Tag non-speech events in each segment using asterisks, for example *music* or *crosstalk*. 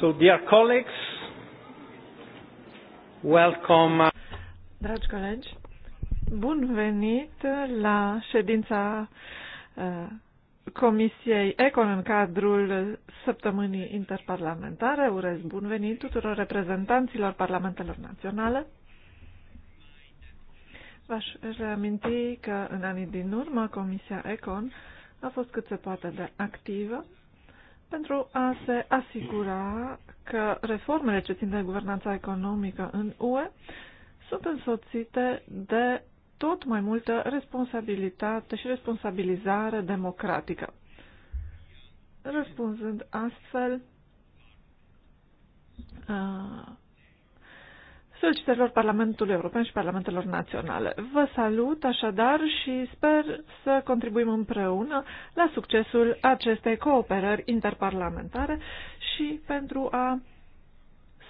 So, dear colleagues, welcome. Dragi colegi, bun venit la ședința uh, Comisiei Econ în cadrul săptămânii interparlamentare. Urez bun venit tuturor reprezentanților parlamentelor naționale. V-aș reaminti că în anii din urmă Comisia Econ a fost cât se poate de activă pentru a se asigura că reformele ce țin de guvernanța economică în UE sunt însoțite de tot mai multă responsabilitate și responsabilizare democratică. Răspunzând astfel solicitărilor Parlamentului European și Parlamentelor Naționale. Vă salut așadar și sper să contribuim împreună la succesul acestei cooperări interparlamentare și pentru a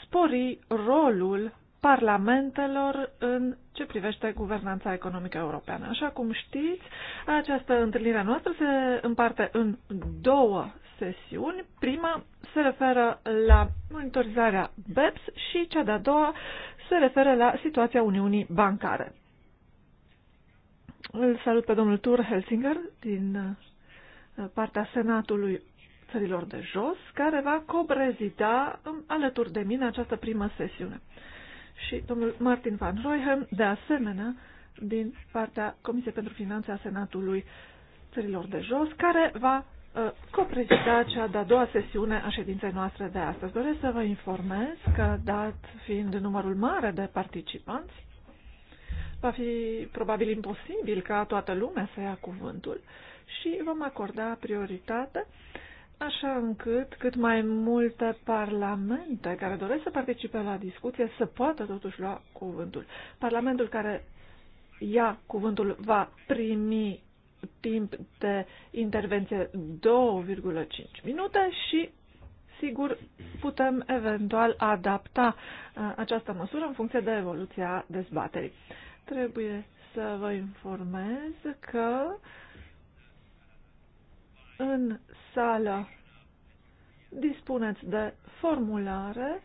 spori rolul parlamentelor în ce privește guvernanța economică europeană. Așa cum știți, această întâlnire noastră se împarte în două sesiuni. Prima se referă la monitorizarea BEPS și cea de-a doua se referă la situația Uniunii Bancare. Îl salut pe domnul Tur Helsinger din uh, partea Senatului Țărilor de Jos, care va cobrezita um, alături de mine această primă sesiune. Și domnul Martin Van Royhem, de asemenea, din partea Comisiei pentru Finanțe a Senatului Țărilor de Jos, care va Uh, coprezida cea de-a doua sesiune a ședinței noastre de astăzi. Doresc să vă informez că, dat fiind numărul mare de participanți, va fi probabil imposibil ca toată lumea să ia cuvântul și vom acorda prioritate așa încât cât mai multe parlamente care doresc să participe la discuție să poată totuși lua cuvântul. Parlamentul care ia cuvântul va primi timp de intervenție 2,5 minute și, sigur, putem eventual adapta uh, această măsură în funcție de evoluția dezbaterii. Trebuie să vă informez că în sală dispuneți de formulare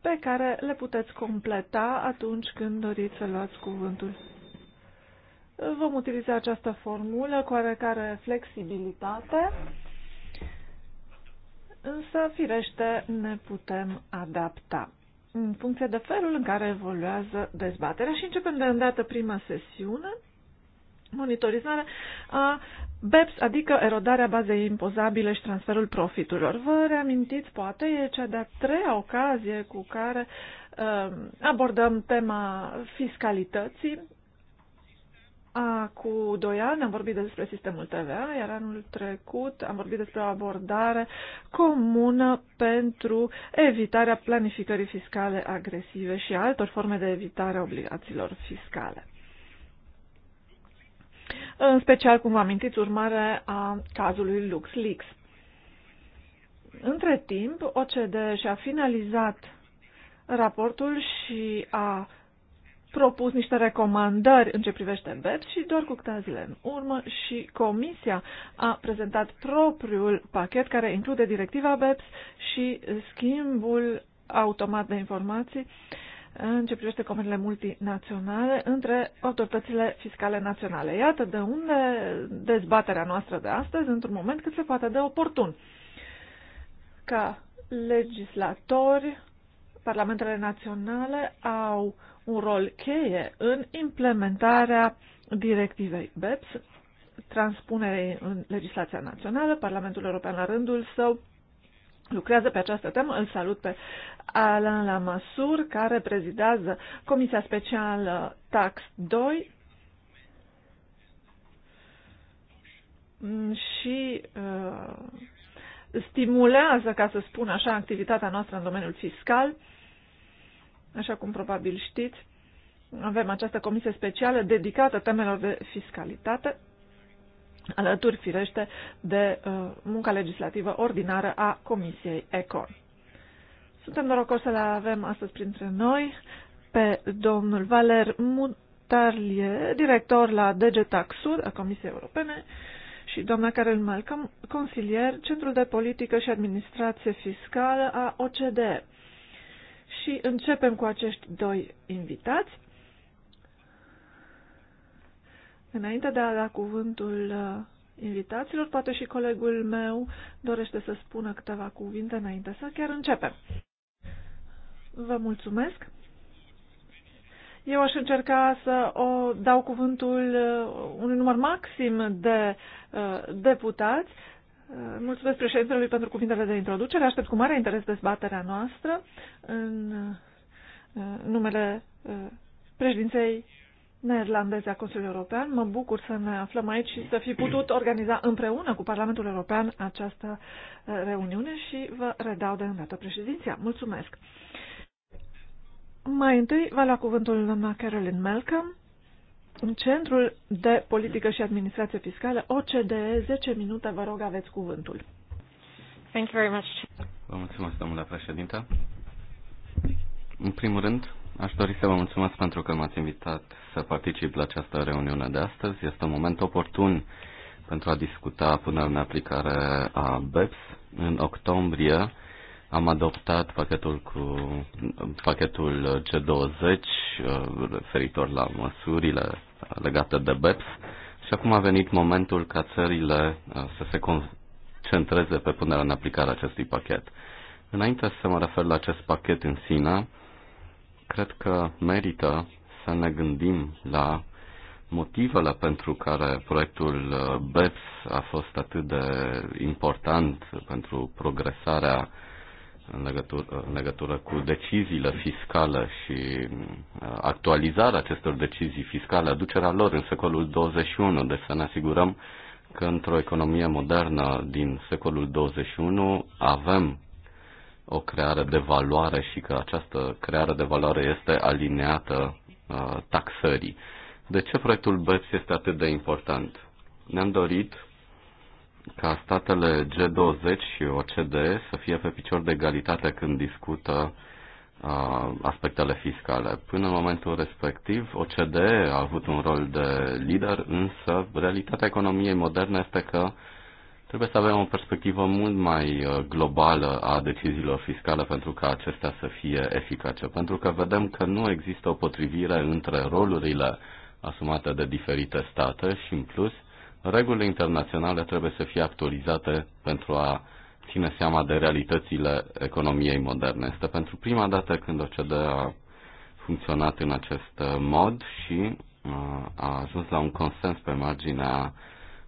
pe care le puteți completa atunci când doriți să luați cuvântul vom utiliza această formulă cu oarecare flexibilitate, însă, firește, ne putem adapta în funcție de felul în care evoluează dezbaterea și începem de îndată prima sesiune, monitorizare a BEPS, adică erodarea bazei impozabile și transferul profiturilor. Vă reamintiți, poate, e cea de-a treia ocazie cu care uh, abordăm tema fiscalității cu doi ani am vorbit despre sistemul TVA, iar anul trecut am vorbit despre o abordare comună pentru evitarea planificării fiscale agresive și altor forme de evitare a obligațiilor fiscale. În special, cum vă amintiți, urmare a cazului LuxLeaks. Între timp, OCD și-a finalizat raportul și a propus niște recomandări în ce privește BEPS și doar cu câteva zile în urmă și Comisia a prezentat propriul pachet care include directiva BEPS și schimbul automat de informații în ce privește comerile multinaționale între autoritățile fiscale naționale. Iată de unde dezbaterea noastră de astăzi, într-un moment cât se poate de oportun. Ca legislatori, parlamentele naționale au uh, un rol cheie în implementarea directivei BEPS, transpunerei în legislația națională. Parlamentul European, la rândul său, lucrează pe această temă. Îl salut pe Alain Lamassur, care prezidează Comisia Specială Tax 2 și uh, stimulează, ca să spun așa, activitatea noastră în domeniul fiscal. Așa cum probabil știți, avem această comisie specială dedicată temelor de fiscalitate, alături, firește, de uh, munca legislativă ordinară a Comisiei ECON. Suntem norocoși să le avem astăzi printre noi pe domnul Valer Mutarlie, director la DG Taxud a Comisiei Europene, și doamna Karel Malcolm, consilier, Centrul de Politică și Administrație Fiscală a OCDE și începem cu acești doi invitați. Înainte de a da cuvântul uh, invitaților, poate și colegul meu dorește să spună câteva cuvinte înainte să chiar începem. Vă mulțumesc. Eu aș încerca să o dau cuvântul uh, unui număr maxim de uh, deputați Mulțumesc președintelui pentru cuvintele de introducere. Aștept cu mare interes dezbaterea noastră în numele uh, președinței neerlandeze a Consiliului European. Mă bucur să ne aflăm aici și să fi putut organiza împreună cu Parlamentul European această uh, reuniune și vă redau de îndată președinția. Mulțumesc! Mai întâi va lua cuvântul doamna Carolyn Malcolm, în Centrul de Politică și Administrație Fiscală, OCDE, 10 minute, vă rog, aveți cuvântul. Thank you very much. Vă mulțumesc, domnule președinte. În primul rând, aș dori să vă mulțumesc pentru că m-ați invitat să particip la această reuniune de astăzi. Este un moment oportun pentru a discuta punerea în aplicare a BEPS. În octombrie, am adoptat pachetul, cu, pachetul G20 uh, referitor la măsurile legate de BEPS și acum a venit momentul ca țările uh, să se concentreze pe punerea în aplicare a acestui pachet. Înainte să mă refer la acest pachet în sine, cred că merită să ne gândim la motivele pentru care proiectul uh, BEPS a fost atât de important pentru progresarea în legătură, în legătură cu deciziile fiscale și uh, actualizarea acestor decizii fiscale, aducerea lor în secolul 21, deci să ne asigurăm că într-o economie modernă din secolul 21 avem o creare de valoare și că această creare de valoare este alineată uh, taxării. De ce proiectul BEPS este atât de important? Ne-am dorit ca statele G20 și OCDE să fie pe picior de egalitate când discută aspectele fiscale. Până în momentul respectiv, OCD a avut un rol de lider, însă realitatea economiei moderne este că trebuie să avem o perspectivă mult mai uh, globală a deciziilor fiscale pentru ca acestea să fie eficace, pentru că vedem că nu există o potrivire între rolurile asumate de diferite state și, în plus, regulile internaționale trebuie să fie actualizate pentru a ține seama de realitățile economiei moderne. Este pentru prima dată când OCDE a funcționat în acest uh, mod și uh, a ajuns la un consens pe marginea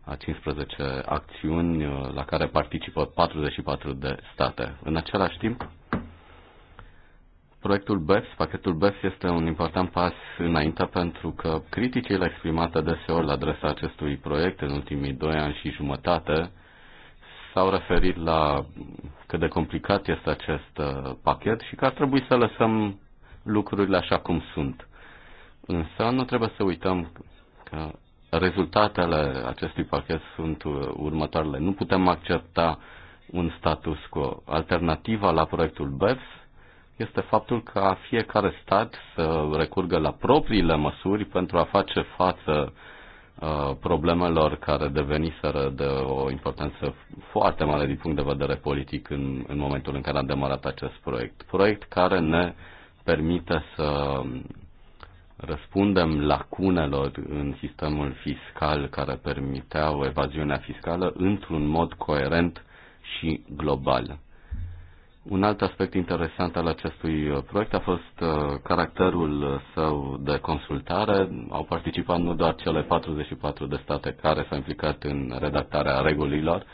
a 15 acțiuni uh, la care participă 44 de state. În același timp, Proiectul BEPS, pachetul BEPS este un important pas înainte pentru că criticile exprimate deseori la adresa acestui proiect în ultimii doi ani și jumătate s-au referit la cât de complicat este acest uh, pachet și că ar trebui să lăsăm lucrurile așa cum sunt. Însă nu trebuie să uităm că rezultatele acestui pachet sunt uh, următoarele. Nu putem accepta un status quo. Alternativa la proiectul BEPS este faptul ca fiecare stat să recurgă la propriile măsuri pentru a face față uh, problemelor care deveniseră de o importanță foarte mare din punct de vedere politic în, în momentul în care a demarat acest proiect. Proiect care ne permite să răspundem lacunelor în sistemul fiscal care permiteau evaziunea fiscală într-un mod coerent și global. Un alt aspect interesant al acestui uh, proiect a fost uh, caracterul uh, său de consultare. Au participat nu doar cele 44 de state care s-au implicat în redactarea regulilor.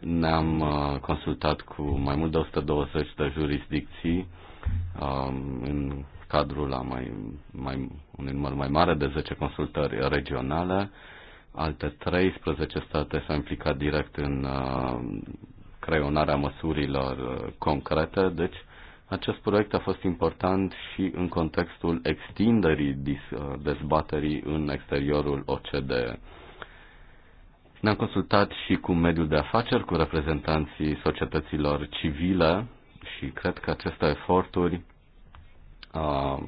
Ne-am consultat cu mai mult de 120 de jurisdicții um, în cadrul la mai, mai, unui număr mai mare de 10 consultări regionale. Alte 13 state s-au implicat direct în creionarea măsurilor uh, concrete, deci acest proiect a fost important și în contextul extinderii uh, dezbaterii în exteriorul OCDE. Ne-am consultat și cu mediul de afaceri, cu reprezentanții societăților civile și cred că aceste eforturi a, uh,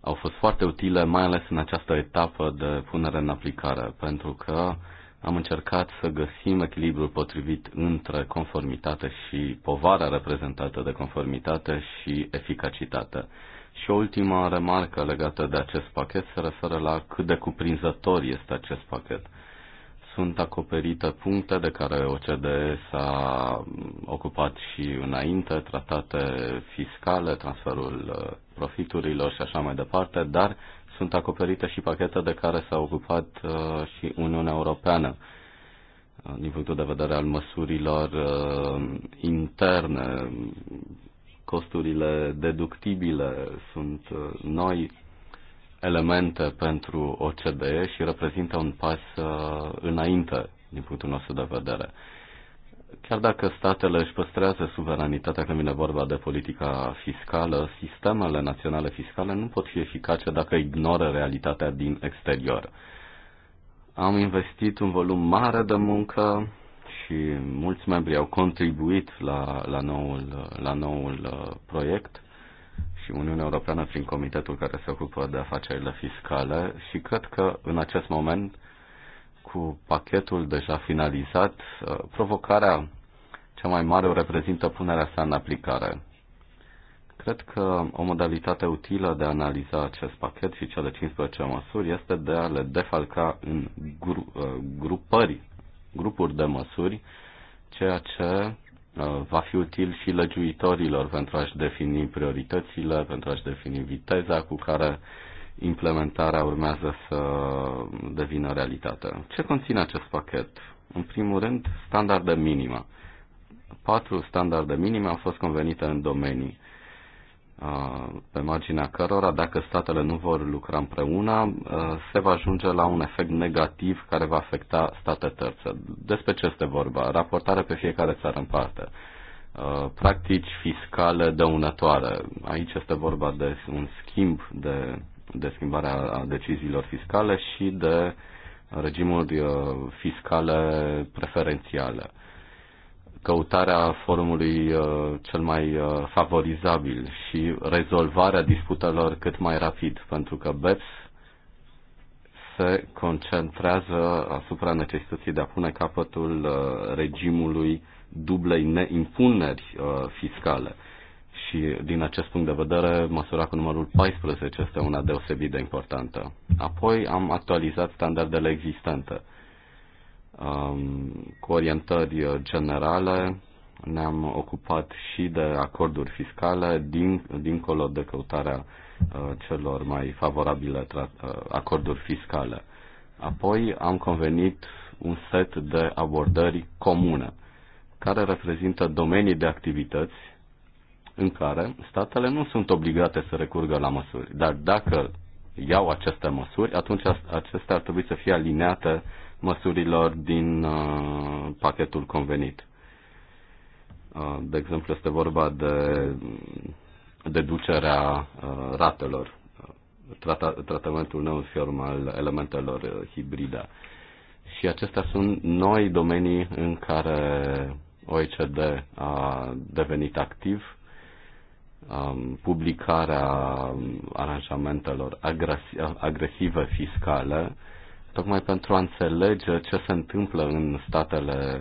au fost foarte utile, mai ales în această etapă de punere în aplicare, pentru că am încercat să găsim echilibrul potrivit între conformitate și povara reprezentată de conformitate și eficacitate. Și o ultima remarcă legată de acest pachet se referă la cât de cuprinzător este acest pachet. Sunt acoperite puncte de care OCDE s-a ocupat și înainte, tratate fiscale, transferul uh, profiturilor și așa mai departe, dar sunt acoperite și pachete de care s-a ocupat uh, și Uniunea Europeană uh, din punctul de vedere al măsurilor uh, interne, costurile deductibile sunt noi elemente pentru OCDE și reprezintă un pas înainte din punctul nostru de vedere. Chiar dacă statele își păstrează suveranitatea când vine vorba de politica fiscală, sistemele naționale fiscale nu pot fi eficace dacă ignoră realitatea din exterior. Am investit un volum mare de muncă și mulți membri au contribuit la, la, noul, la noul uh, proiect și Uniunea Europeană prin comitetul care se ocupă de afacerile fiscale și cred că în acest moment cu pachetul deja finalizat, uh, provocarea cea mai mare o reprezintă punerea sa în aplicare. Cred că o modalitate utilă de a analiza acest pachet și cele 15 măsuri este de a le defalca în gru- uh, grupări, grupuri de măsuri, ceea ce uh, va fi util și legiuitorilor pentru a-și defini prioritățile, pentru a-și defini viteza cu care uh, implementarea urmează să devină realitate. Ce conține acest pachet? În primul rând, standarde minime. Patru standarde minime au fost convenite în domenii uh, pe marginea cărora, dacă statele nu vor lucra împreună, uh, se va ajunge la un efect negativ care va afecta state terțe. Despre ce este vorba? Raportare pe fiecare țară în parte. Uh, practici fiscale dăunătoare. Aici este vorba de un schimb de de schimbarea a deciziilor fiscale și de regimuri uh, fiscale preferențiale. Căutarea formului uh, cel mai uh, favorizabil și rezolvarea disputelor cât mai rapid, pentru că BEPS se concentrează asupra necesității de a pune capătul regimului dublei neimpuneri fiscale și din acest punct de vedere, măsura cu numărul 14 este una deosebit de importantă. Apoi am actualizat standardele existente um, cu orientări generale, ne-am ocupat și de acorduri fiscale, din, dincolo de căutarea uh, celor mai favorabile uh, acorduri fiscale. Apoi am convenit un set de abordări comune, care reprezintă domenii de activități în care statele nu sunt obligate să recurgă la măsuri. Dar dacă iau aceste măsuri, atunci acestea ar trebui să fie alineate măsurilor din uh, pachetul convenit. Uh, de exemplu, este vorba de deducerea uh, ratelor, trata, tratamentul neuniform al elementelor uh, hibride. Și acestea sunt noi domenii în care OECD a devenit activ Um, publicarea um, aranjamentelor agresive fiscale, tocmai pentru a înțelege ce se întâmplă în statele,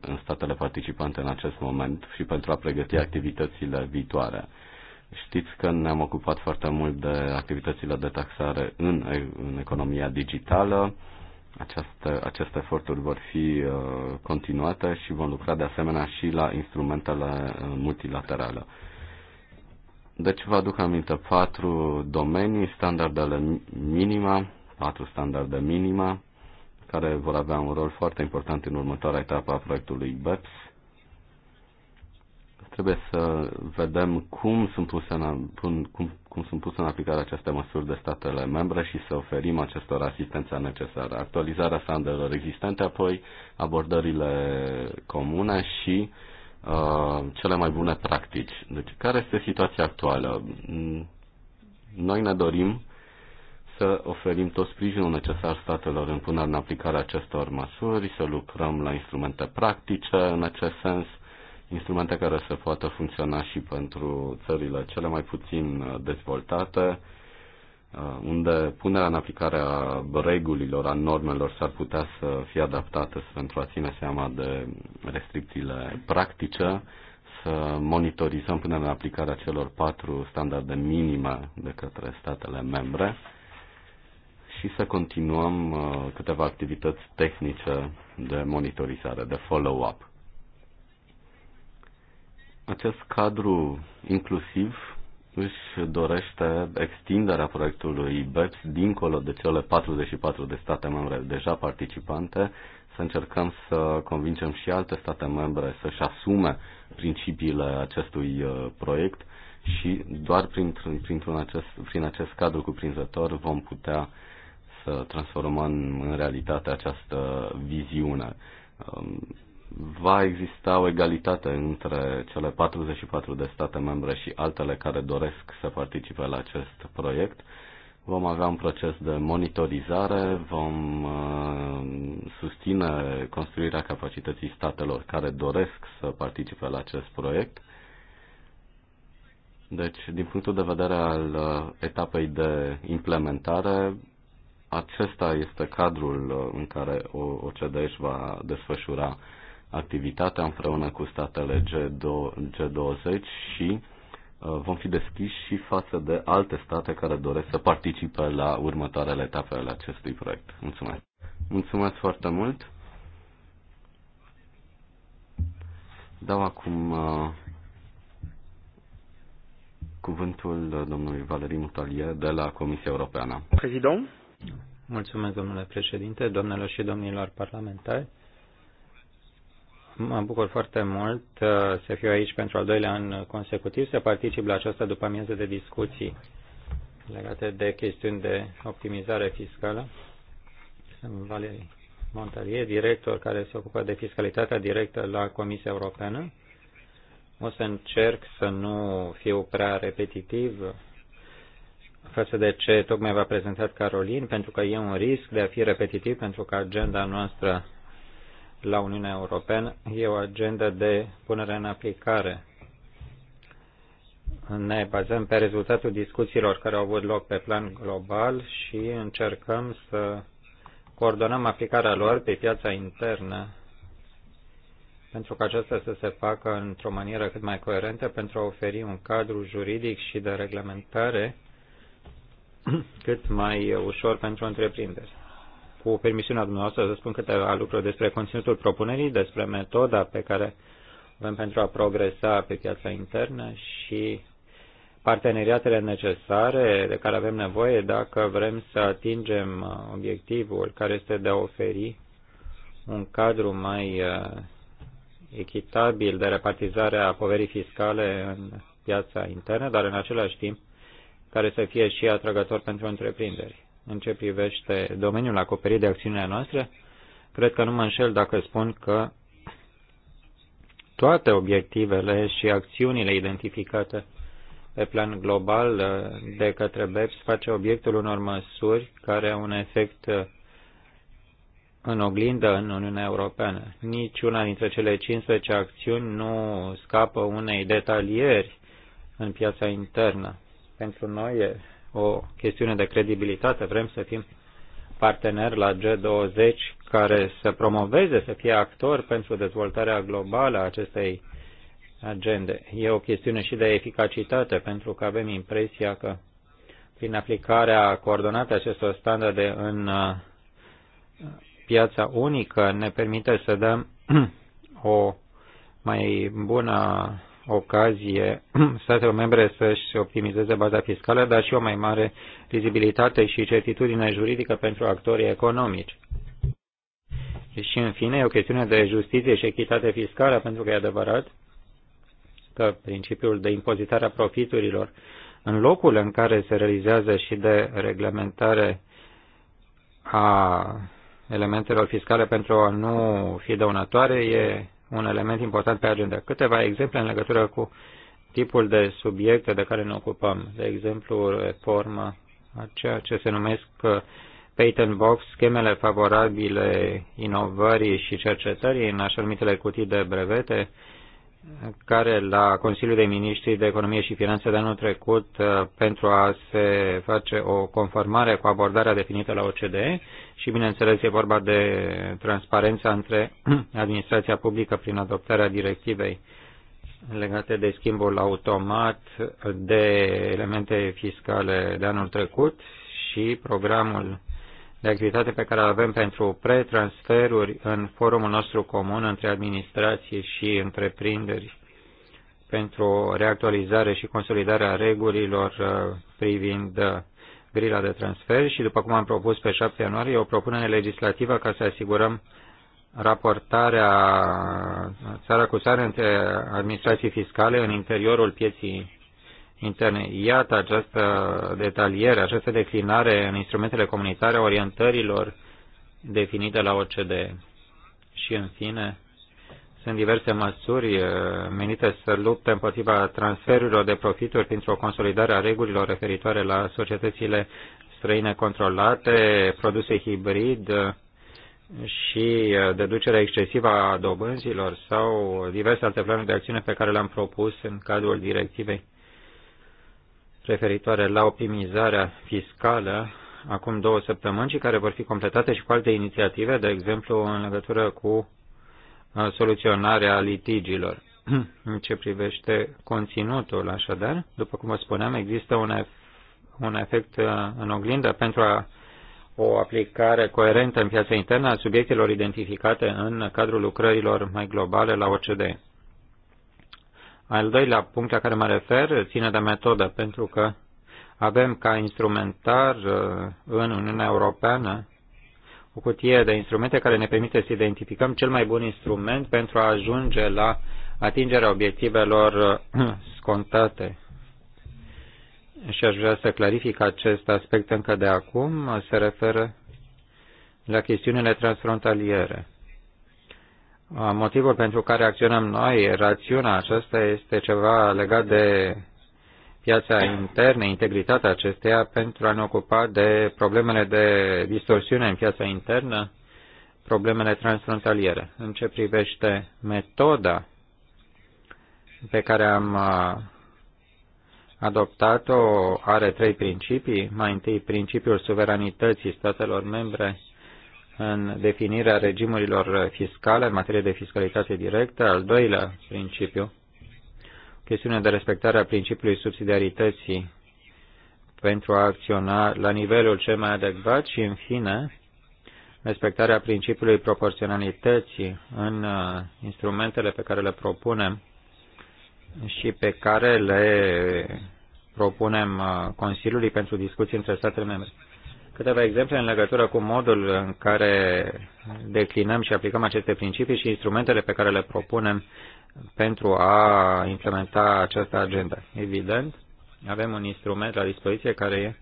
în statele participante în acest moment și pentru a pregăti activitățile viitoare. Știți că ne-am ocupat foarte mult de activitățile de taxare în, în economia digitală. Aceste, aceste eforturi vor fi uh, continuate și vom lucra de asemenea și la instrumentele uh, multilaterale. Deci vă aduc aminte, patru domenii, standardele minima, patru standarde minima, care vor avea un rol foarte important în următoarea etapă a proiectului BEPS. Trebuie să vedem cum sunt puse în, cum, cum sunt puse în aplicare aceste măsuri de statele membre și să oferim acestor asistența necesară. Actualizarea standardelor existente, apoi abordările comune și uh, Uh, cele mai bune practici. Deci, care este situația actuală? Mm, noi ne dorim să oferim tot sprijinul necesar statelor în punerea în aplicare acestor măsuri, să lucrăm la instrumente practice în acest sens, instrumente care să poată funcționa și pentru țările cele mai puțin dezvoltate, Uh, unde punerea în aplicare a regulilor, a normelor s-ar putea să fie adaptată pentru a ține seama de restricțiile practice, să monitorizăm punerea în aplicare a celor patru standarde minime de către statele membre și să continuăm uh, câteva activități tehnice de monitorizare, de follow-up. Acest cadru inclusiv își dorește extinderea proiectului BEPS dincolo de cele 44 de state membre deja participante, să încercăm să convingem și alte state membre să-și asume principiile acestui uh, proiect și doar printr printr-un acest, prin acest cadru cuprinzător vom putea să transformăm în realitate această viziune um, va exista o egalitate între cele 44 de state membre și altele care doresc să participe la acest proiect. Vom avea un proces de monitorizare, vom uh, susține construirea capacității statelor care doresc să participe la acest proiect. Deci, din punctul de vedere al uh, etapei de implementare, acesta este cadrul uh, în care OCDE își va desfășura activitatea împreună cu statele G20 și uh, vom fi deschiși și față de alte state care doresc să participe la următoarele etape ale acestui proiect. Mulțumesc! Mulțumesc foarte mult! Dau acum uh, cuvântul domnului Valerii Mutalie de la Comisia Europeană. Prezident. Mulțumesc, domnule președinte, domnilor și domnilor parlamentari. Mă bucur foarte mult uh, să fiu aici pentru al doilea an consecutiv, să particip la această după amiază de discuții legate de chestiuni de optimizare fiscală. Sunt Valerii Montalier, director care se ocupă de fiscalitatea directă la Comisia Europeană. O să încerc să nu fiu prea repetitiv față de ce tocmai v-a prezentat Carolin, pentru că e un risc de a fi repetitiv, pentru că agenda noastră la Uniunea Europeană e o agendă de punere în aplicare. Ne bazăm pe rezultatul discuțiilor care au avut loc pe plan global și încercăm să coordonăm aplicarea lor pe piața internă pentru că aceasta să se facă într-o manieră cât mai coerentă pentru a oferi un cadru juridic și de reglementare cât mai ușor pentru întreprinderi cu permisiunea dumneavoastră să spun câteva lucruri despre conținutul propunerii, despre metoda pe care avem pentru a progresa pe piața internă și parteneriatele necesare de care avem nevoie dacă vrem să atingem obiectivul care este de a oferi un cadru mai uh, echitabil de repartizare a poverii fiscale în piața internă, dar în același timp care să fie și atrăgător pentru întreprinderi în ce privește domeniul acoperit de acțiunile noastre, cred că nu mă înșel dacă spun că toate obiectivele și acțiunile identificate pe plan global uh, de către BEPS face obiectul unor măsuri care au un efect uh, în oglindă în Uniunea Europeană. Nici una dintre cele 15 acțiuni nu scapă unei detalieri în piața internă. Pentru noi o chestiune de credibilitate, vrem să fim parteneri la G20 care să promoveze, să fie actor pentru dezvoltarea globală a acestei agende. E o chestiune și de eficacitate, pentru că avem impresia că prin aplicarea coordonată acestor standarde în uh, piața unică ne permite să dăm *clears throat* o mai bună ocazie *clears throat* statelor membre să-și optimizeze baza fiscală, dar și o mai mare vizibilitate și certitudine juridică pentru actorii economici. Și, în fine, e o chestiune de justiție și echitate fiscală, pentru că e adevărat că principiul de impozitare a profiturilor, în locul în care se realizează și de reglementare a elementelor fiscale pentru a nu fi dăunătoare, e un element important pe agenda. Câteva exemple în legătură cu tipul de subiecte de care ne ocupăm. De exemplu, reforma a ceea ce se numesc uh, patent box, schemele favorabile inovării și cercetării în așa numitele cutii de brevete, care la Consiliul de Ministri de Economie și Finanțe de anul trecut uh, pentru a se face o conformare cu abordarea definită la OCDE și, bineînțeles, e vorba de transparența între *clears throat* administrația publică prin adoptarea directivei legate de schimbul automat de elemente fiscale de anul trecut și programul de activitate pe care o avem pentru pretransferuri în forumul nostru comun între administrație și întreprinderi pentru reactualizare și consolidarea regulilor uh, privind uh, grila de transfer și, după cum am propus pe 7 ianuarie, o propunere legislativă ca să asigurăm raportarea țara cu țară între administrații fiscale în interiorul pieții interne. Iată această detaliere, această declinare în instrumentele comunitare orientărilor definite la OCDE. Și, în fine, sunt diverse măsuri uh, menite să lupte împotriva transferurilor de profituri printr-o consolidare a regulilor referitoare la societățile străine controlate, produse hibrid uh, și uh, deducerea excesivă a dobânzilor sau diverse alte planuri de acțiune pe care le-am propus în cadrul directivei referitoare la optimizarea fiscală acum două săptămâni și care vor fi completate și cu alte inițiative, de exemplu în legătură cu uh, soluționarea litigiilor. *clears throat* În ce privește conținutul, așadar, după cum vă spuneam, există un, ef- un efect uh, în oglindă pentru a o aplicare coerentă în piața internă a subiectelor identificate în cadrul lucrărilor mai globale la OCDE. Al doilea punct la care mă refer ține de metodă, pentru că avem ca instrumentar uh, în Uniunea Europeană o cutie de instrumente care ne permite să identificăm cel mai bun instrument pentru a ajunge la atingerea obiectivelor uh, scontate. Și aș vrea să clarific acest aspect încă de acum, se referă la chestiunile transfrontaliere. Motivul pentru care acționăm noi, rațiunea aceasta este ceva legat de piața internă, integritatea acesteia pentru a ne ocupa de problemele de distorsiune în piața internă, problemele transfrontaliere. În ce privește metoda pe care am adoptat-o, are trei principii. Mai întâi, principiul suveranității statelor membre în definirea regimurilor fiscale în materie de fiscalitate directă. Al doilea principiu, chestiunea de respectare a principiului subsidiarității pentru a acționa la nivelul cel mai adecvat și, în fine, respectarea principiului proporționalității în uh, instrumentele pe care le propunem și pe care le propunem uh, Consiliului pentru discuții între statele membre câteva exemple în legătură cu modul în care declinăm și aplicăm aceste principii și instrumentele pe care le propunem pentru a implementa această agenda. Evident, avem un instrument la dispoziție care e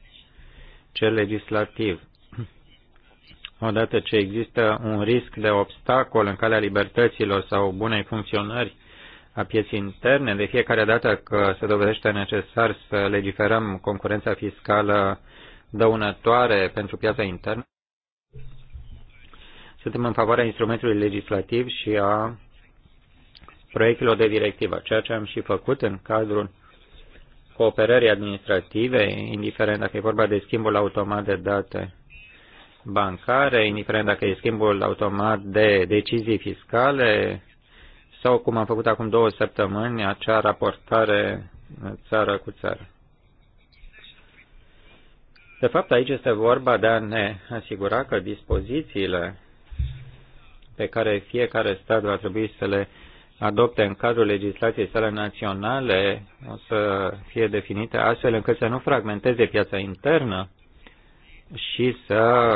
cel legislativ. Odată ce există un risc de obstacol în calea libertăților sau bunei funcționări a pieții interne, de fiecare dată că se dovedește necesar să legiferăm concurența fiscală dăunătoare pentru piața internă. Suntem în favoarea instrumentului legislativ și a proiectelor de directivă, ceea ce am și făcut în cadrul cooperării administrative, indiferent dacă e vorba de schimbul automat de date bancare, indiferent dacă e schimbul automat de decizii fiscale, sau cum am făcut acum două săptămâni, acea raportare țară cu țară. De fapt, aici este vorba de a ne asigura că dispozițiile pe care fiecare stat va trebui să le adopte în cadrul legislației sale naționale o să fie definite astfel încât să nu fragmenteze piața internă și să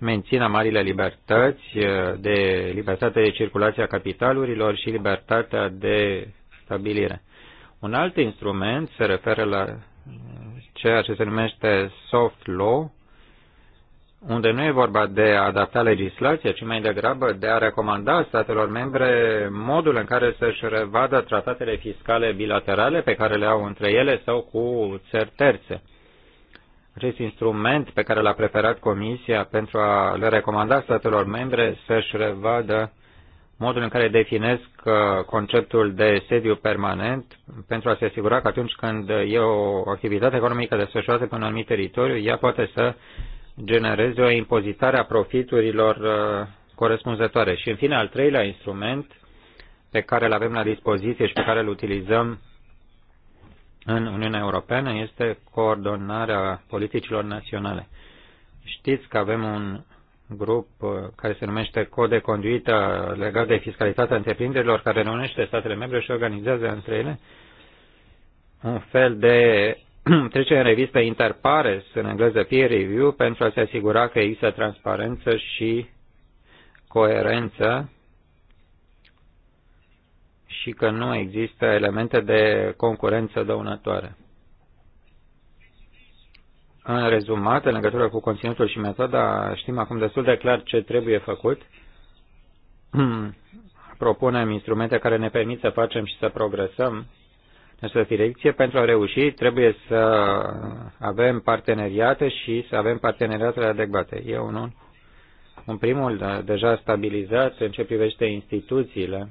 mențină marile libertăți de libertatea de circulație a capitalurilor și libertatea de stabilire. Un alt instrument se referă la ceea ce se numește soft law, unde nu e vorba de a adapta legislația, ci mai degrabă de a recomanda statelor membre modul în care să-și revadă tratatele fiscale bilaterale pe care le au între ele sau cu țări terțe. Acest instrument pe care l-a preferat Comisia pentru a le recomanda statelor membre să-și revadă modul în care definesc uh, conceptul de sediu permanent pentru a se asigura că atunci când e o activitate economică desfășurată pe un anumit teritoriu, ea poate să genereze o impozitare a profiturilor uh, corespunzătoare. Și în fine, al treilea instrument pe care îl avem la dispoziție și pe care îl utilizăm în Uniunea Europeană este coordonarea politicilor naționale. Știți că avem un grup uh, care se numește Cod de Conduită legat de fiscalitatea întreprinderilor care reunește statele membre și organizează între ele un fel de *clears throat* trece în revistă interpares, în engleză peer review, pentru a se asigura că există transparență și coerență și că nu există elemente de concurență dăunătoare. În rezumat, în legătură cu conținutul și metoda, știm acum destul de clar ce trebuie făcut. Hmm. Propunem instrumente care ne permit să facem și să progresăm în deci, această direcție. Pentru a reuși, trebuie să avem parteneriate și să avem parteneriatele adecvate. E unul, un primul da, deja stabilizat în ce privește instituțiile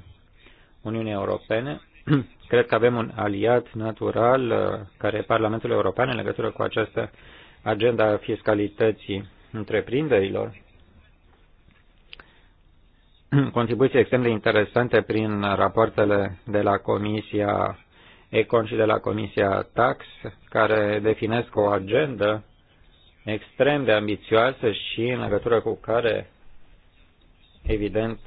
Uniunii Europene. *clears throat* Cred că avem un aliat natural uh, care e Parlamentul European în legătură cu această agenda fiscalității întreprinderilor, *clears throat* contribuții extrem de interesante prin rapoartele de la Comisia Econ și de la Comisia Tax, care definesc o agendă extrem de ambițioasă și în legătură cu care, evident,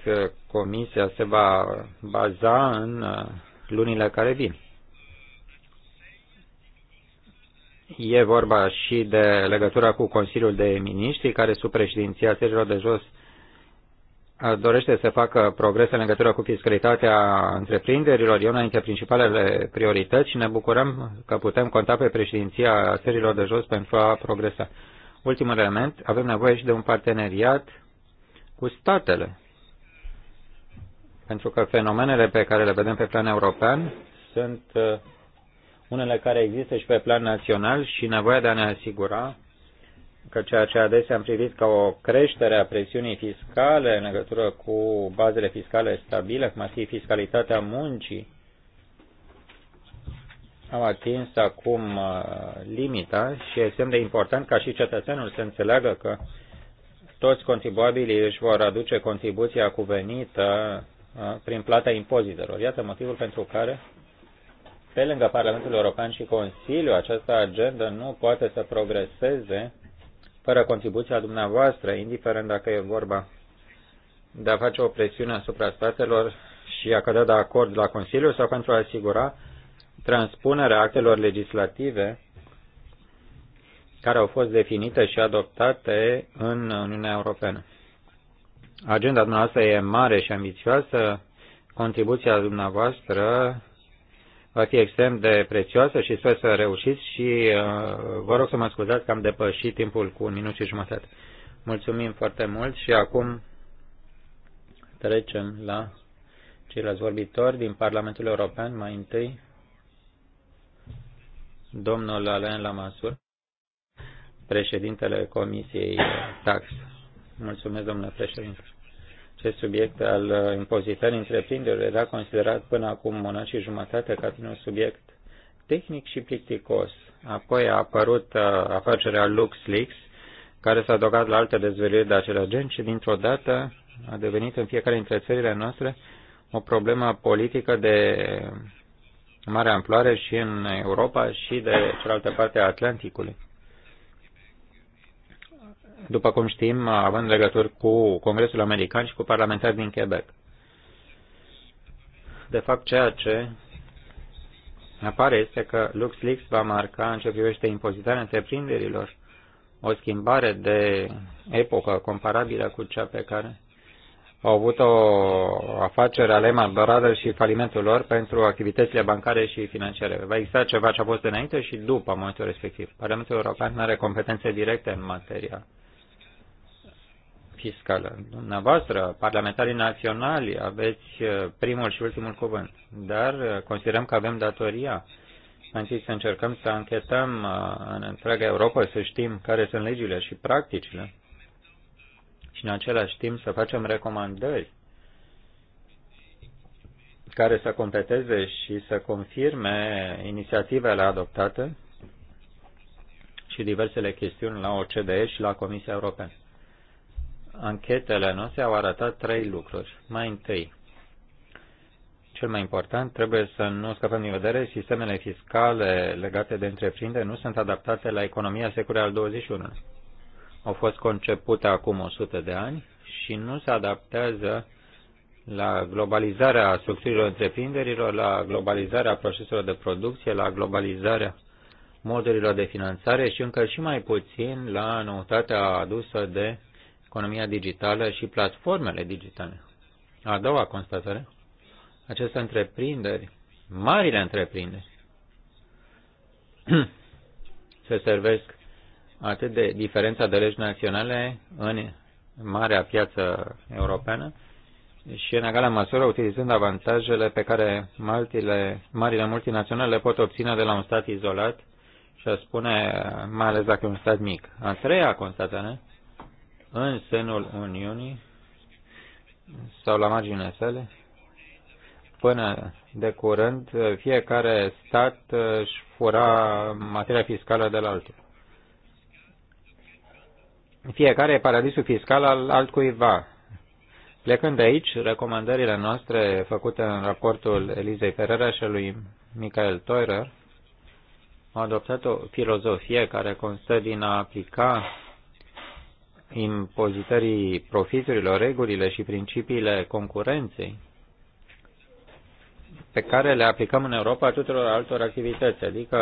Comisia se va baza în lunile care vin. E vorba și de legătura cu Consiliul de Miniștri, care sub președinția țărilor de jos dorește să facă progrese în legătură cu fiscalitatea întreprinderilor. E una dintre principalele priorități și ne bucurăm că putem conta pe președinția țărilor de jos pentru a progresa. Ultimul element, avem nevoie și de un parteneriat cu statele. Pentru că fenomenele pe care le vedem pe plan european sunt uh, unele care există și pe plan național și nevoia de a ne asigura că ceea ce adesea am privit ca o creștere a presiunii fiscale în legătură cu bazele fiscale stabile, cum ar fi fiscalitatea muncii, am atins acum uh, limita și este semn de important ca și cetățenul să înțeleagă că toți contribuabilii își vor aduce contribuția cuvenită uh, prin plata impozitelor. Iată motivul pentru care pe lângă Parlamentul European și Consiliu, această agendă nu poate să progreseze fără contribuția dumneavoastră, indiferent dacă e vorba de a face o presiune asupra statelor și a cădea de acord la Consiliu sau pentru a asigura transpunerea actelor legislative care au fost definite și adoptate în Uniunea Europeană. Agenda dumneavoastră e mare și ambițioasă, contribuția dumneavoastră va fi extrem de prețioasă și sper să reușiți și uh, vă rog să mă scuzați că am depășit timpul cu un minut și jumătate. Mulțumim foarte mult și acum trecem la ceilalți vorbitori din Parlamentul European. Mai întâi, domnul Alain Lamassur, președintele Comisiei Tax. Mulțumesc, domnule președinte. Acest subiect al uh, impozitării întreprinderilor era considerat până acum un an și jumătate ca fiind un subiect tehnic și plicticos. Apoi a apărut uh, afacerea LuxLeaks, care s-a adăugat la alte dezvăluiri de același gen și dintr-o dată a devenit în fiecare dintre țările noastre o problemă politică de mare amploare și în Europa și de cealaltă parte a Atlanticului după cum știm, având legături cu Congresul American și cu parlamentari din Quebec. De fapt, ceea ce apare este că LuxLeaks va marca în ce privește impozitarea întreprinderilor o schimbare de epocă comparabilă cu cea pe care au avut o afacere a Lehman Brothers și falimentul lor pentru activitățile bancare și financiare. Va exista ceva ce a fost înainte și după momentul respectiv. Parlamentul European nu are competențe directe în materia fiscală. Dumneavoastră, parlamentarii naționali, aveți uh, primul și ultimul cuvânt, dar uh, considerăm că avem datoria întâi să încercăm să anchetăm uh, în întreaga Europa, să știm care sunt legile și practicile și în același timp să facem recomandări care să completeze și să confirme inițiativele adoptate și diversele chestiuni la OCDE și la Comisia Europeană anchetele noastre au arătat trei lucruri. Mai întâi, cel mai important, trebuie să nu scăpăm din vedere, sistemele fiscale legate de întreprindere nu sunt adaptate la economia secolului al 21. Au fost concepute acum 100 de ani și nu se adaptează la globalizarea structurilor întreprinderilor, la globalizarea proceselor de producție, la globalizarea modurilor de finanțare și încă și mai puțin la noutatea adusă de economia digitală și platformele digitale. A doua constatare, aceste întreprinderi, marile întreprinderi, *clears throat* se servesc atât de diferența de legi naționale în marea piață europeană și în egală măsură utilizând avantajele pe care maltile, marile multinaționale le pot obține de la un stat izolat și a spune, mai ales dacă e un stat mic. A treia constatare, în senul Uniunii sau la marginea sale, până de curând fiecare stat își fura materia fiscală de la altul. Fiecare e paradisul fiscal al altcuiva. Plecând de aici, recomandările noastre făcute în raportul Elizei Ferrera și lui Michael Teurer au adoptat o filozofie care constă din a aplica impozitării profiturilor, regulile și principiile concurenței pe care le aplicăm în Europa tuturor altor activități, adică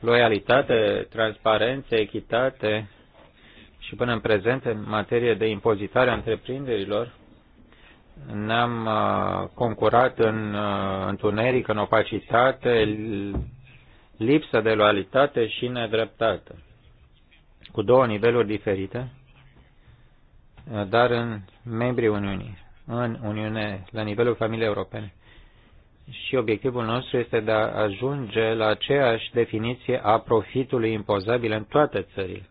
loialitate, transparență, echitate și până în prezent în materie de impozitare a întreprinderilor ne-am uh, concurat în uh, întuneric, în opacitate, lipsă de loialitate și nedreptate cu două niveluri diferite, dar în membrii Uniunii, în Uniune, la nivelul familiei europene. Și obiectivul nostru este de a ajunge la aceeași definiție a profitului impozabil în toate țările.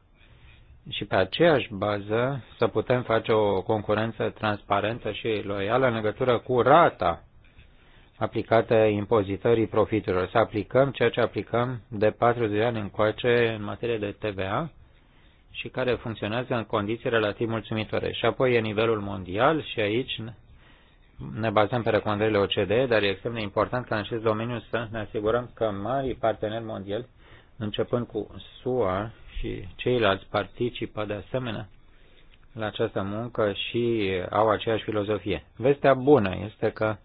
Și pe aceeași bază să putem face o concurență transparentă și loială în legătură cu rata aplicată impozitării profiturilor. Să aplicăm ceea ce aplicăm de 40 de ani încoace în materie de TVA, și care funcționează în condiții relativ mulțumitoare. Și apoi e nivelul mondial și aici ne bazăm pe recomandările OCDE, dar e extrem de important ca în acest domeniu să ne asigurăm că mari parteneri mondiali, începând cu SUA și ceilalți participă de asemenea la această muncă și au aceeași filozofie. Vestea bună este că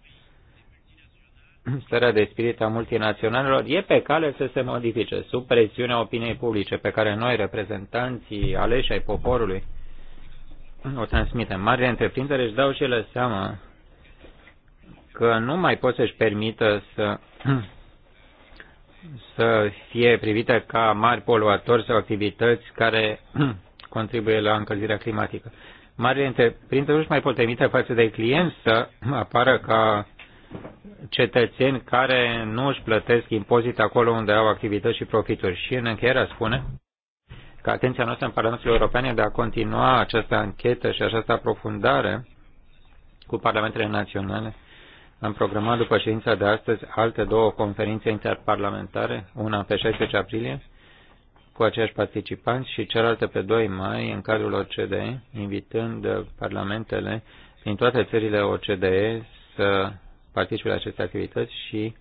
*clears throat* starea de spirit a multinaționalelor e pe cale să se modifice sub presiunea opiniei publice pe care noi, reprezentanții aleși ai poporului, o transmitem. Marile întreprindere, își dau și ele seama că nu mai pot să-și permită să, *clears throat* să fie privite ca mari poluatori sau activități care *clears throat* contribuie la încălzirea climatică. Marile întreprinderi nu-și mai pot permite față de clienți să apară ca cetățeni care nu își plătesc impozit acolo unde au activități și profituri. Și în încheierea spune că atenția noastră în Parlamentul European e de a continua această anchetă și această aprofundare cu parlamentele naționale. Am programat după ședința de astăzi alte două conferințe interparlamentare, una pe 16 aprilie cu aceiași participanți și cealaltă pe 2 mai în cadrul OCDE, invitând parlamentele din toate țările OCDE să participe la aceste activități și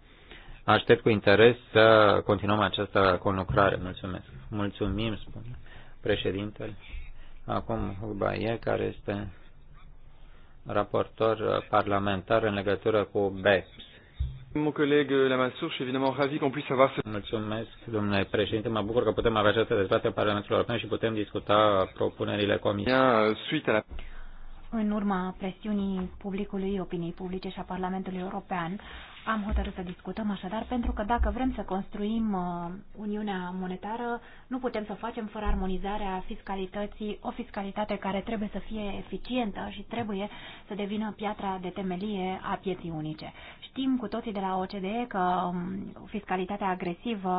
aștept cu interes să continuăm această conlucrare. Mulțumesc. Mulțumim, spune președintele. Acum Baie, care este raportor parlamentar în legătură cu BEPS. Mon coleg Lamassoure, suis évidemment ravi qu'on puisse avoir ce... Mulțumesc, domnule președinte. Mă bucur că putem avea această dezbatere în Parlamentul European și putem discuta propunerile comisiei în urma presiunii publicului, opiniei publice și a Parlamentului European, am hotărât să discutăm așadar, pentru că dacă vrem să construim uh, Uniunea Monetară, nu putem să facem fără armonizarea fiscalității, o fiscalitate care trebuie să fie eficientă și trebuie să devină piatra de temelie a pieții unice. Știm cu toții de la OCDE că um, fiscalitatea agresivă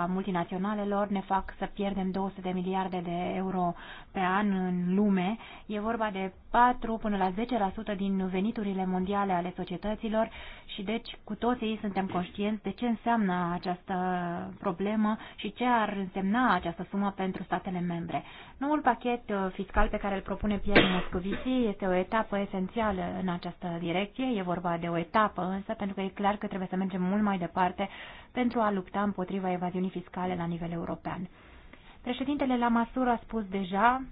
a multinaționalelor ne fac să pierdem 200 de miliarde de euro pe an în lume. E vorba de 4 până la 10% din veniturile mondiale ale societăților și deci cu toții suntem conștienți de ce înseamnă această problemă și ce ar însemna această sumă pentru statele membre. Noul pachet uh, fiscal pe care îl propune Pierre Moscovici este o etapă esențială în această direcție. E vorba de o etapă însă pentru că e clar că trebuie să mergem mult mai departe pentru a lupta împotriva evaziunii fiscale la nivel european. Președintele măsură a spus deja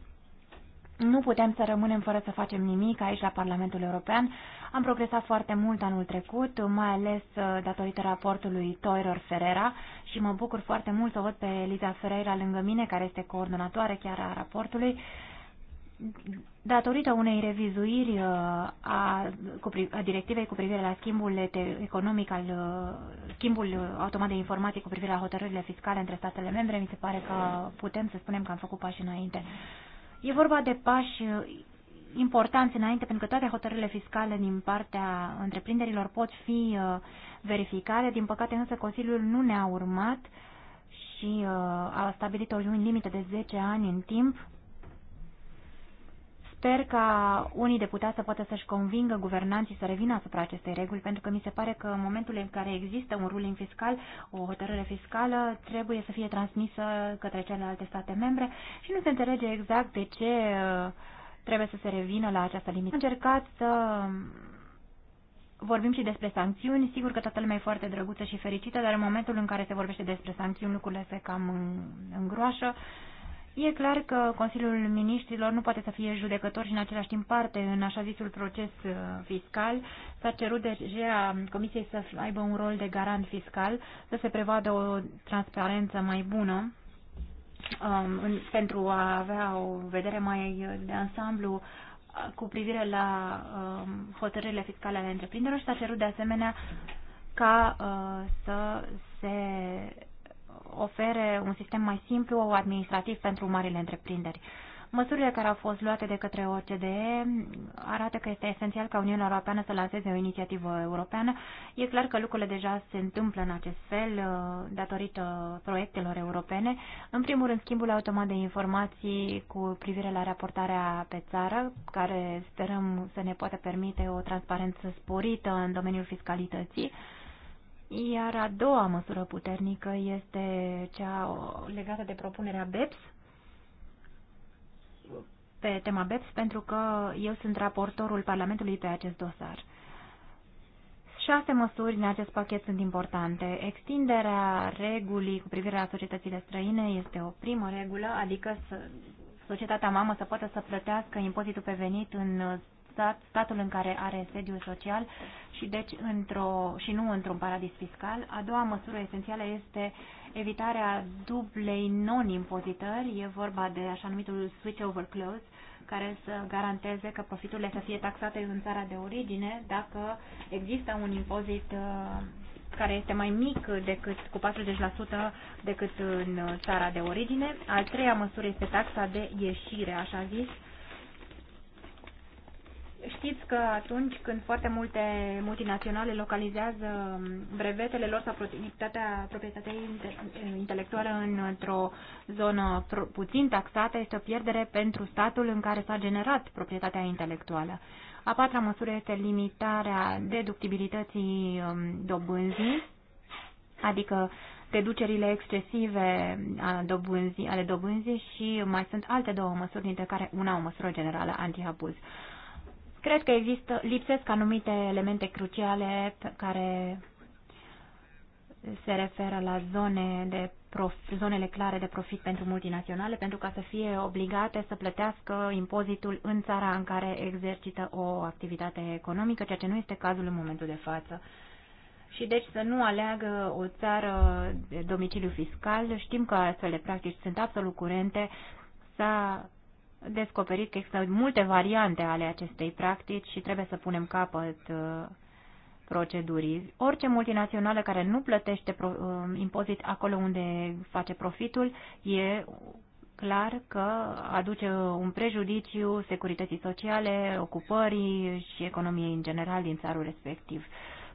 nu putem să rămânem fără să facem nimic aici la Parlamentul European. Am progresat foarte mult anul trecut, mai ales uh, datorită raportului Toirer Ferreira, și mă bucur foarte mult să văd pe Eliza Ferreira lângă mine, care este coordonatoare chiar a raportului. Datorită unei revizuiri uh, a, a directivei cu privire la schimbul economic al uh, schimbul automat de informații cu privire la hotărârile fiscale între statele membre, mi se pare că putem să spunem că am făcut pași înainte. E vorba de pași uh, importanți înainte, pentru că toate hotărârile fiscale din partea întreprinderilor pot fi uh, verificate. Din păcate, însă, Consiliul nu ne-a urmat și uh, a stabilit o limită de 10 ani în timp Sper ca unii deputați să poată să-și convingă guvernanții să revină asupra acestei reguli, pentru că mi se pare că în momentul în care există un ruling fiscal, o hotărâre fiscală, trebuie să fie transmisă către celelalte state membre și nu se înțelege exact de ce uh, trebuie să se revină la această limită. Am încercat să vorbim și despre sancțiuni. Sigur că toată lumea e foarte drăguță și fericită, dar în momentul în care se vorbește despre sancțiuni, lucrurile se cam îngroașă. În E clar că Consiliul Ministrilor nu poate să fie judecător și în același timp parte în așa zisul proces uh, fiscal. S-a cerut deja Comisiei să aibă un rol de garant fiscal, să se prevadă o transparență mai bună um, pentru a avea o vedere mai de ansamblu uh, cu privire la um, hotărârile fiscale ale întreprinderilor și s-a cerut de asemenea ca uh, să se ofere un sistem mai simplu administrativ pentru marile întreprinderi. Măsurile care au fost luate de către OCDE arată că este esențial ca Uniunea Europeană să lanseze o inițiativă europeană. E clar că lucrurile deja se întâmplă în acest fel uh, datorită proiectelor europene. În primul rând, schimbul automat de informații cu privire la raportarea pe țară, care sperăm să ne poată permite o transparență sporită în domeniul fiscalității iar a doua măsură puternică este cea legată de propunerea BEPS, pe tema BEPS, pentru că eu sunt raportorul Parlamentului pe acest dosar. Șase măsuri din acest pachet sunt importante. Extinderea regulii cu privire la societățile străine este o primă regulă, adică să, societatea mamă să poată să plătească impozitul pe venit în stat, statul în care are sediul social și, deci, într-o, și nu într-un paradis fiscal. A doua măsură esențială este evitarea dublei non-impozitări. E vorba de așa numitul switch-over clause, care să garanteze că profiturile să fie taxate în țara de origine dacă există un impozit uh, care este mai mic decât cu 40% decât în țara de origine. Al treia măsură este taxa de ieșire, așa zis, Știți că atunci când foarte multe multinaționale localizează brevetele lor sau proprietatea, proprietatea intelectuală într-o zonă puțin taxată, este o pierdere pentru statul în care s-a generat proprietatea intelectuală. A patra măsură este limitarea deductibilității um, dobânzii, adică deducerile excesive ale dobânzii, ale dobânzii și mai sunt alte două măsuri, dintre care una o măsură generală antiabuz. abuz Cred că există, lipsesc anumite elemente cruciale care se referă la zone de prof, zonele clare de profit pentru multinaționale pentru ca să fie obligate să plătească impozitul în țara în care exercită o activitate economică, ceea ce nu este cazul în momentul de față. Și deci să nu aleagă o țară de domiciliu fiscal. Știm că astfel de practici sunt absolut curente. S-a descoperit că există multe variante ale acestei practici și trebuie să punem capăt uh, procedurii. Orice multinațională care nu plătește uh, impozit acolo unde face profitul e clar că aduce un prejudiciu securității sociale, ocupării și economiei în general din țarul respectiv.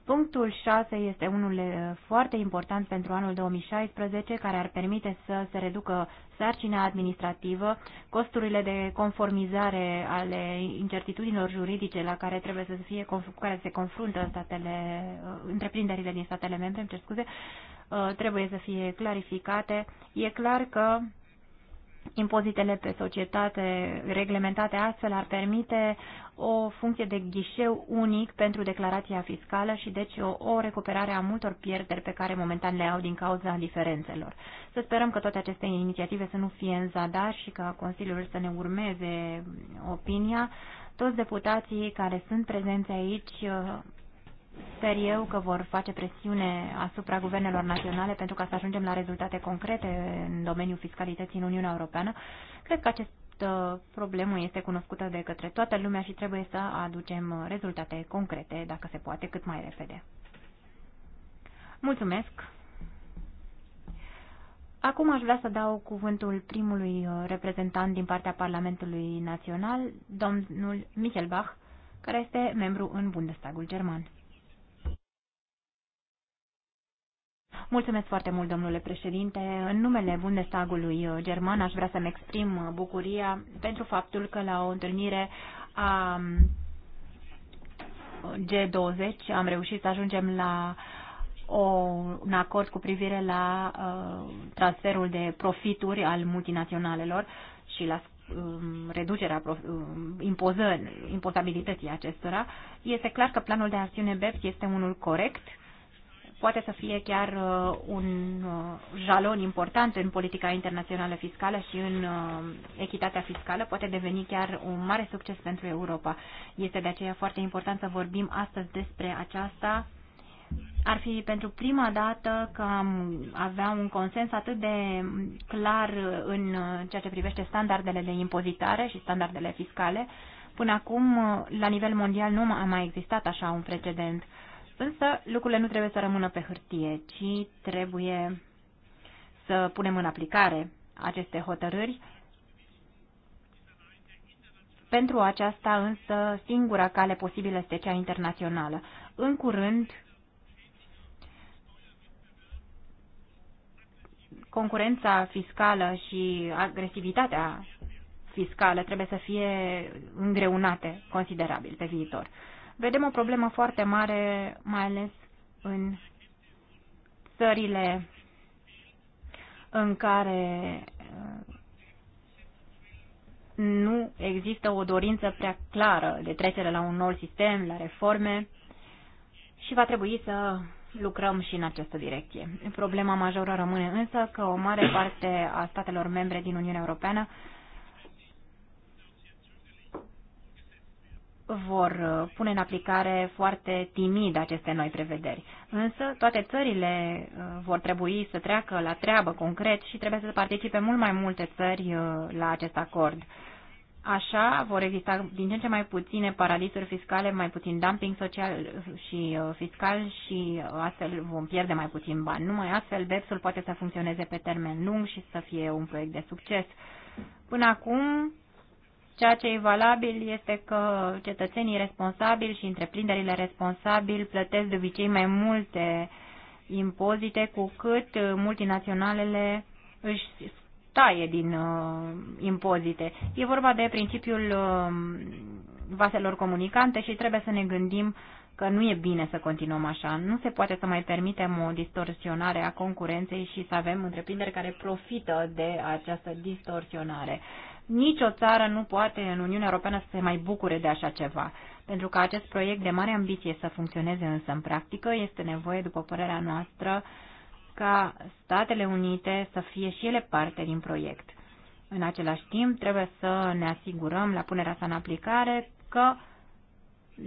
Punctul 6 este unul eh, foarte important pentru anul 2016, care ar permite să se reducă sarcina administrativă, costurile de conformizare ale incertitudinilor juridice la care trebuie să fie cu care se confruntă statele, eh, întreprinderile din statele membre, îmi cer scuze, eh, trebuie să fie clarificate. E clar că impozitele pe societate reglementate astfel ar permite o funcție de ghișeu unic pentru declarația fiscală și deci o, o recuperare a multor pierderi pe care momentan le au din cauza diferențelor. Să sperăm că toate aceste inițiative să nu fie în zadar și ca Consiliul să ne urmeze opinia. Toți deputații care sunt prezenți aici Sper eu că vor face presiune asupra guvernelor naționale pentru ca să ajungem la rezultate concrete în domeniul fiscalității în Uniunea Europeană. Cred că acest problemă este cunoscută de către toată lumea și trebuie să aducem rezultate concrete, dacă se poate, cât mai repede. Mulțumesc! Acum aș vrea să dau cuvântul primului reprezentant din partea Parlamentului Național, domnul Michelbach, care este membru în Bundestagul German. Mulțumesc foarte mult, domnule președinte. În numele Bundestagului uh, german aș vrea să-mi exprim uh, bucuria pentru faptul că la o întâlnire a um, G20 am reușit să ajungem la o, un acord cu privire la uh, transferul de profituri al multinaționalelor și la um, reducerea um, impozării, impozabilității acestora, este clar că planul de acțiune BEPS este unul corect poate să fie chiar uh, un uh, jalon important în politica internațională fiscală și în uh, echitatea fiscală, poate deveni chiar un mare succes pentru Europa. Este de aceea foarte important să vorbim astăzi despre aceasta. Ar fi pentru prima dată că am avea un consens atât de clar în ceea ce privește standardele de impozitare și standardele fiscale. Până acum, la nivel mondial, nu a mai existat așa un precedent. Însă lucrurile nu trebuie să rămână pe hârtie, ci trebuie să punem în aplicare aceste hotărâri. Pentru aceasta însă singura cale posibilă este cea internațională. În curând, concurența fiscală și agresivitatea fiscală trebuie să fie îngreunate considerabil pe viitor vedem o problemă foarte mare, mai ales în țările în care uh, nu există o dorință prea clară de trecere la un nou sistem, la reforme și va trebui să lucrăm și în această direcție. Problema majoră rămâne însă că o mare parte a statelor membre din Uniunea Europeană vor uh, pune în aplicare foarte timid aceste noi prevederi. Însă toate țările uh, vor trebui să treacă la treabă concret și trebuie să participe mult mai multe țări uh, la acest acord. Așa vor exista din ce în ce mai puține paradisuri fiscale, mai puțin dumping social și fiscal și astfel vom pierde mai puțin bani. Numai astfel BEPS-ul poate să funcționeze pe termen lung și să fie un proiect de succes. Până acum, Ceea ce e valabil este că cetățenii responsabili și întreprinderile responsabili plătesc de obicei mai multe impozite cu cât uh, multinaționalele își taie din uh, impozite. E vorba de principiul uh, vaselor comunicante și trebuie să ne gândim că nu e bine să continuăm așa. Nu se poate să mai permitem o distorsionare a concurenței și să avem întreprinderi care profită de această distorsionare. Uh, nici o țară nu poate în Uniunea Europeană să se mai bucure de așa ceva. Pentru ca acest proiect de mare ambiție să funcționeze însă în practică, este nevoie, după părerea noastră, ca Statele Unite să fie și ele parte din proiect. În același timp, trebuie să ne asigurăm la punerea sa în aplicare că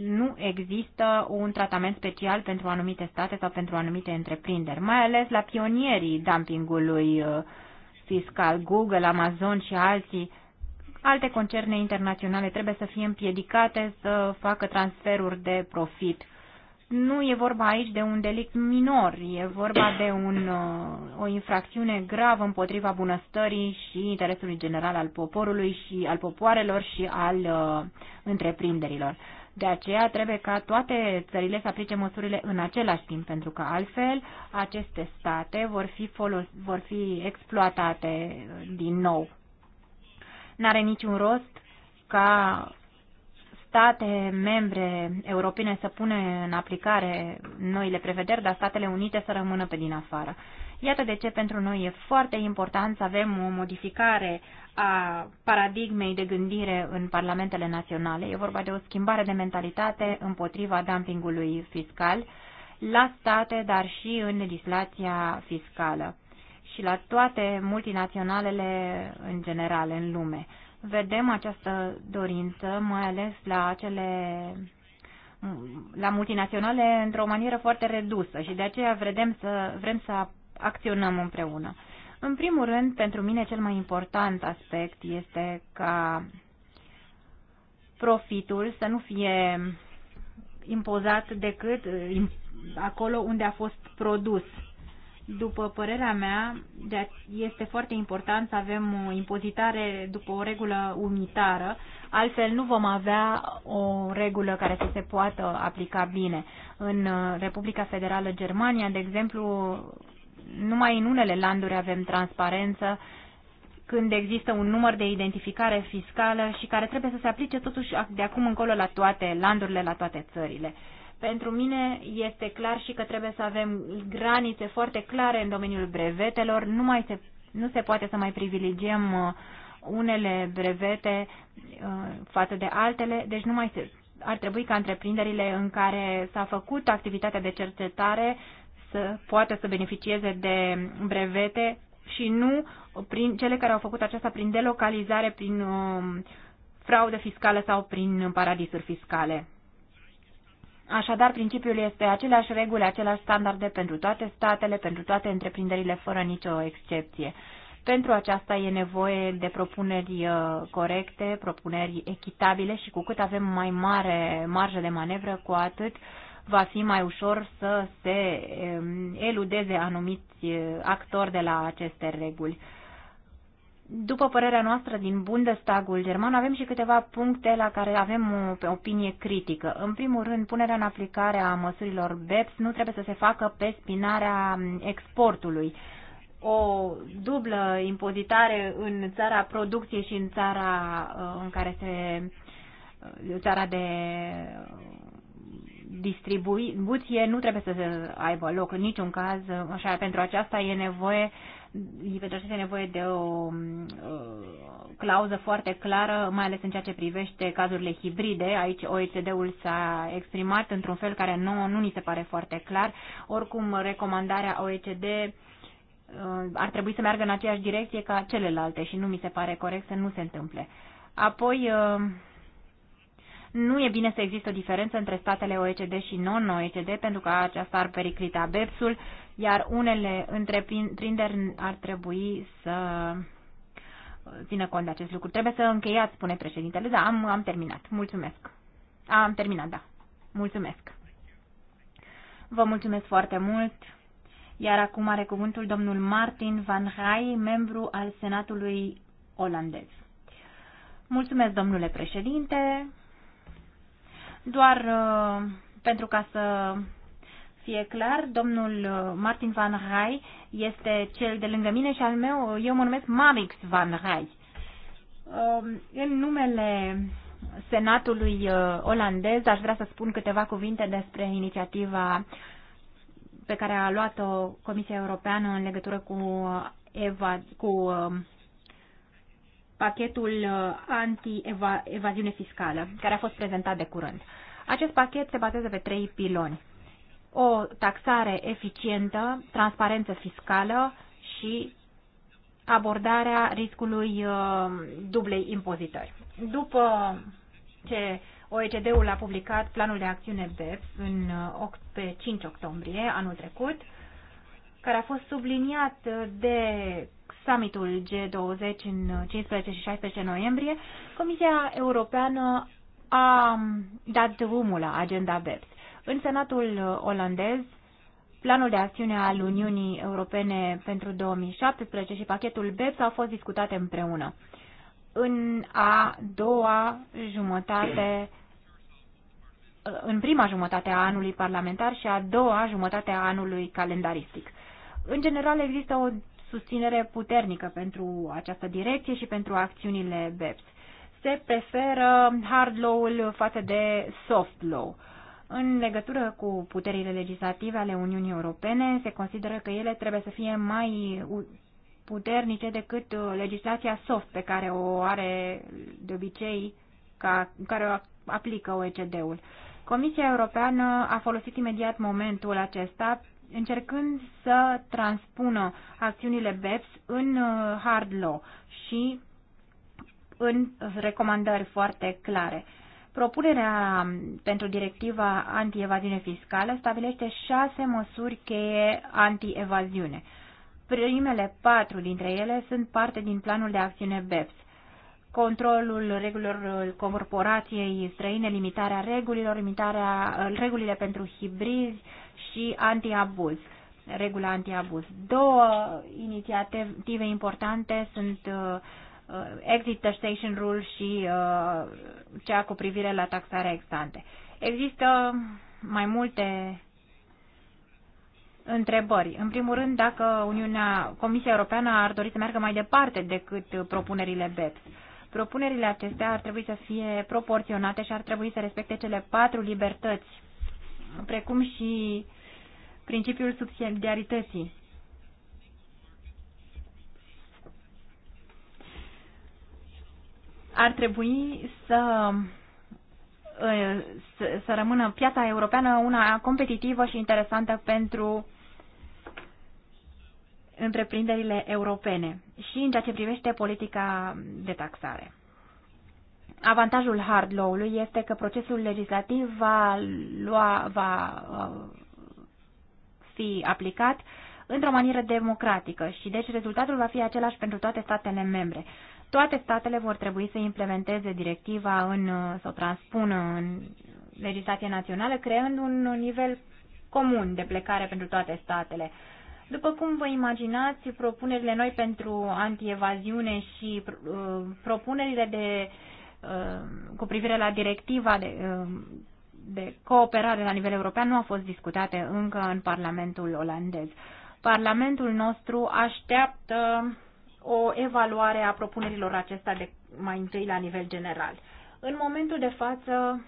nu există un tratament special pentru anumite state sau pentru anumite întreprinderi, mai ales la pionierii dumpingului uh, fiscal, Google, Amazon și alții alte concerne internaționale trebuie să fie împiedicate să facă transferuri de profit. Nu e vorba aici de un delict minor, e vorba de un, uh, o infracțiune gravă împotriva bunăstării și interesului general al poporului și al popoarelor și al uh, întreprinderilor. De aceea trebuie ca toate țările să aplice măsurile în același timp, pentru că altfel aceste state vor fi, folos, vor fi exploatate din nou. N-are niciun rost ca state membre europene să pune în aplicare noile prevederi, dar Statele Unite să rămână pe din afară. Iată de ce pentru noi e foarte important să avem o modificare a paradigmei de gândire în parlamentele naționale. E vorba de o schimbare de mentalitate împotriva dumpingului fiscal la state, dar și în legislația fiscală și la toate multinaționalele în general în lume. Vedem această dorință, mai ales la acele la multinaționale într-o manieră foarte redusă și de aceea vrem să, vrem să acționăm împreună. În primul rând, pentru mine cel mai important aspect este ca profitul să nu fie impozat decât acolo unde a fost produs după părerea mea, este foarte important să avem o impozitare după o regulă unitară, altfel nu vom avea o regulă care să se poată aplica bine. În uh, Republica Federală Germania, de exemplu, numai în unele landuri avem transparență când există un număr de identificare fiscală și care trebuie să se aplice totuși de acum încolo la toate landurile, la toate țările. Pentru mine este clar și că trebuie să avem granițe foarte clare în domeniul brevetelor. Nu, mai se, nu se poate să mai privilegiem uh, unele brevete uh, față de altele, deci nu mai se, ar trebui ca întreprinderile în care s-a făcut activitatea de cercetare să poată să beneficieze de brevete și nu prin cele care au făcut aceasta prin delocalizare, prin uh, fraudă fiscală sau prin paradisuri fiscale. Așadar, principiul este aceleași reguli, aceleași standarde pentru toate statele, pentru toate întreprinderile, fără nicio excepție. Pentru aceasta e nevoie de propuneri uh, corecte, propuneri echitabile și cu cât avem mai mare marjă de manevră, cu atât va fi mai ușor să se um, eludeze anumiți uh, actori de la aceste reguli. După părerea noastră din Bundestagul german, avem și câteva puncte la care avem o opinie critică. În primul rând, punerea în aplicare a măsurilor BEPS nu trebuie să se facă pe spinarea exportului. O dublă impozitare în țara producției și în țara uh, în care se uh, țara de uh, distribuție nu trebuie să aibă loc în niciun caz. Așa, pentru aceasta e nevoie pentru aceasta e nevoie de o clauză foarte clară, mai ales în ceea ce privește cazurile hibride. Aici OECD-ul s-a exprimat într-un fel care nu, nu ni se pare foarte clar. Oricum, recomandarea OECD uh, ar trebui să meargă în aceeași direcție ca celelalte și nu mi se pare corect să nu se întâmple. Apoi, uh, nu e bine să există o diferență între statele OECD și non-OECD, pentru că aceasta ar periclita BEPS-ul iar unele întreprinderi ar trebui să țină cont de acest lucru. Trebuie să încheiați, spune președintele. Da, am, am terminat. Mulțumesc. Am terminat, da. Mulțumesc. Vă mulțumesc foarte mult. Iar acum are cuvântul domnul Martin Van Rai, membru al Senatului olandez. Mulțumesc, domnule președinte. Doar uh, pentru ca să fie clar, domnul uh, Martin Van Rai este cel de lângă mine și al meu, eu mă numesc Marix Van Rai. Um, în numele Senatului uh, olandez aș vrea să spun câteva cuvinte despre inițiativa pe care a luat-o Comisia Europeană în legătură cu, uh, Eva, cu um, pachetul anti-evaziune fiscală, care a fost prezentat de curând. Acest pachet se bazează pe trei piloni o taxare eficientă, transparență fiscală și abordarea riscului uh, dublei impozitări. După ce OECD-ul a publicat planul de acțiune BEPS în, uh, pe 5 octombrie anul trecut, care a fost subliniat uh, de summitul G20 în 15 și 16 noiembrie, Comisia Europeană a um, dat drumul la agenda BEPS. În Senatul uh, olandez, planul de acțiune al Uniunii Europene pentru 2017 și pachetul BEPS au fost discutate împreună. În a doua jumătate în prima jumătate a anului parlamentar și a doua jumătate a anului calendaristic. În general, există o susținere puternică pentru această direcție și pentru acțiunile BEPS. Se preferă hard law-ul față de soft law. În legătură cu puterile legislative ale Uniunii Europene, se consideră că ele trebuie să fie mai puternice decât uh, legislația soft pe care o are de obicei, ca, care o aplică OECD-ul. Comisia Europeană a folosit imediat momentul acesta încercând să transpună acțiunile BEPS în uh, hard law și în recomandări foarte clare. Propunerea pentru directiva anti-evaziune fiscală stabilește șase măsuri cheie anti-evaziune. Primele patru dintre ele sunt parte din planul de acțiune BEPS. Controlul regulilor corporației străine, limitarea regulilor, limitarea, regulile pentru hibrizi și anti-abuz regula antiabuz. Două inițiative importante sunt uh, Uh, exit taxation rule și uh, cea cu privire la taxarea extante. Există mai multe întrebări. În primul rând, dacă Uniunea, Comisia Europeană ar dori să meargă mai departe decât propunerile BEPS. Propunerile acestea ar trebui să fie proporționate și ar trebui să respecte cele patru libertăți, precum și principiul subsidiarității. ar trebui să să, să rămână piața europeană una competitivă și interesantă pentru întreprinderile europene și în ceea ce privește politica de taxare. Avantajul hard law-ului este că procesul legislativ va, lua, va uh, fi aplicat într-o manieră democratică și deci rezultatul va fi același pentru toate statele membre. Toate statele vor trebui să implementeze directiva în, sau transpună în legislația națională, creând un nivel comun de plecare pentru toate statele. După cum vă imaginați, propunerile noi pentru antievaziune și uh, propunerile de, uh, cu privire la directiva de, uh, de cooperare la nivel european nu au fost discutate încă în Parlamentul olandez. Parlamentul nostru așteaptă uh, o evaluare a propunerilor acestea de mai întâi la nivel general. În momentul de față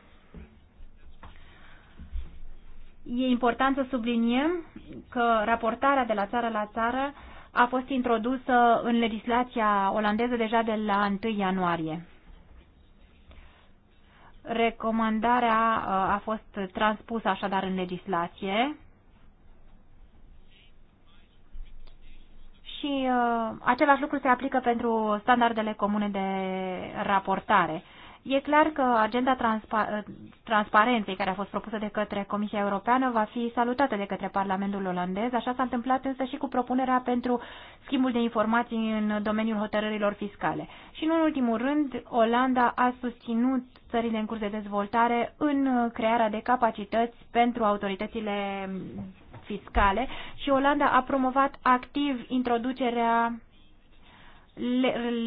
e important să subliniem că raportarea de la țară la țară a fost introdusă în legislația olandeză deja de la 1 ianuarie. Recomandarea uh, a fost transpusă așadar în legislație și uh, același lucru se aplică pentru standardele comune de raportare. E clar că agenda transpa uh, transparenței care a fost propusă de către Comisia Europeană va fi salutată de către Parlamentul olandez. Așa s-a întâmplat însă și cu propunerea pentru schimbul de informații în domeniul hotărârilor fiscale. Și nu în ultimul rând, Olanda a susținut țările în curs de dezvoltare în crearea de capacități pentru autoritățile fiscale și Olanda a promovat activ introducerea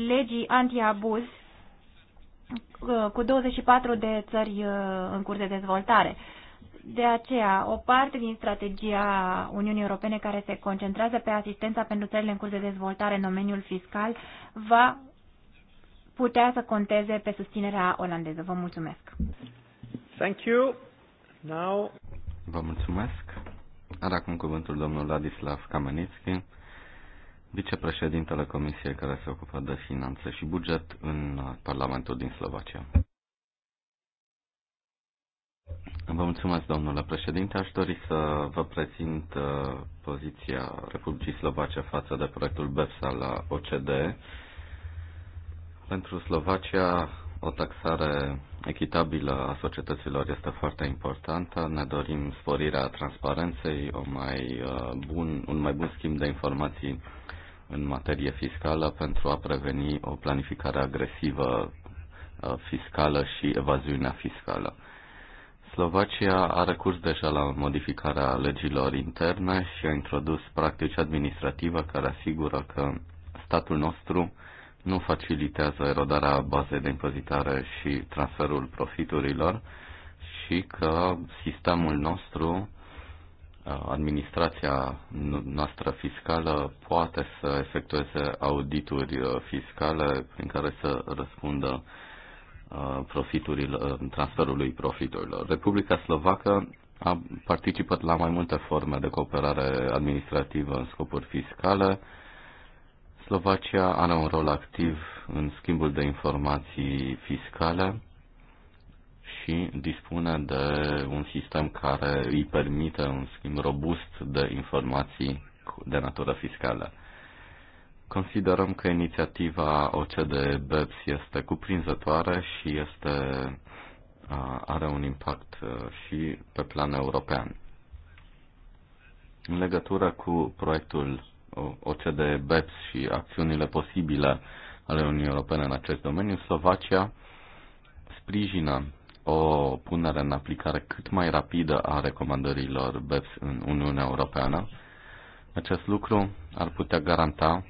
legii abuz uh, cu 24 de țări uh, în curs de dezvoltare. De aceea, o parte din strategia Uniunii Europene care se concentrează pe asistența pentru țările în curs de dezvoltare în domeniul fiscal va putea să conteze pe susținerea olandeză. Vă mulțumesc! Thank you. Now... Vă mulțumesc. Are acum cuvântul domnul Ladislav Kamenitski, vicepreședintele Comisiei care se ocupă de finanțe și buget în Parlamentul din Slovacia. Vă mulțumesc, domnule președinte. Aș dori să vă prezint uh, poziția Republicii Slovacia față de proiectul BEPSA la OCDE. Pentru Slovacia, o taxare echitabilă a societăților este foarte importantă. Ne dorim sporirea transparenței, o mai uh, bun, un mai bun schimb de informații în materie fiscală pentru a preveni o planificare agresivă uh, fiscală și evaziunea fiscală. Slovacia a recurs deja la modificarea legilor interne și a introdus practici administrative care asigură că statul nostru nu facilitează erodarea bazei de impozitare și transferul profiturilor și că sistemul nostru, uh, administrația noastră fiscală poate să efectueze audituri uh, fiscale prin care să răspundă uh, profiturilor, transferului profiturilor. Republica Slovacă a participat la mai multe forme de cooperare administrativă în scopuri fiscale, Slovacia are un rol activ în schimbul de informații fiscale și dispune de un sistem care îi permite un schimb robust de informații de natură fiscală. Considerăm că inițiativa OCDE BEPS este cuprinzătoare și este, are un impact și pe plan european. În legătură cu proiectul OCDE, BEPS și acțiunile posibile ale Uniunii Europene în acest domeniu, Slovacia sprijină o punere în aplicare cât mai rapidă a recomandărilor BEPS în Uniunea Europeană. Acest lucru ar putea garanta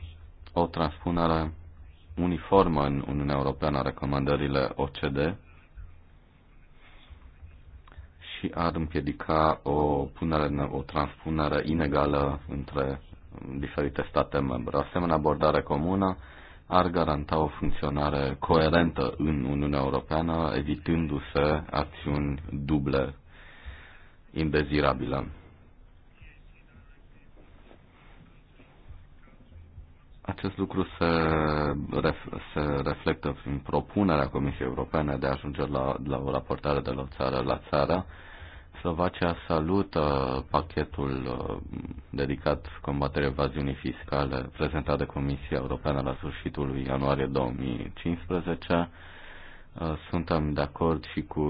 o transpunere uniformă în Uniunea Europeană a recomandările OCD și ar împiedica o, punere, o transpunere inegală între diferite state membre. Asemenea, abordare comună ar garanta o funcționare coerentă în Uniunea Europeană, evitându-se acțiuni duble indezirabile. Acest lucru se, ref, se reflectă prin propunerea Comisiei Europene de a ajunge la, la o raportare de la țară la țară, Slovacia salută pachetul uh, dedicat combaterii evaziunii fiscale prezentat de Comisia Europeană la sfârșitul ianuarie 2015. Uh, suntem de acord și cu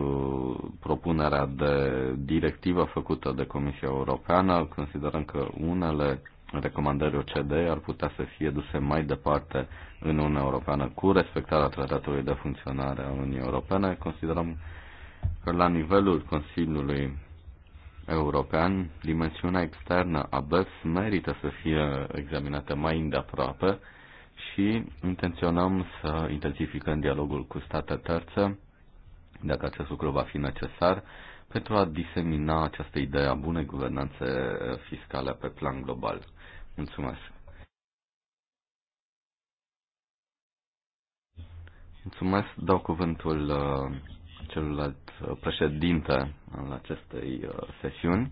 propunerea de directivă făcută de Comisia Europeană. Considerăm că unele recomandări OCD ar putea să fie duse mai departe în Uniunea Europeană cu respectarea tratatului de funcționare a Uniunii Europene. Considerăm că la nivelul Consiliului european, dimensiunea externă a BES merită să fie examinată mai îndeaproape și intenționăm să intensificăm dialogul cu state terțe, dacă acest lucru va fi necesar, pentru a disemina această idee a bunei guvernanțe fiscale pe plan global. Mulțumesc! Mulțumesc, dau cuvântul uh, celălalt uh, președinte al acestei uh, sesiuni.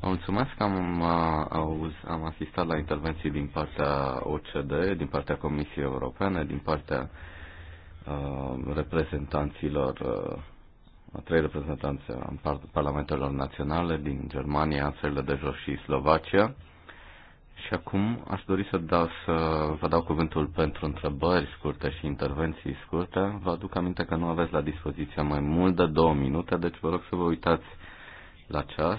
Vă mulțumesc că am, uh, auz, am asistat la intervenții din partea OCDE, din partea Comisiei Europene, din partea reprezentanților, trei reprezentanțe în parlamentelor naționale din Germania, țările de jos și Slovacia. Și acum aș dori să, dau, să vă dau cuvântul pentru întrebări scurte și intervenții scurte. Vă aduc aminte că nu aveți la dispoziție mai mult de două minute, deci vă rog să vă uitați la ceas.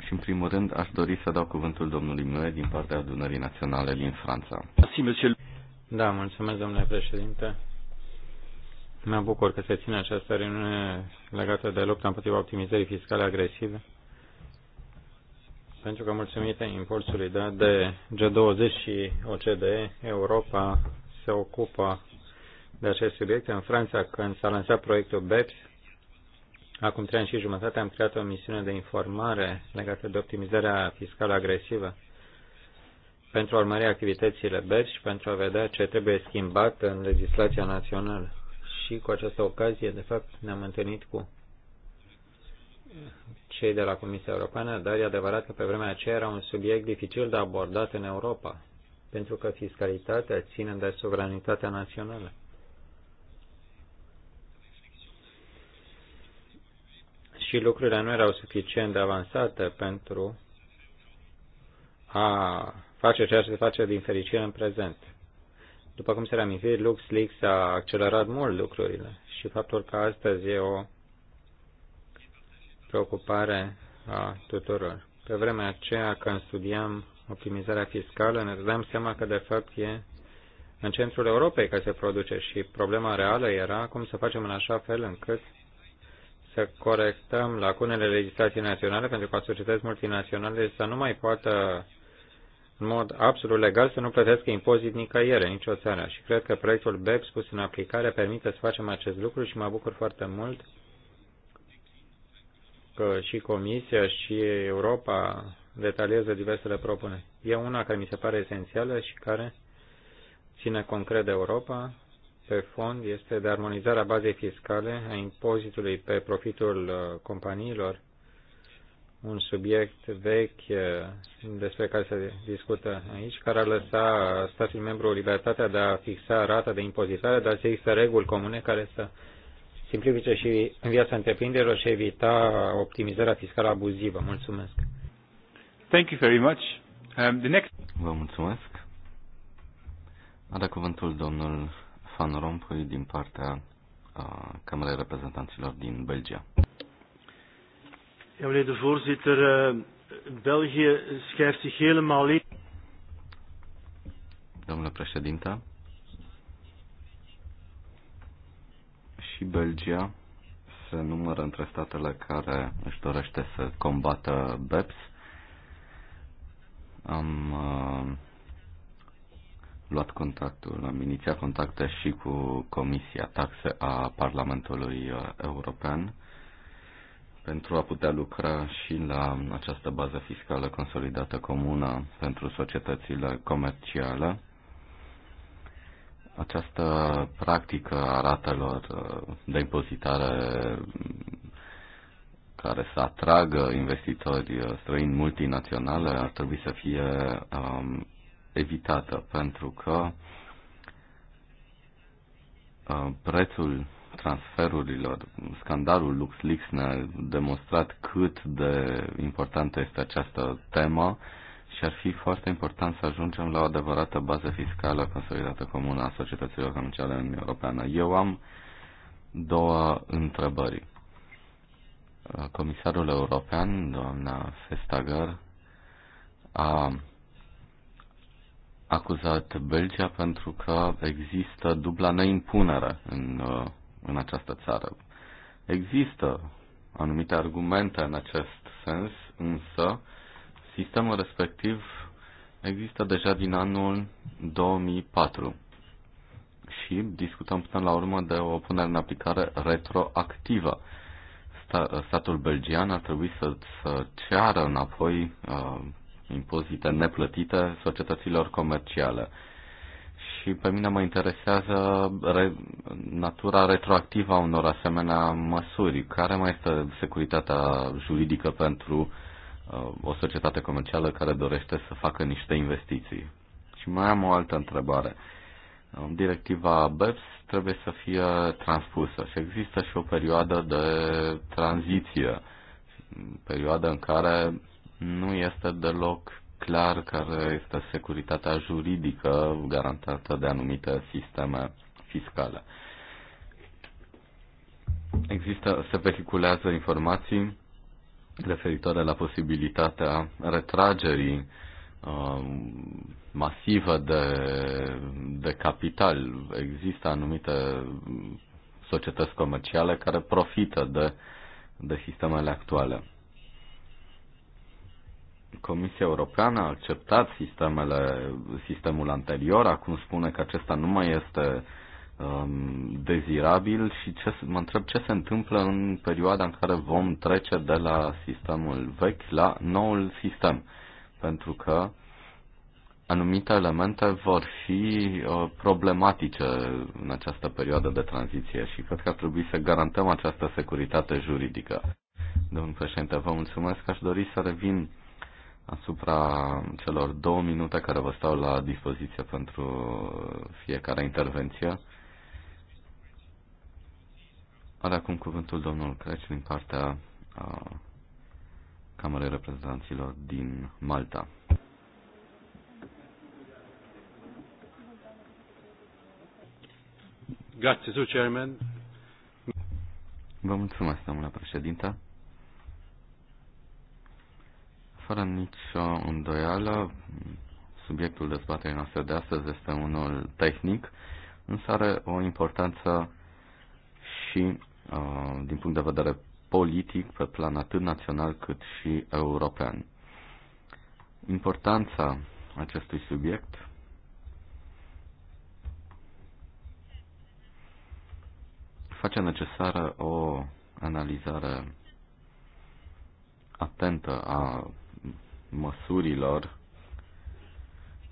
Și în primul rând aș dori să dau cuvântul domnului Mue din partea adunării naționale din Franța. Da, mulțumesc domnule președinte. Mă bucur că se ține această reuniune legată de lupta împotriva optimizării fiscale agresive pentru că mulțumită impulsului dat de G20 și OCDE, Europa se ocupă de acest subiect. În Franța, când s-a lansat proiectul BEPS, acum trei ani și jumătate am creat o misiune de informare legată de optimizarea fiscală agresivă pentru a urmări activitățile BEPS și pentru a vedea ce trebuie schimbat în legislația națională. Și cu această ocazie, de fapt, ne-am întâlnit cu cei de la Comisia Europeană, dar e adevărat că pe vremea aceea era un subiect dificil de abordat în Europa, pentru că fiscalitatea ține de suveranitatea națională. Și lucrurile nu erau suficient de avansate pentru a face ceea ce se face din fericire în prezent. După cum se reamintit, LuxLeaks a accelerat mult lucrurile și faptul că astăzi e o preocupare a tuturor. Pe vremea aceea, când studiam optimizarea fiscală, ne dăm seama că, de fapt, e în centrul Europei că se produce și problema reală era cum să facem în așa fel încât să corectăm lacunele legislației naționale pentru ca societăți multinaționale să nu mai poată în mod absolut legal să nu plătească impozit nicăieri, nicio țară. Și cred că proiectul BEPS pus în aplicare permite să facem acest lucru și mă bucur foarte mult că și Comisia și Europa detaliază diversele propuneri. E una care mi se pare esențială și care ține concret de Europa, pe fond, este de armonizarea bazei fiscale a impozitului pe profitul uh, companiilor, un subiect vechi uh, despre care se discută aici, care ar lăsa statul membru libertatea de a fixa rata de impozitare, dar să există reguli comune care să simplifice și în viața întreprinderilor și evita optimizarea fiscală abuzivă. Mulțumesc. Thank you very much. Um, the next... Vă mulțumesc. Are cuvântul domnul Van Rompuy din partea uh, Camerei Reprezentanților din Belgia. Ja, meneer de voorzitter, uh, België schrijft zich helemaal in. Domnule președinte, și Belgia se numără între statele care își dorește să combată BEPS. Am uh, luat contactul, am inițiat contacte și cu Comisia Taxe a Parlamentului uh, European pentru a putea lucra și la această bază fiscală consolidată comună pentru societățile comerciale această practică a ratelor uh, de impozitare care să atragă investitori uh, străini multinaționale ar trebui să fie um, evitată, pentru că um, prețul transferurilor, scandalul LuxLeaks ne-a demonstrat cât de importantă este această temă deci ar fi foarte important să ajungem la o adevărată bază fiscală consolidată comună a societăților comerciale în Uniunea Europeană. Eu am două întrebări. Comisarul european, doamna Festager, a acuzat Belgia pentru că există dubla neimpunere în, în această țară. Există anumite argumente în acest sens, însă Sistemul respectiv există deja din anul 2004 și discutăm până la urmă de o punere în aplicare retroactivă. Statul belgian ar trebui să, să ceară înapoi uh, impozite neplătite societăților comerciale. Și pe mine mă interesează re, natura retroactivă a unor asemenea măsuri. Care mai este securitatea juridică pentru Uh, o societate comercială care dorește să facă niște investiții. Și mai am o altă întrebare. Uh, directiva BEPS trebuie să fie transpusă și există și o perioadă de tranziție, perioadă în care nu este deloc clar care este securitatea juridică garantată de anumite sisteme fiscale. Există, se vehiculează informații referitoare la posibilitatea retragerii um, masivă de, de capital. Există anumite societăți comerciale care profită de, de sistemele actuale. Comisia Europeană a acceptat sistemele, sistemul anterior, acum spune că acesta nu mai este um, dezirabil și ce, mă întreb ce se întâmplă în perioada în care vom trece de la sistemul vechi la noul sistem. Pentru că anumite elemente vor fi uh, problematice în această perioadă de tranziție și cred că ar trebui să garantăm această securitate juridică. Domnul președinte, vă mulțumesc. Aș dori să revin asupra celor două minute care vă stau la dispoziție pentru fiecare intervenție. Are acum cuvântul domnul Creci din partea a Camerei Reprezentanților din Malta. Grazie, su chairman. Vă mulțumesc, domnule președinte. Fără nicio îndoială, subiectul dezbaterii noastre de astăzi este unul tehnic, însă are o importanță și Uh, din punct de vedere politic pe plan atât național cât și european. Importanța acestui subiect face necesară o analizare atentă a măsurilor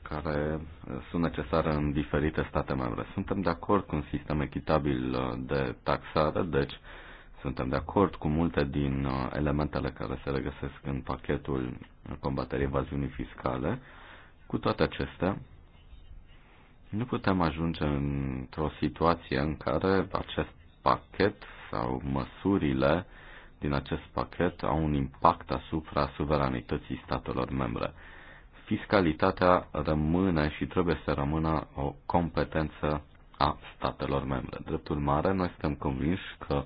care uh, sunt necesare în diferite state membre. Suntem de acord cu un sistem echitabil uh, de taxare, deci suntem de acord cu multe din uh, elementele care se regăsesc în pachetul combaterii evaziunii fiscale. Cu toate acestea, nu putem ajunge într-o situație în care acest pachet sau măsurile din acest pachet au un impact asupra suveranității statelor membre fiscalitatea rămâne și trebuie să rămână o competență a statelor membre. Drept urmare, noi suntem convinși că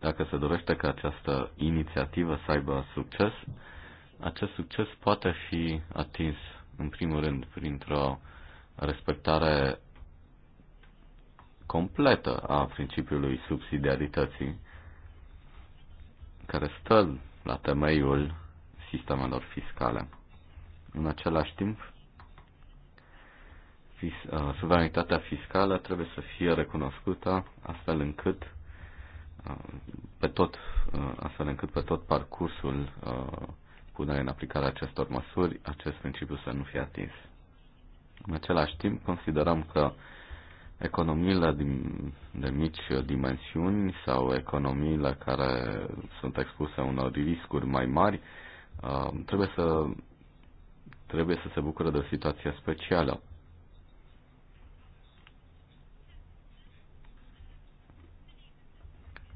dacă se dorește ca această inițiativă să aibă succes, acest succes poate fi atins, în primul rând, printr-o respectare completă a principiului subsidiarității, care stă la temeiul sistemelor fiscale. În același timp, uh, suveranitatea fiscală trebuie să fie recunoscută astfel încât uh, pe tot, uh, astfel încât pe tot parcursul punerii în aplicare acestor măsuri, acest principiu să nu fie atins. În același timp, considerăm că economiile din, de mici dimensiuni sau economiile care sunt expuse unor riscuri mai mari trebuie să trebuie să se bucure de o situație specială.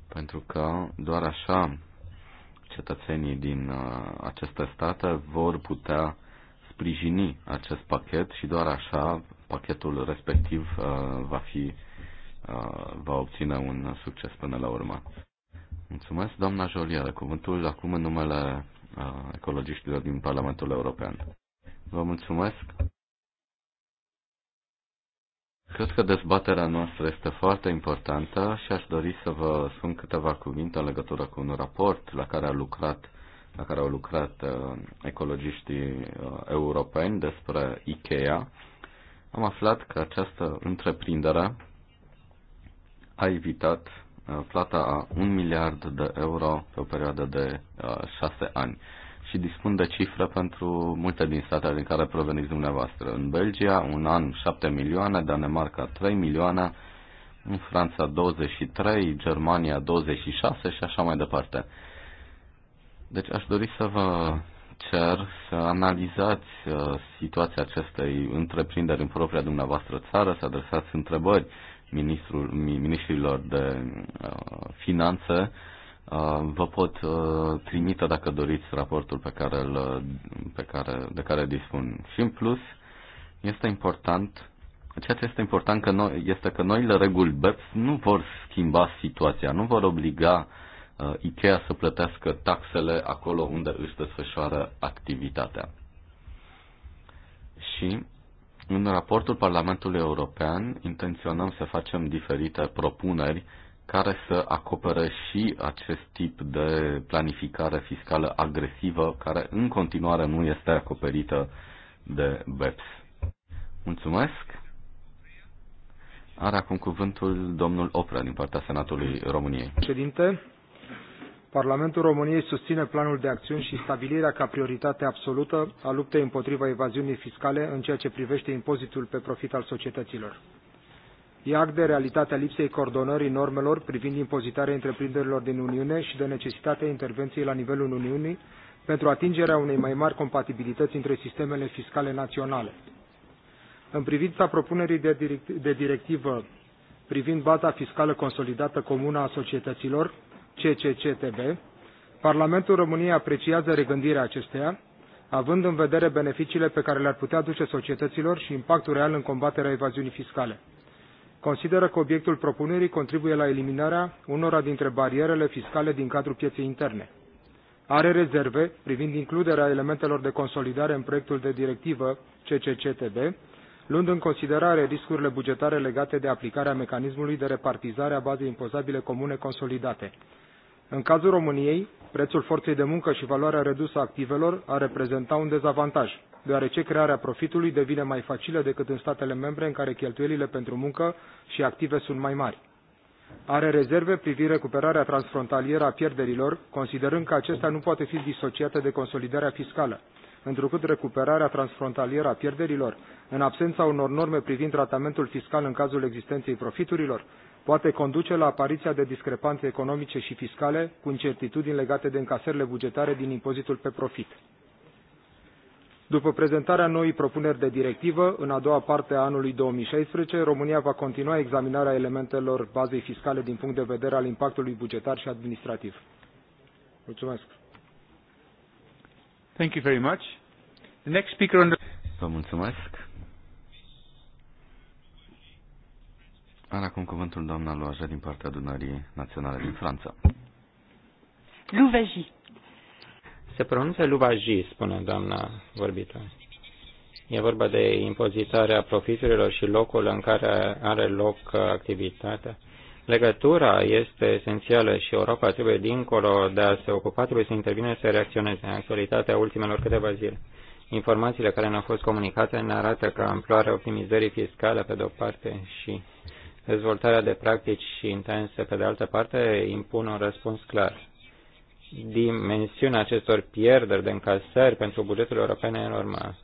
Pentru că doar așa cetățenii din uh, aceste state vor putea sprijini acest pachet și doar așa pachetul respectiv uh, va fi uh, va obține un succes până la urmă. Mulțumesc, doamna Jolie, cuvântul acum în numele ecologiștilor din Parlamentul European. Vă mulțumesc. Cred că dezbaterea noastră este foarte importantă și aș dori să vă spun câteva cuvinte în legătură cu un raport la care a lucrat la care au lucrat uh, ecologiștii uh, europeni despre IKEA, am aflat că această întreprindere a evitat uh, plata a 1 miliard de euro pe o perioadă de uh, 6 ani. Uh, și dispun de cifre pentru multe din statele din care proveniți dumneavoastră. În Belgia, un an 7 milioane, Danemarca 3 milioane, în Franța 23, Germania 26 și așa mai departe. Deci aș dori să vă cer să analizați uh, situația acestei întreprinderi în propria dumneavoastră țară, să adresați întrebări ministrul, ministrilor de uh, finanțe Uh, vă pot uh, trimite, dacă doriți, raportul pe care, îl, pe care, de care dispun. Și în plus, este important, ceea ce este important că noi, este că noile reguli BEPS nu vor schimba situația, nu vor obliga uh, IKEA să plătească taxele acolo unde își desfășoară activitatea. Și în raportul Parlamentului European intenționăm să facem diferite propuneri uh, care să acopere și acest tip de planificare fiscală agresivă care în continuare nu este acoperită de BEPS. Mulțumesc! Are acum cuvântul domnul Oprea din partea Senatului României. Președinte, Parlamentul României susține planul de acțiuni și stabilirea ca prioritate absolută a luptei împotriva evaziunii fiscale în ceea ce privește impozitul pe profit al societăților e act de realitatea lipsei coordonării normelor privind impozitarea întreprinderilor din Uniune și de necesitatea intervenției la nivelul Uniunii pentru atingerea unei mai mari compatibilități între sistemele fiscale naționale. În privința propunerii de, direct de directivă privind baza fiscală consolidată comună a societăților, CCCTB, Parlamentul României apreciază regândirea acesteia, având în vedere beneficiile pe care le-ar putea duce societăților și impactul real în combaterea evaziunii fiscale consideră că obiectul propunerii contribuie la eliminarea unora dintre barierele fiscale din cadrul pieței interne. Are rezerve privind includerea elementelor de consolidare în proiectul de directivă CCCTB, luând în considerare riscurile bugetare legate de aplicarea mecanismului de repartizare a bazei impozabile comune consolidate. În cazul României, prețul forței de muncă și valoarea redusă a activelor ar reprezenta un dezavantaj, deoarece crearea profitului devine mai facilă decât în statele membre în care cheltuielile pentru muncă și active sunt mai mari. Are rezerve privind recuperarea transfrontalieră a pierderilor, considerând că acestea nu poate fi disociată de consolidarea fiscală, întrucât recuperarea transfrontalieră a pierderilor, în absența unor norme privind tratamentul fiscal în cazul existenței profiturilor, poate conduce la apariția de discrepanțe economice și fiscale cu incertitudini legate de încasările bugetare din impozitul pe profit. După prezentarea noii propuneri de directivă, în a doua parte a anului 2016, România va continua examinarea elementelor bazei fiscale din punct de vedere al impactului bugetar și administrativ. Mulțumesc. Thank you very much. The next speaker on the... Vă mulțumesc. Are acum cuvântul doamna Loaja din partea adunării naționale din Franța. Louvagie. Se pronunță Lubaji, spune doamna vorbitoare. E vorba de impozitarea profiturilor și locul în care are loc activitatea. Legătura este esențială și Europa trebuie, dincolo de a se ocupa, trebuie să intervine să reacționeze. În actualitatea ultimelor câteva zile, informațiile care ne-au fost comunicate ne arată că amploarea optimizării fiscale, pe de-o parte, și dezvoltarea de practici intense, pe de altă parte, impun un răspuns clar dimensiunea acestor pierderi de încasări pentru bugetul european enormă.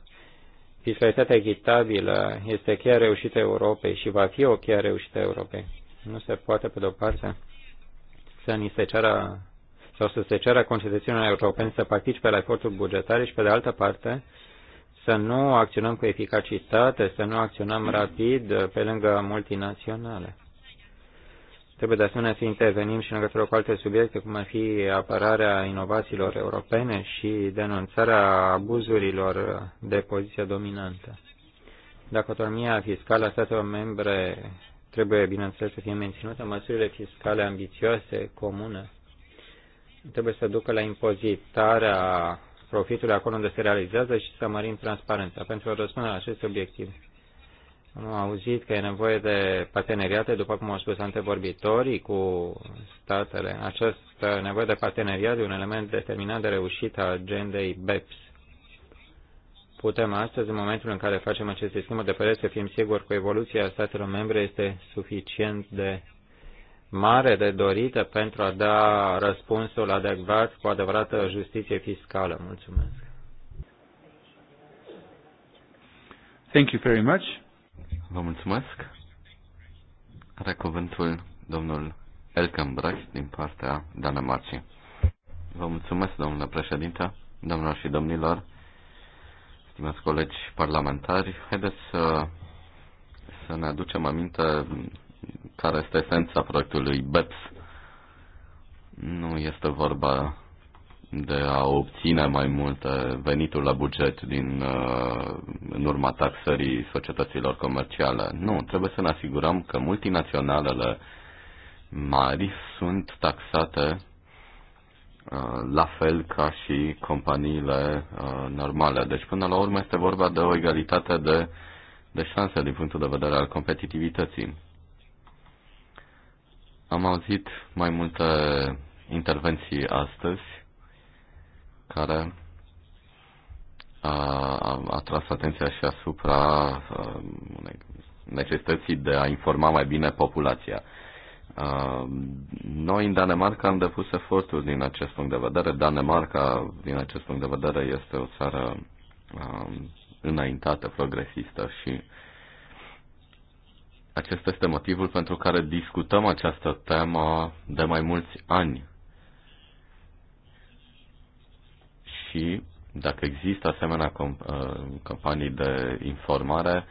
Fiscalitatea echitabilă este cheia reușită Europei și va fi o cheia reușită Europei. Nu se poate, pe de-o parte, să ni se ceară sau să se ceară concetățenilor europeni să participe la efortul bugetare și, pe de altă parte, să nu acționăm cu eficacitate, să nu acționăm rapid pe lângă multinaționale. Trebuie de asemenea să intervenim și în legătură cu alte subiecte, cum ar fi apărarea inovațiilor europene și denunțarea abuzurilor de poziție dominantă. Dacă autonomia fiscală a statelor membre trebuie, bineînțeles, să fie menținută, măsurile fiscale ambițioase, comune, trebuie să ducă la impozitarea profitului acolo unde se realizează și să mărim transparența pentru a răspunde la aceste obiective am auzit că e nevoie de parteneriate, după cum au spus antevorbitorii, cu statele. Această nevoie de parteneriat e un element determinat de reușită a agendei BEPS. Putem astăzi, în momentul în care facem aceste schimbări de părere, să fim siguri că evoluția statelor membre este suficient de mare de dorită pentru a da răspunsul adecvat cu adevărată justiție fiscală. Mulțumesc. Thank you very much. Vă mulțumesc. Are cuvântul domnul Elkenbrecht din partea Danemarcii. Vă mulțumesc, domnule președinte, domnilor și domnilor, stimați colegi parlamentari. Haideți să, să ne aducem aminte care este esența proiectului BEPS. Nu este vorba de a obține mai multe venituri la buget din, uh, în urma taxării societăților comerciale. Nu, trebuie să ne asigurăm că multinaționalele mari sunt taxate uh, la fel ca și companiile uh, normale. Deci, până la urmă, este vorba de o egalitate de, de șanse din punctul de vedere al competitivității. Am auzit mai multe intervenții astăzi care a, a tras atenția și asupra necesității de a informa mai bine populația. Noi în Danemarca am depus eforturi din acest punct de vedere. Danemarca, din acest punct de vedere, este o țară înaintată, progresistă și acesta este motivul pentru care discutăm această temă de mai mulți ani și dacă există asemenea uh, campanii de informare,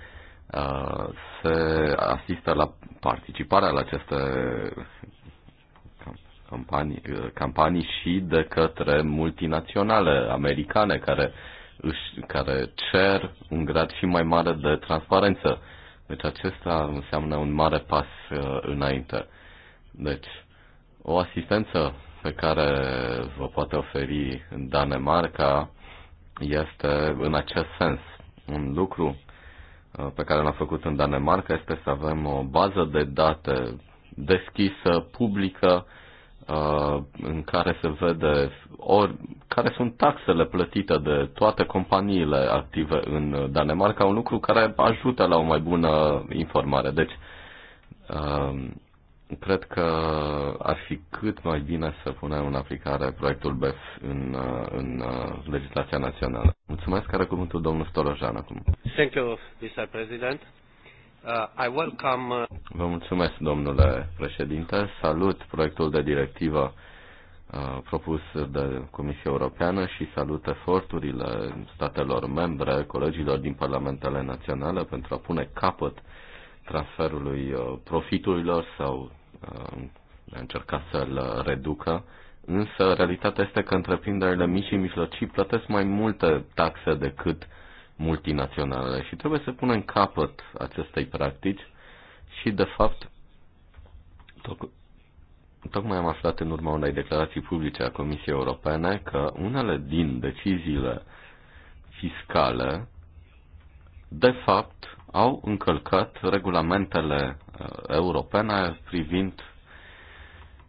uh, se asistă la participarea la aceste campanii, uh, campanii și de către multinaționale americane care, își, care cer un grad și mai mare de transparență. Deci acesta înseamnă un mare pas înainte. Deci, o asistență pe care vă poate oferi Danemarca este în acest sens. Un lucru uh, pe care l-am făcut în Danemarca este să avem o bază de date deschisă, publică, uh, în care se vede ori, care sunt taxele plătite de toate companiile active în Danemarca, un lucru care ajută la o mai bună informare. Deci, uh, cred că ar fi cât mai bine să punem în aplicare proiectul BEF în, uh, în uh, legislația națională. Mulțumesc, care cuvântul domnul Stolojan acum. Thank you, Mr. President. Uh, I welcome... Uh, Vă mulțumesc, domnule președinte. Salut proiectul de directivă propus de Comisia Europeană și salut eforturile statelor membre, colegilor din parlamentele naționale pentru a pune capăt transferului profiturilor sau Uh, a încercat să-l reducă, însă realitatea este că întreprinderile mici și mijlocii plătesc mai multe taxe decât multinaționalele și trebuie să punem capăt acestei practici și, de fapt, toc- tocmai am aflat în urma unei declarații publice a Comisiei Europene că unele din deciziile fiscale, de fapt, au încălcat regulamentele Uh, europene privind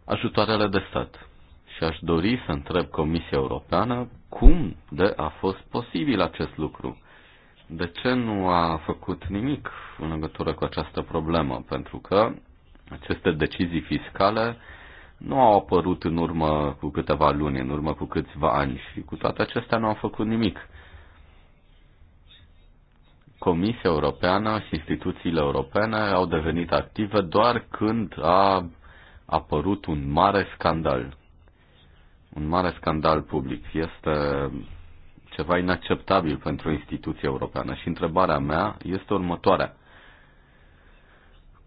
ajutoarele de stat. Și aș dori să întreb Comisia Europeană cum de a fost posibil acest lucru. De ce nu a făcut nimic în legătură cu această problemă? Pentru că aceste decizii fiscale nu au apărut în urmă cu câteva luni, în urmă cu câțiva ani și cu toate acestea nu au făcut nimic. Comisia Europeană și instituțiile europene au devenit active doar când a apărut un mare scandal. Un mare scandal public. Este ceva inacceptabil pentru o instituție europeană. Și întrebarea mea este următoarea.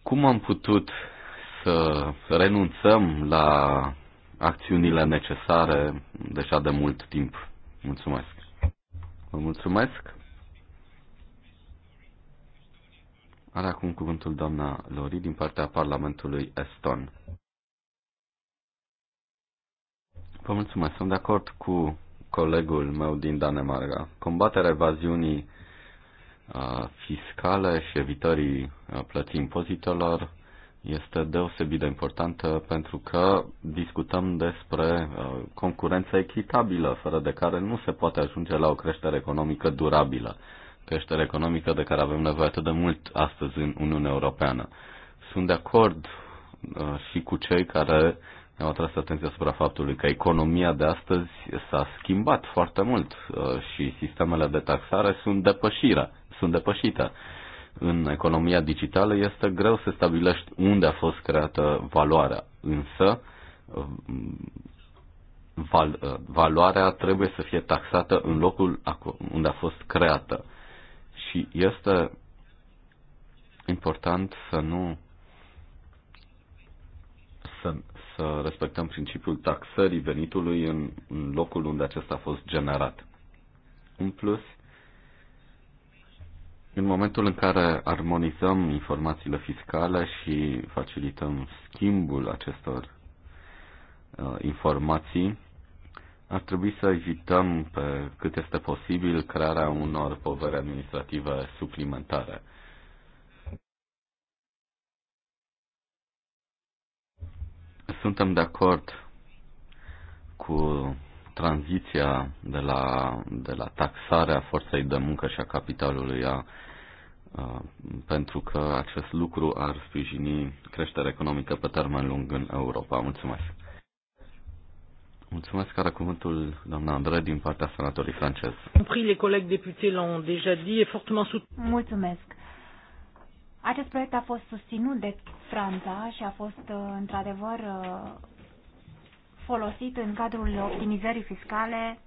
Cum am putut să renunțăm la acțiunile necesare deja de mult timp? Mulțumesc. Vă mulțumesc. Are acum cuvântul doamna Lori din partea Parlamentului Eston. Vă mulțumesc. Sunt de acord cu colegul meu din Danemarca. Combaterea evaziunii fiscale și evitării plății impozitelor este deosebit de importantă pentru că discutăm despre concurență echitabilă, fără de care nu se poate ajunge la o creștere economică durabilă creștere economică de care avem nevoie atât de mult astăzi în Uniunea Europeană. Sunt de acord uh, și cu cei care ne-au atras atenția asupra faptului că economia de astăzi s-a schimbat foarte mult uh, și sistemele de taxare sunt, depășire, sunt depășite. În economia digitală este greu să stabilești unde a fost creată valoarea, însă uh, val, valoarea trebuie să fie taxată în locul unde a fost creată. Și este important să nu să, să respectăm principiul taxării venitului în, în locul unde acesta a fost generat. În plus, în momentul în care armonizăm informațiile fiscale și facilităm schimbul acestor uh, informații, ar trebui să evităm pe cât este posibil crearea unor poveri administrative suplimentare. Suntem de acord cu tranziția de la, de la taxarea forței de muncă și a capitalului a, a, pentru că acest lucru ar sprijini creșterea economică pe termen lung în Europa. Mulțumesc! Mulțumesc, care cuvântul doamna Andrei din partea senatului francez. Mulțumesc. Acest proiect a fost susținut de Franța și a fost uh, într-adevăr uh, folosit în cadrul optimizării fiscale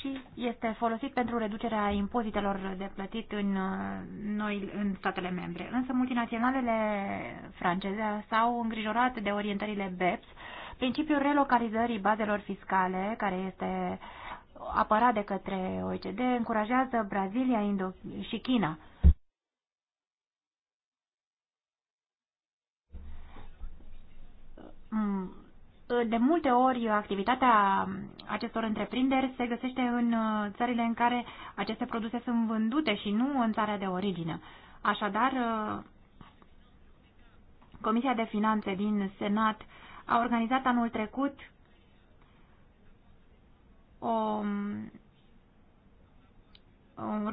și este folosit pentru reducerea impozitelor de plătit în, uh, noi, în statele membre. Însă multinaționalele franceze s-au îngrijorat de orientările BEPS Principiul relocalizării bazelor fiscale, care este apărat de către OECD, încurajează Brazilia Indo și China mm, de multe ori activitatea acestor întreprinderi se găsește în uh, țările în care aceste produse sunt vândute și nu în țara de origine. Așadar, uh, Comisia de Finanțe din Senat a organizat anul trecut o, o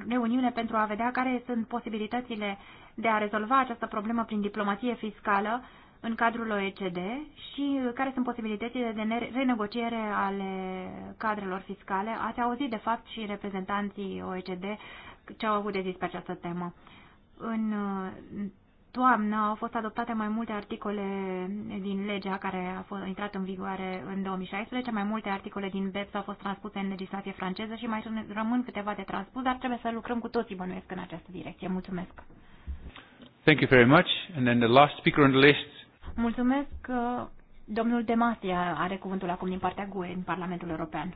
reuniune pentru a vedea care sunt posibilitățile de a rezolva această problemă prin diplomație fiscală în cadrul OECD și care sunt posibilitățile de renegociere ale cadrelor fiscale. Ați auzit, de fapt, și reprezentanții OECD ce au avut de zis pe această temă. În toamnă au fost adoptate mai multe articole din legea care a fost intrat în vigoare în 2016, mai multe articole din BEPS au fost transpuse în legislație franceză și mai rămân câteva de transpus, dar trebuie să lucrăm cu toții bănuiesc în această direcție. Mulțumesc! Thank you very much. And then the last speaker on the list. Mulțumesc. Uh, domnul Demasia are cuvântul acum din partea GUE în Parlamentul European.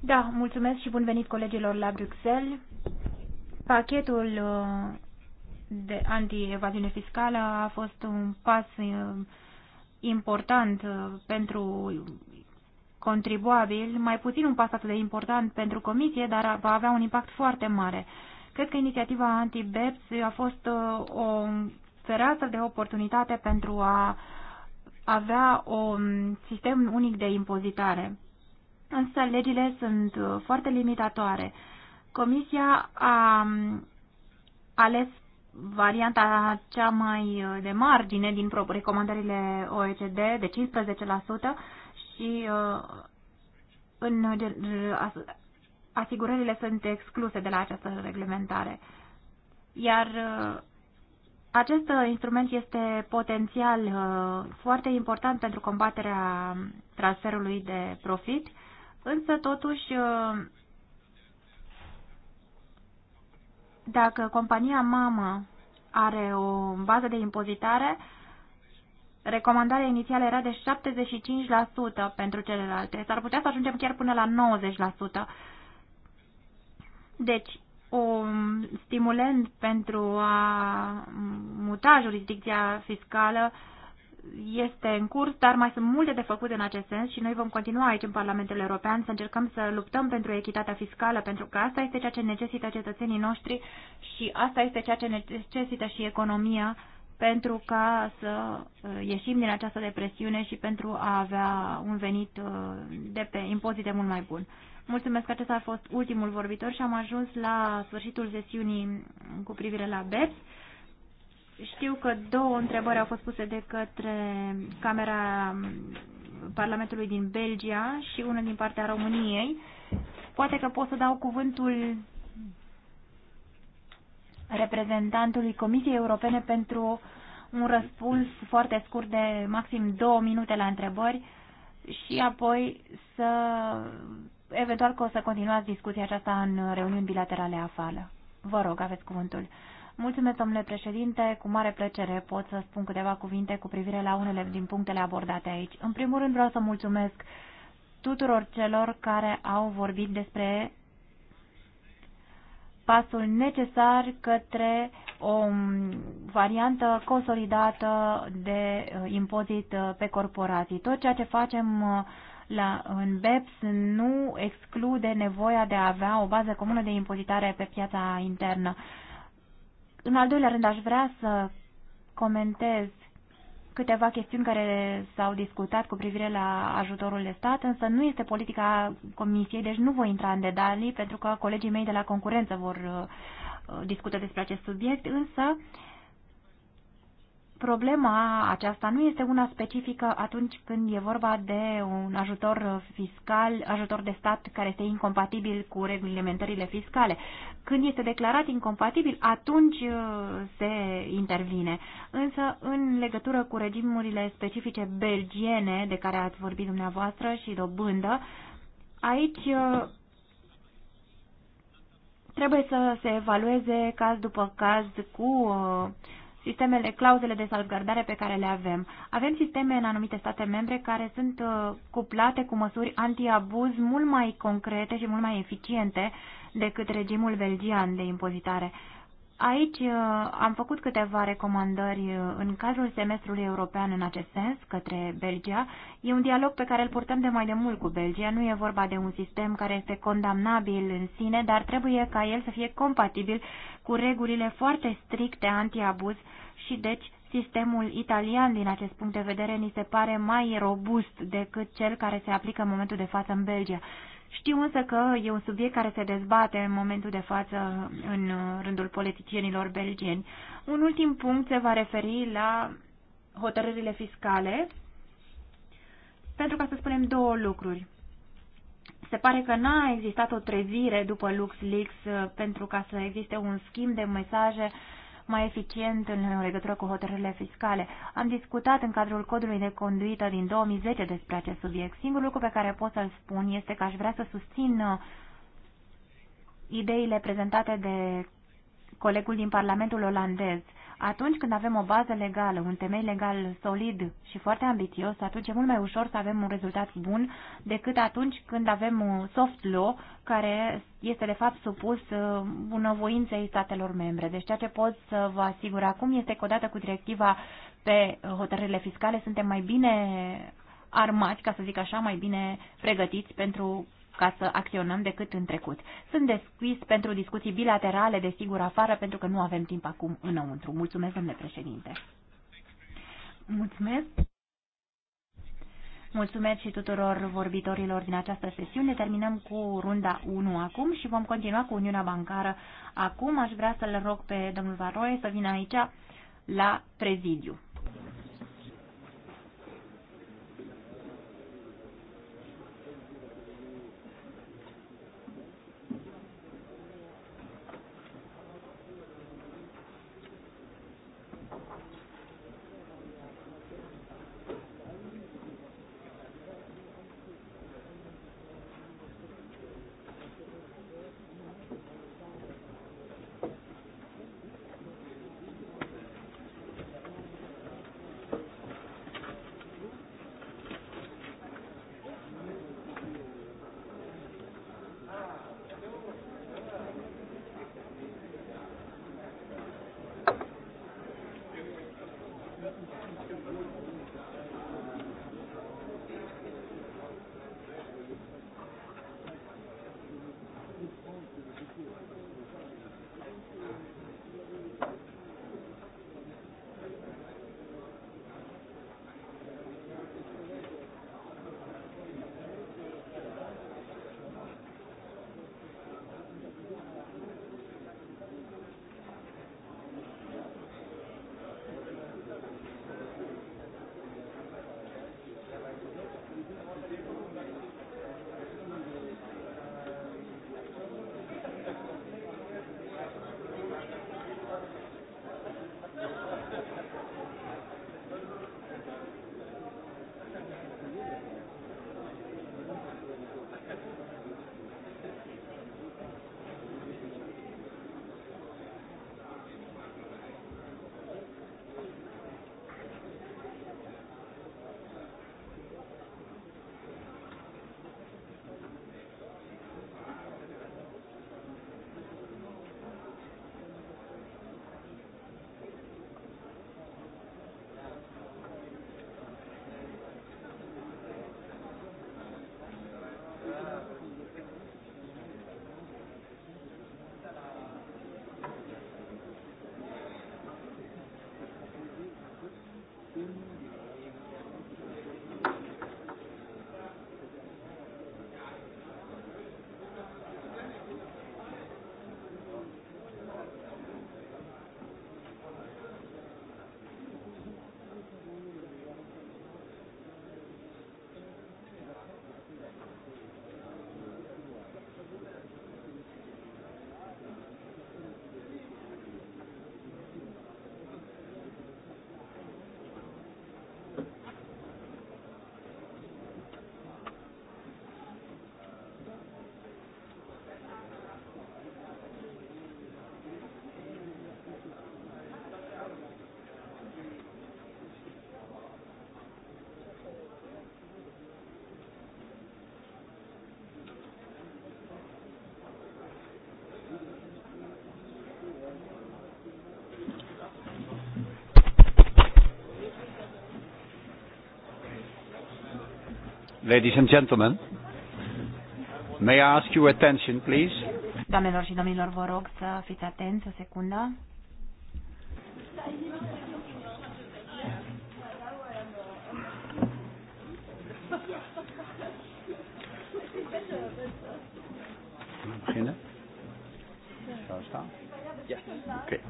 Da, mulțumesc și bun venit colegilor la Bruxelles. Pachetul uh, de anti-evaziune fiscală a fost un pas uh, important uh, pentru contribuabil, mai puțin un pas atât de important pentru comisie, dar va avea un impact foarte mare. Cred că inițiativa anti-BEPS a fost uh, o fereastră de oportunitate pentru a avea un sistem unic de impozitare. Însă legile sunt foarte limitatoare. Comisia a um, ales varianta cea mai uh, de margine din recomandările OECD de 15% și uh, în asigurările sunt excluse de la această reglementare. Iar uh, acest instrument este potențial foarte important pentru combaterea transferului de profit, însă totuși Dacă compania mamă are o bază de impozitare, recomandarea inițială era de 75% pentru celelalte. S-ar putea să ajungem chiar până la 90%. Deci, un stimulent pentru a muta jurisdicția fiscală este în curs, dar mai sunt multe de făcut în acest sens și noi vom continua aici în Parlamentul European să încercăm să luptăm pentru echitatea fiscală, pentru că asta este ceea ce necesită cetățenii noștri și asta este ceea ce necesită și economia pentru ca să uh, ieșim din această depresiune și pentru a avea un venit uh, de pe impozite mult mai bun. Mulțumesc că acesta a fost ultimul vorbitor și am ajuns la sfârșitul sesiunii cu privire la BEPS. Știu că două întrebări au fost puse de către Camera Parlamentului din Belgia și una din partea României. Poate că pot să dau cuvântul reprezentantului Comisiei Europene pentru un răspuns foarte scurt de maxim două minute la întrebări și apoi să eventual că o să continuați discuția aceasta în reuniuni bilaterale afară. Vă rog, aveți cuvântul. Mulțumesc, domnule președinte. Cu mare plăcere pot să spun câteva cuvinte cu privire la unele din punctele abordate aici. În primul rând vreau să mulțumesc tuturor celor care au vorbit despre pasul necesar către o variantă consolidată de uh, impozit uh, pe corporații. Tot ceea ce facem uh, la, în BEPS nu exclude nevoia de a avea o bază comună de impozitare pe piața internă. Uh, în al doilea rând, aș vrea să comentez câteva chestiuni care s-au discutat cu privire la ajutorul de stat, însă nu este politica Comisiei, deci nu voi intra în detalii, pentru că colegii mei de la concurență vor uh, discută despre acest subiect, însă uh, Problema aceasta nu este una specifică atunci când e vorba de un ajutor fiscal, ajutor de stat care este incompatibil cu reglementările fiscale. Când este declarat incompatibil, atunci uh, se intervine. Însă, în legătură cu regimurile specifice belgiene de care ați vorbit dumneavoastră și dobândă, aici uh, trebuie să se evalueze caz după caz cu uh, sistemele, clauzele de salvgardare pe care le avem. Avem sisteme în anumite state membre care sunt uh, cuplate cu măsuri antiabuz mult mai concrete și mult mai eficiente decât regimul belgian de impozitare. Aici uh, am făcut câteva recomandări uh, în cadrul semestrului european în acest sens către Belgia. E un dialog pe care îl purtăm de mai de mult cu Belgia. Nu e vorba de un sistem care este condamnabil în sine, dar trebuie ca el să fie compatibil cu regulile foarte stricte antiabuz și deci Sistemul italian, din acest punct de vedere, ni se pare mai robust decât cel care se aplică în momentul de față în Belgia. Știu însă că e un subiect care se dezbate în momentul de față în rândul politicienilor belgieni. Un ultim punct se va referi la hotărârile fiscale, pentru ca să spunem două lucruri. Se pare că n-a existat o trezire după LuxLeaks uh, pentru ca să existe un schimb de mesaje uh, mai eficient în legătură cu hotărârile fiscale. Am discutat în cadrul codului de conduită din 2010 despre acest subiect. Singurul lucru pe care pot să-l spun este că aș vrea să susțin uh, ideile prezentate de colegul din Parlamentul olandez atunci când avem o bază legală, un temei legal solid și foarte ambițios, atunci e mult mai ușor să avem un rezultat bun decât atunci când avem un soft law care este de fapt supus uh, bunăvoinței statelor membre. Deci ceea ce pot să vă asigur acum este că odată cu directiva pe hotărârile fiscale suntem mai bine armați, ca să zic așa, mai bine pregătiți pentru ca să acționăm decât în trecut. Sunt deschis pentru discuții bilaterale, desigur, afară, pentru că nu avem timp acum înăuntru. Mulțumesc, domnule președinte. Mulțumesc. Mulțumesc și tuturor vorbitorilor din această sesiune. Terminăm cu runda 1 acum și vom continua cu Uniunea Bancară. Acum aș vrea să-l rog pe domnul Varoie să vină aici la prezidiu. Ladies and gentlemen, may I ask your attention, please? Doamnelor și domnilor, vă rog să fiți atenți o secundă. beginnen? Okay.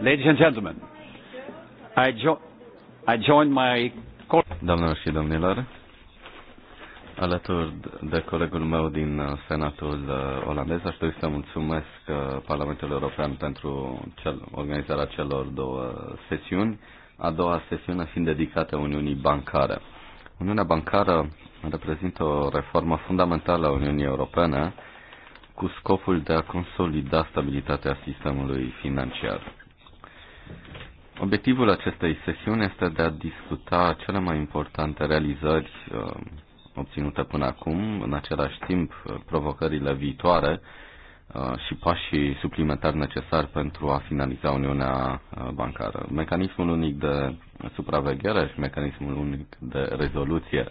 Ladies and gentlemen, I, jo I joined my Doamnelor și domnilor, alături de colegul meu din uh, Senatul uh, olandez, aș dori să mulțumesc uh, Parlamentul European pentru cel, organizarea celor două sesiuni, a doua sesiune fiind dedicată Uniunii Bancare. Uniunea Bancară reprezintă o reformă fundamentală a Uniunii Europene cu scopul de a consolida stabilitatea sistemului financiar. Obiectivul acestei sesiuni este de a discuta cele mai importante realizări uh, obținute până acum, în același timp uh, provocările viitoare uh, și pașii suplimentari necesari pentru a finaliza Uniunea Bancară. Mecanismul unic de supraveghere și mecanismul unic de rezoluție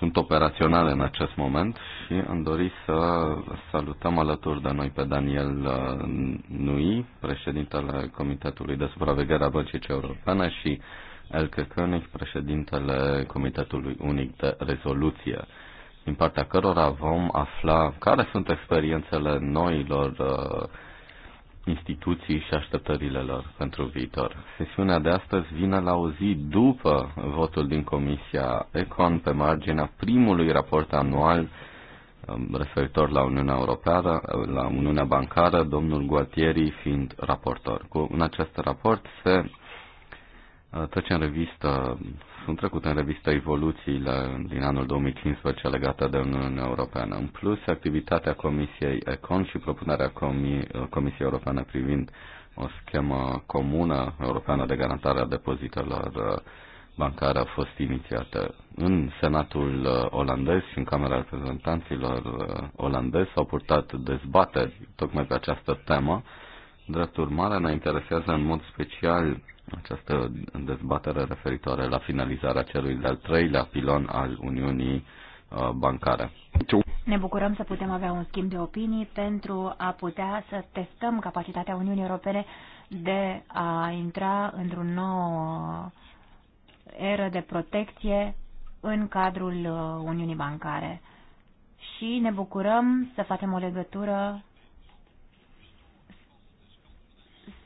sunt operaționale în acest moment și am dorit să salutăm alături de noi pe Daniel uh, Nui, președintele Comitetului de Supraveghere a Băncii Europene și Elke König, președintele Comitetului Unic de Rezoluție, din partea cărora vom afla care sunt experiențele noilor uh, instituții și așteptările lor pentru viitor. Sesiunea de astăzi vine la o zi după votul din Comisia Econ pe marginea primului raport anual um, referitor la Uniunea Europeană, la Uniunea Bancară, domnul Gualtieri fiind raportor. Cu, în acest raport se Uh, trece în revistă, sunt trecute în revistă evoluțiile din anul 2015 legate de Uniunea Europeană. În plus, activitatea Comisiei ECON și propunerea Comi- uh, Comisiei Europene privind o schemă comună europeană de garantare a depozitelor uh, bancare a fost inițiată. În Senatul olandez și în Camera Reprezentanților olandez s-au purtat dezbateri tocmai pe această temă. Drept urmare, ne interesează în mod special această dezbatere referitoare la finalizarea celui de-al treilea pilon al Uniunii uh, bancare. Ne bucurăm să putem avea un schimb de opinii pentru a putea să testăm capacitatea Uniunii Europene de a intra într-un nou uh, eră de protecție în cadrul uh, Uniunii Bancare. Și ne bucurăm să facem o legătură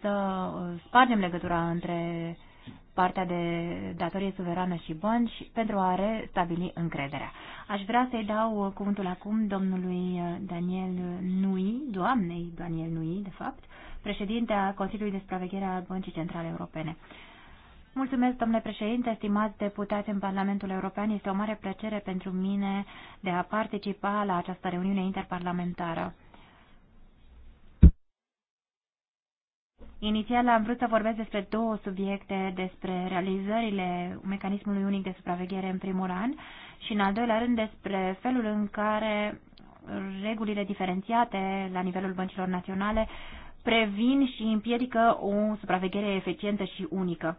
să uh, spargem legătura între partea de datorie suverană și bănci pentru a restabili încrederea. Aș vrea să-i dau uh, cuvântul acum domnului uh, Daniel Nui, doamnei Daniel Nui, de fapt, președintea Consiliului de Supraveghere al Băncii Centrale Europene. Mulțumesc, domnule președinte, stimați deputați în Parlamentul European. Este o mare plăcere pentru mine de a participa la această reuniune interparlamentară. Inițial am vrut să vorbesc despre două subiecte, despre realizările mecanismului unic de supraveghere în primul an și în al doilea rând despre felul în care regulile diferențiate la nivelul băncilor naționale previn și împiedică o supraveghere eficientă și unică.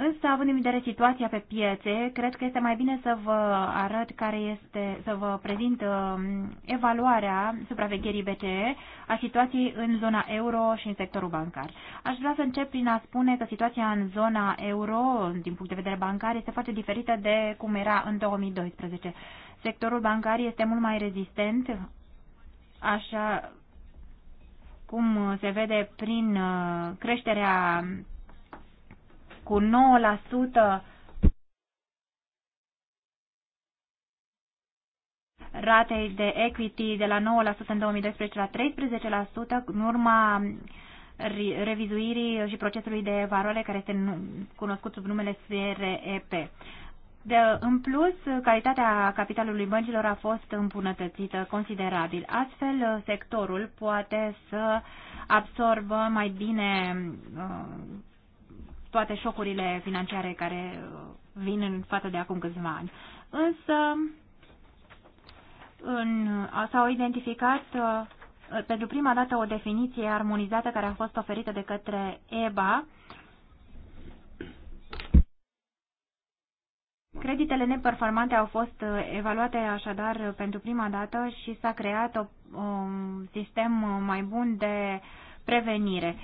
Însă, având în vedere situația pe piețe, cred că este mai bine să vă arăt care este, să vă prezint um, evaluarea supravegherii BCE a situației în zona euro și în sectorul bancar. Aș vrea să încep prin a spune că situația în zona euro, din punct de vedere bancar, este foarte diferită de cum era în 2012. Sectorul bancar este mult mai rezistent, așa cum se vede prin uh, creșterea cu 9% ratei de equity de la 9% în 2012 la 13% în urma revizuirii și procesului de evaluare care este cunoscut sub numele SREP. De, în plus, calitatea capitalului băncilor a fost îmbunătățită considerabil. Astfel, sectorul poate să absorbă mai bine uh, toate șocurile financiare care uh, vin în față de acum câțiva ani. Însă în, s-au identificat uh, pentru prima dată o definiție armonizată care a fost oferită de către EBA. Creditele neperformante au fost uh, evaluate așadar pentru prima dată și s-a creat o, un sistem mai bun de prevenire.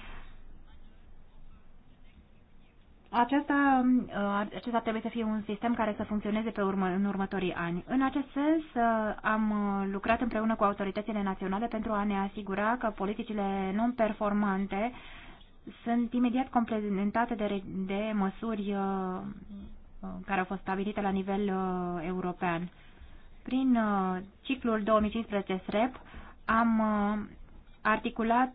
Aceasta, uh, acesta trebuie să fie un sistem care să funcționeze pe urmă, în următorii ani. În acest sens, uh, am uh, lucrat împreună cu autoritățile naționale pentru a ne asigura că politicile non-performante sunt imediat complementate de, de măsuri care au fost stabilite la nivel european. Prin ciclul 2015 SREP am articulat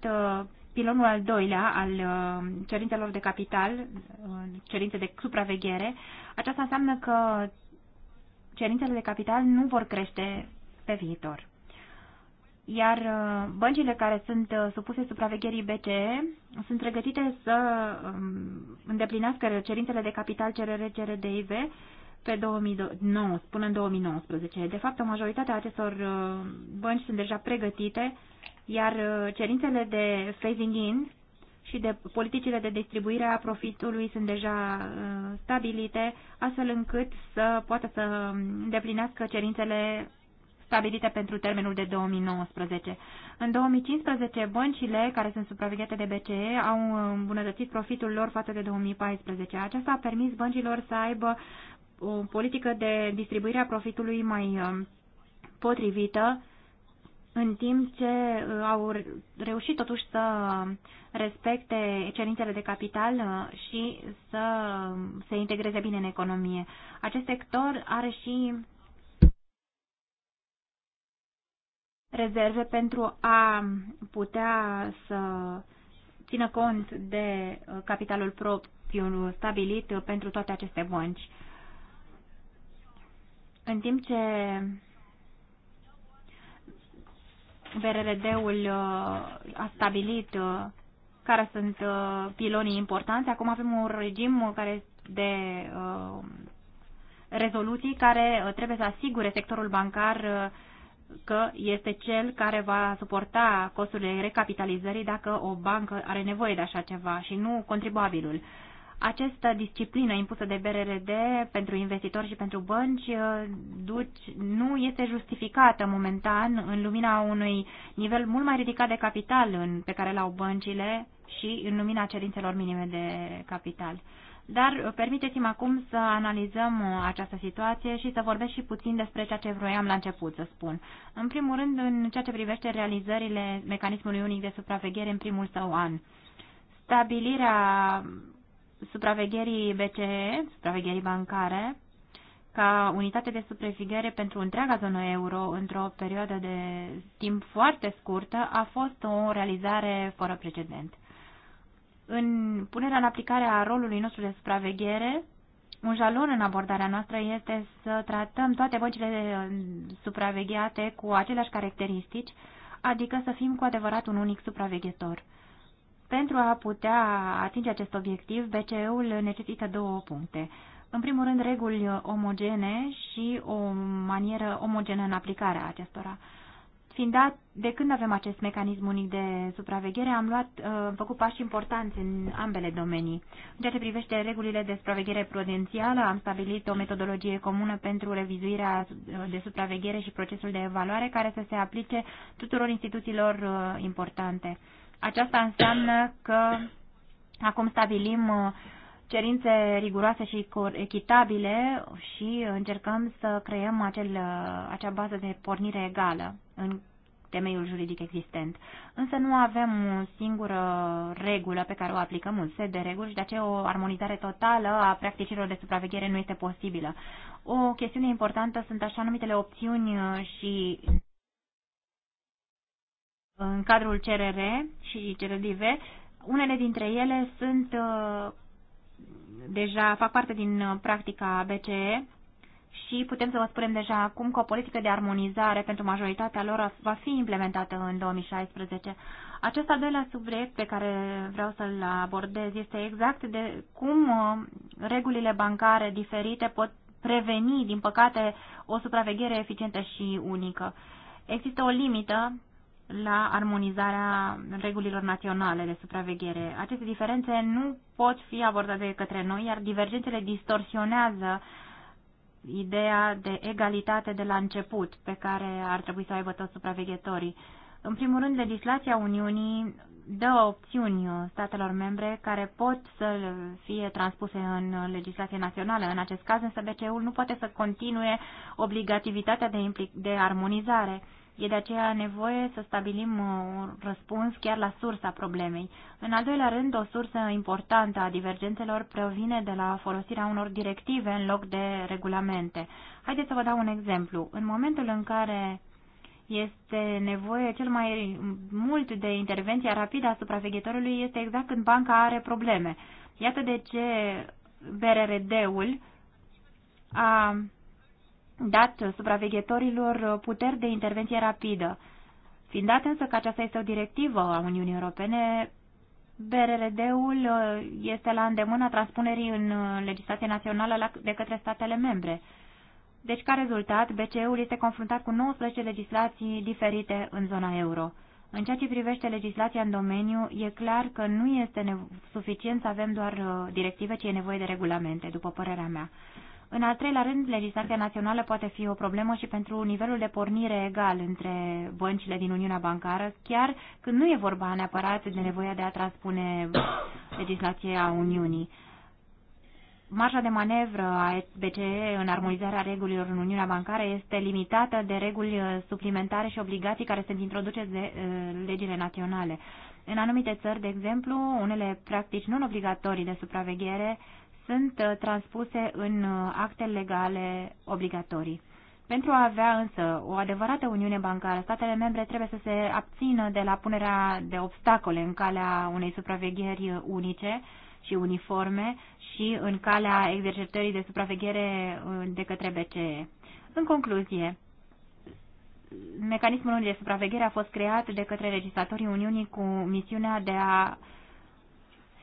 pilonul al doilea al uh, cerințelor de capital, uh, cerințe de supraveghere, aceasta înseamnă că cerințele de capital nu vor crește pe viitor. Iar uh, băncile care sunt supuse supravegherii BCE sunt pregătite să um, îndeplinească cerințele de capital CRR, CRDIV pe 2009, până în 2019. De fapt, o majoritate a acestor bănci sunt deja pregătite iar uh, cerințele de phasing in și de politicile de distribuire a profitului sunt deja uh, stabilite, astfel încât să poată să îndeplinească cerințele stabilite pentru termenul de 2019. În 2015, băncile care sunt supravegheate de BCE au îmbunătățit profitul lor față de 2014. Aceasta a permis băncilor să aibă o politică de distribuire a profitului mai uh, potrivită în timp ce uh, au reușit totuși să respecte cerințele de capital uh, și să se integreze bine în economie. Acest sector are și rezerve pentru a putea să țină cont de uh, capitalul propriu stabilit pentru toate aceste bănci. În timp ce BRRD-ul uh, a stabilit uh, care sunt uh, pilonii importanți. Acum avem un regim care de rezoluții care trebuie să asigure sectorul bancar că este cel care va suporta costurile recapitalizării dacă o bancă are nevoie de așa ceva și nu contribuabilul. Această disciplină impusă de BRRD pentru investitori și pentru bănci uh, nu este justificată momentan în lumina unui nivel mult mai ridicat de capital în, pe care l-au băncile și în lumina cerințelor minime de capital. Dar uh, permiteți-mi acum să analizăm uh, această situație și să vorbesc și puțin despre ceea ce vroiam la început să spun. În primul rând, în ceea ce privește realizările mecanismului unic de supraveghere în primul său an. Stabilirea supravegherii BCE, supravegherii bancare, ca unitate de supraveghere pentru întreaga zonă euro într-o perioadă de timp foarte scurtă a fost o realizare fără precedent. În punerea în aplicare a rolului nostru de supraveghere, un jalon în abordarea noastră este să tratăm toate băncile supravegheate cu aceleași caracteristici, adică să fim cu adevărat un unic supraveghetor. Pentru a putea atinge acest obiectiv, BCE-ul necesită două puncte. În primul rând, reguli omogene și o manieră omogenă în aplicarea acestora. Fiind dat, de când avem acest mecanism unic de supraveghere, am luat, uh, făcut pași importanți în ambele domenii. În ceea ce privește regulile de supraveghere prudențială, am stabilit o metodologie comună pentru revizuirea de supraveghere și procesul de evaluare care să se aplice tuturor instituțiilor uh, importante. Aceasta înseamnă că acum stabilim uh, cerințe riguroase și echitabile și încercăm să creăm acel, uh, acea bază de pornire egală în temeiul juridic existent. Însă nu avem o singură regulă pe care o aplicăm, un set de reguli și de aceea o armonizare totală a practicilor de supraveghere nu este posibilă. O chestiune importantă sunt așa numitele opțiuni uh, și în cadrul CRR și CRDV. Unele dintre ele sunt uh, deja fac parte din uh, practica BCE și putem să vă spunem deja acum că o politică de armonizare pentru majoritatea lor va fi implementată în 2016. Acest al doilea subiect pe care vreau să-l abordez este exact de cum uh, regulile bancare diferite pot preveni, din păcate, o supraveghere eficientă și unică. Există o limită la armonizarea regulilor naționale de supraveghere. Aceste diferențe nu pot fi abordate către noi, iar divergențele distorsionează ideea de egalitate de la început pe care ar trebui să o aibă toți supraveghetorii. În primul rând, legislația Uniunii dă opțiuni statelor membre care pot să fie transpuse în legislație națională. În acest caz, însă, BCE-ul nu poate să continue obligativitatea de, de armonizare. E de aceea nevoie să stabilim uh, un răspuns chiar la sursa problemei. În al doilea rând, o sursă importantă a divergențelor provine de la folosirea unor directive în loc de regulamente. Haideți să vă dau un exemplu. În momentul în care este nevoie cel mai mult de intervenția rapidă a supraveghetorului este exact când banca are probleme. Iată de ce BRRD-ul a dat supraveghetorilor puteri de intervenție rapidă. Fiind dat însă că aceasta este o directivă a Uniunii Europene, BRRD-ul uh, este la îndemâna transpunerii în uh, legislație națională de către statele membre. Deci, ca rezultat, BCE-ul este confruntat cu 19 legislații diferite în zona euro. În ceea ce privește legislația în domeniu, e clar că nu este suficient să avem doar uh, directive, ci e nevoie de regulamente, după părerea mea. În al treilea rând, legislația națională poate fi o problemă și pentru nivelul de pornire egal între băncile din Uniunea Bancară, chiar când nu e vorba neapărat de nevoia de a transpune legislația Uniunii. Marja de manevră a BCE în armonizarea regulilor în Uniunea Bancară este limitată de reguli suplimentare și obligații care sunt introduce de legile naționale. În anumite țări, de exemplu, unele practici non-obligatorii de supraveghere uh, sunt uh, transpuse în uh, acte legale obligatorii. Pentru a avea însă o adevărată uniune bancară, statele membre trebuie să se abțină de la punerea de obstacole în calea unei supravegheri unice și uniforme și în calea exercitării de supraveghere uh, de către BCE. În concluzie, mecanismul de supraveghere a fost creat de către legislatorii Uniunii cu misiunea de a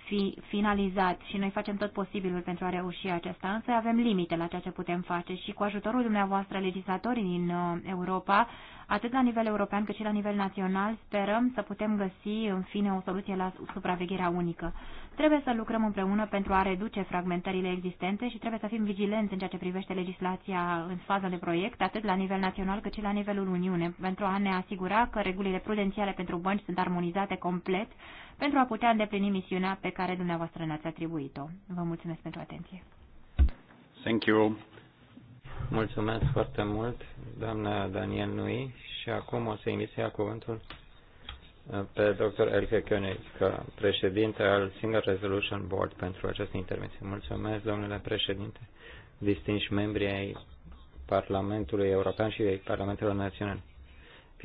fi finalizat și noi facem tot posibilul pentru a reuși acesta, însă avem limite la ceea ce putem face și cu ajutorul dumneavoastră legislatorii din uh, Europa, atât la nivel european cât și la nivel național, sperăm să putem găsi în fine o soluție la supravegherea unică. Trebuie să lucrăm împreună pentru a reduce fragmentările existente și trebuie să fim vigilenți în ceea ce privește legislația în fază de proiect, atât la nivel național cât și la nivelul Uniune, pentru a ne asigura că regulile prudențiale pentru bănci sunt armonizate complet pentru a putea îndeplini misiunea pe care dumneavoastră ne-ați atribuit-o. Vă mulțumesc pentru atenție. Thank you. Mulțumesc foarte mult, doamna Daniel Nui, și acum o să invit să ia cuvântul uh, pe dr. Elke Koenig, președinte al Single Resolution Board, pentru această intervenție. Mulțumesc, domnule președinte, distinși membri ai Parlamentului European și ai Parlamentelor Naționale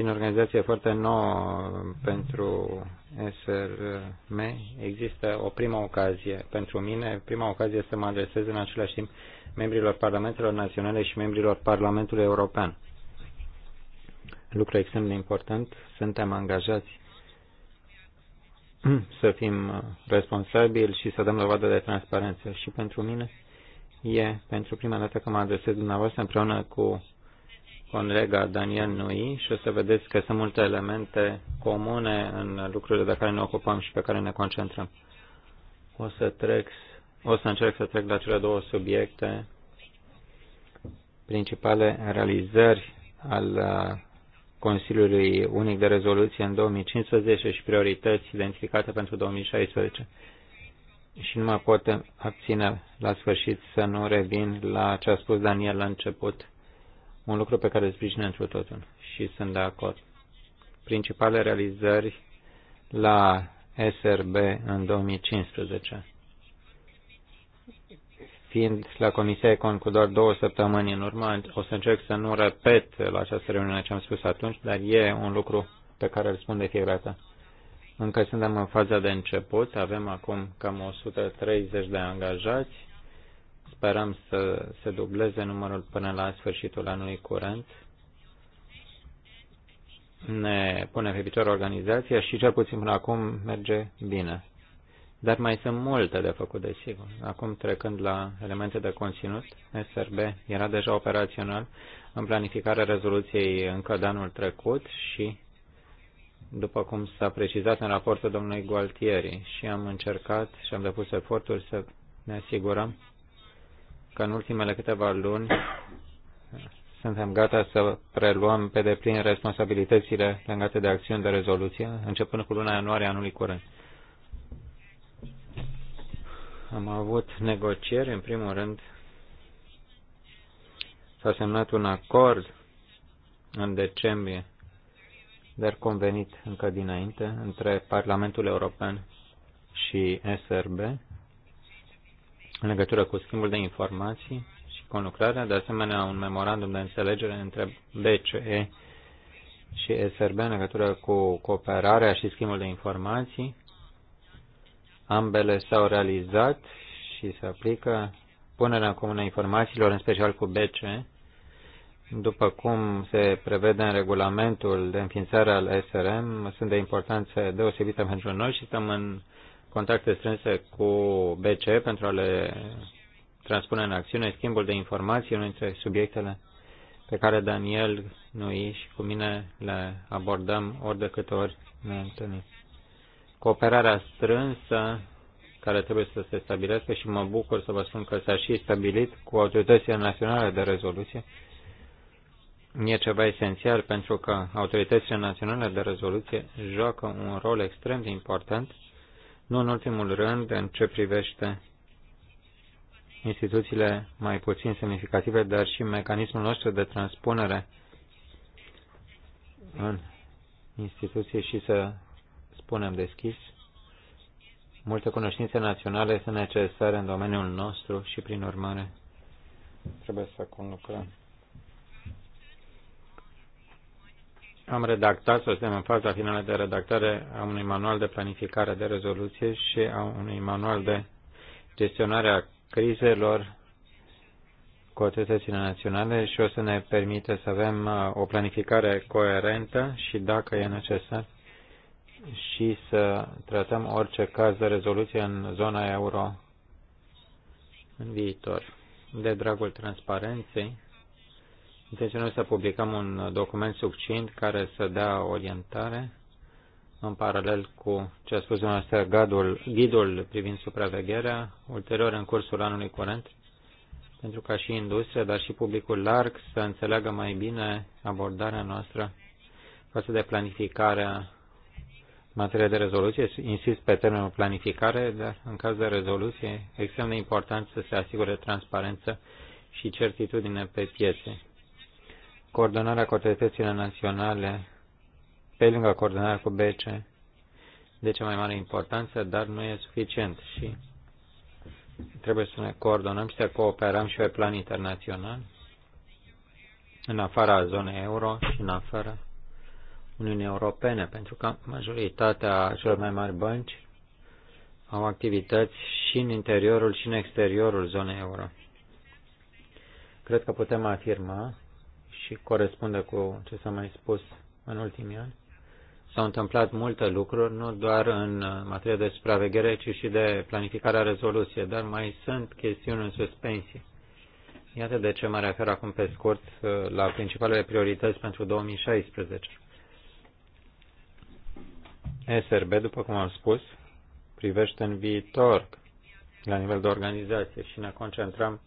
fiind o organizație foarte nouă pentru SRM, există o primă ocazie. Pentru mine, prima ocazie să mă adresez în același timp membrilor Parlamentelor Naționale și membrilor Parlamentului European. Lucru extrem de important, suntem angajați *clears throat* să fim responsabili și să dăm dovadă de transparență. Și pentru mine e pentru prima dată că mă adresez dumneavoastră împreună cu colega Daniel Nui și o să vedeți că sunt multe elemente comune în lucrurile de care ne ocupăm și pe care ne concentrăm. O să, trec, o să încerc să trec la cele două subiecte principale realizări al uh, Consiliului Unic de Rezoluție în 2015 și priorități identificate pentru 2016. Și nu mă pot abține la sfârșit să nu revin la ce a spus Daniel la început un lucru pe care îl sprijină întru totul și sunt de acord. Principale realizări la SRB în 2015. Fiind la Comisia Econ cu doar două săptămâni în urmă, o să încerc să nu repet la această reuniune ce am spus atunci, dar e un lucru pe care îl spun de fiecare dată. Încă suntem în faza de început, avem acum cam 130 de angajați, Sperăm să se dubleze numărul până la sfârșitul anului curent. Ne pune pe viitor organizația și cel puțin până acum merge bine. Dar mai sunt multe de făcut, desigur. Acum, trecând la elemente de conținut, SRB era deja operațional în planificarea rezoluției încă de anul trecut și, după cum s-a precizat în raportul domnului Gualtieri, și am încercat și am depus eforturi să ne asigurăm că în ultimele câteva luni suntem gata să preluăm pe deplin responsabilitățile legate de acțiuni de rezoluție, începând cu luna ianuarie anului curent. Am avut negocieri, în primul rând, s-a semnat un acord în decembrie, dar convenit încă dinainte, între Parlamentul European și SRB, în legătură cu schimbul de informații și conlucrarea, de asemenea un memorandum de înțelegere între BCE și SRB în legătură cu cooperarea și schimbul de informații. Ambele s-au realizat și se aplică punerea în comună informațiilor, în special cu BCE, după cum se prevede în regulamentul de înființare al SRM, sunt de importanță deosebită pentru noi și stăm în contacte strânse cu BCE pentru a le transpune în acțiune schimbul de informații unul dintre subiectele pe care Daniel, noi și cu mine le abordăm ori de câte ori ne întâlnim. Cooperarea strânsă care trebuie să se stabilească și mă bucur să vă spun că s-a și stabilit cu autoritățile naționale de rezoluție. E ceva esențial pentru că autoritățile naționale de rezoluție joacă un rol extrem de important nu în ultimul rând, în ce privește instituțiile mai puțin semnificative, dar și mecanismul nostru de transpunere în instituții și să spunem deschis, multe cunoștințe naționale sunt necesare în domeniul nostru și, prin urmare, trebuie să conlucrăm. am redactat, să suntem în faza finală de redactare a unui manual de planificare de rezoluție și a unui manual de gestionare a crizelor cu autoritățile naționale și o să ne permite să avem uh, o planificare coerentă și, dacă e necesar, și să tratăm orice caz de rezoluție în zona euro în viitor. De dragul transparenței, Intenționăm să publicăm un document succint care să dea orientare în paralel cu ce a spus dumneavoastră gadul, ghidul privind supravegherea, ulterior în cursul anului curent, pentru ca și industria, dar și publicul larg să înțeleagă mai bine abordarea noastră față de planificarea în materie de rezoluție. Insist pe termenul planificare, dar în caz de rezoluție, extrem de important să se asigure transparență și certitudine pe piețe coordonarea cu autoritățile naționale, pe lângă coordonarea cu BC, de cea mai mare importanță, dar nu e suficient și trebuie să ne coordonăm și să cooperăm și pe plan internațional, în afara zonei euro și în afara Uniunii Europene, pentru că majoritatea celor mai mari bănci au activități și în interiorul și în exteriorul zonei euro. Cred că putem afirma și corespunde cu ce s-a mai spus în ultimii ani. S-au întâmplat multe lucruri, nu doar în materie de supraveghere, ci și de planificarea rezoluției, dar mai sunt chestiuni în suspensie. Iată de ce mă refer acum pe scurt uh, la principalele priorități pentru 2016. SRB, după cum am spus, privește în viitor la nivel de organizație și ne concentrăm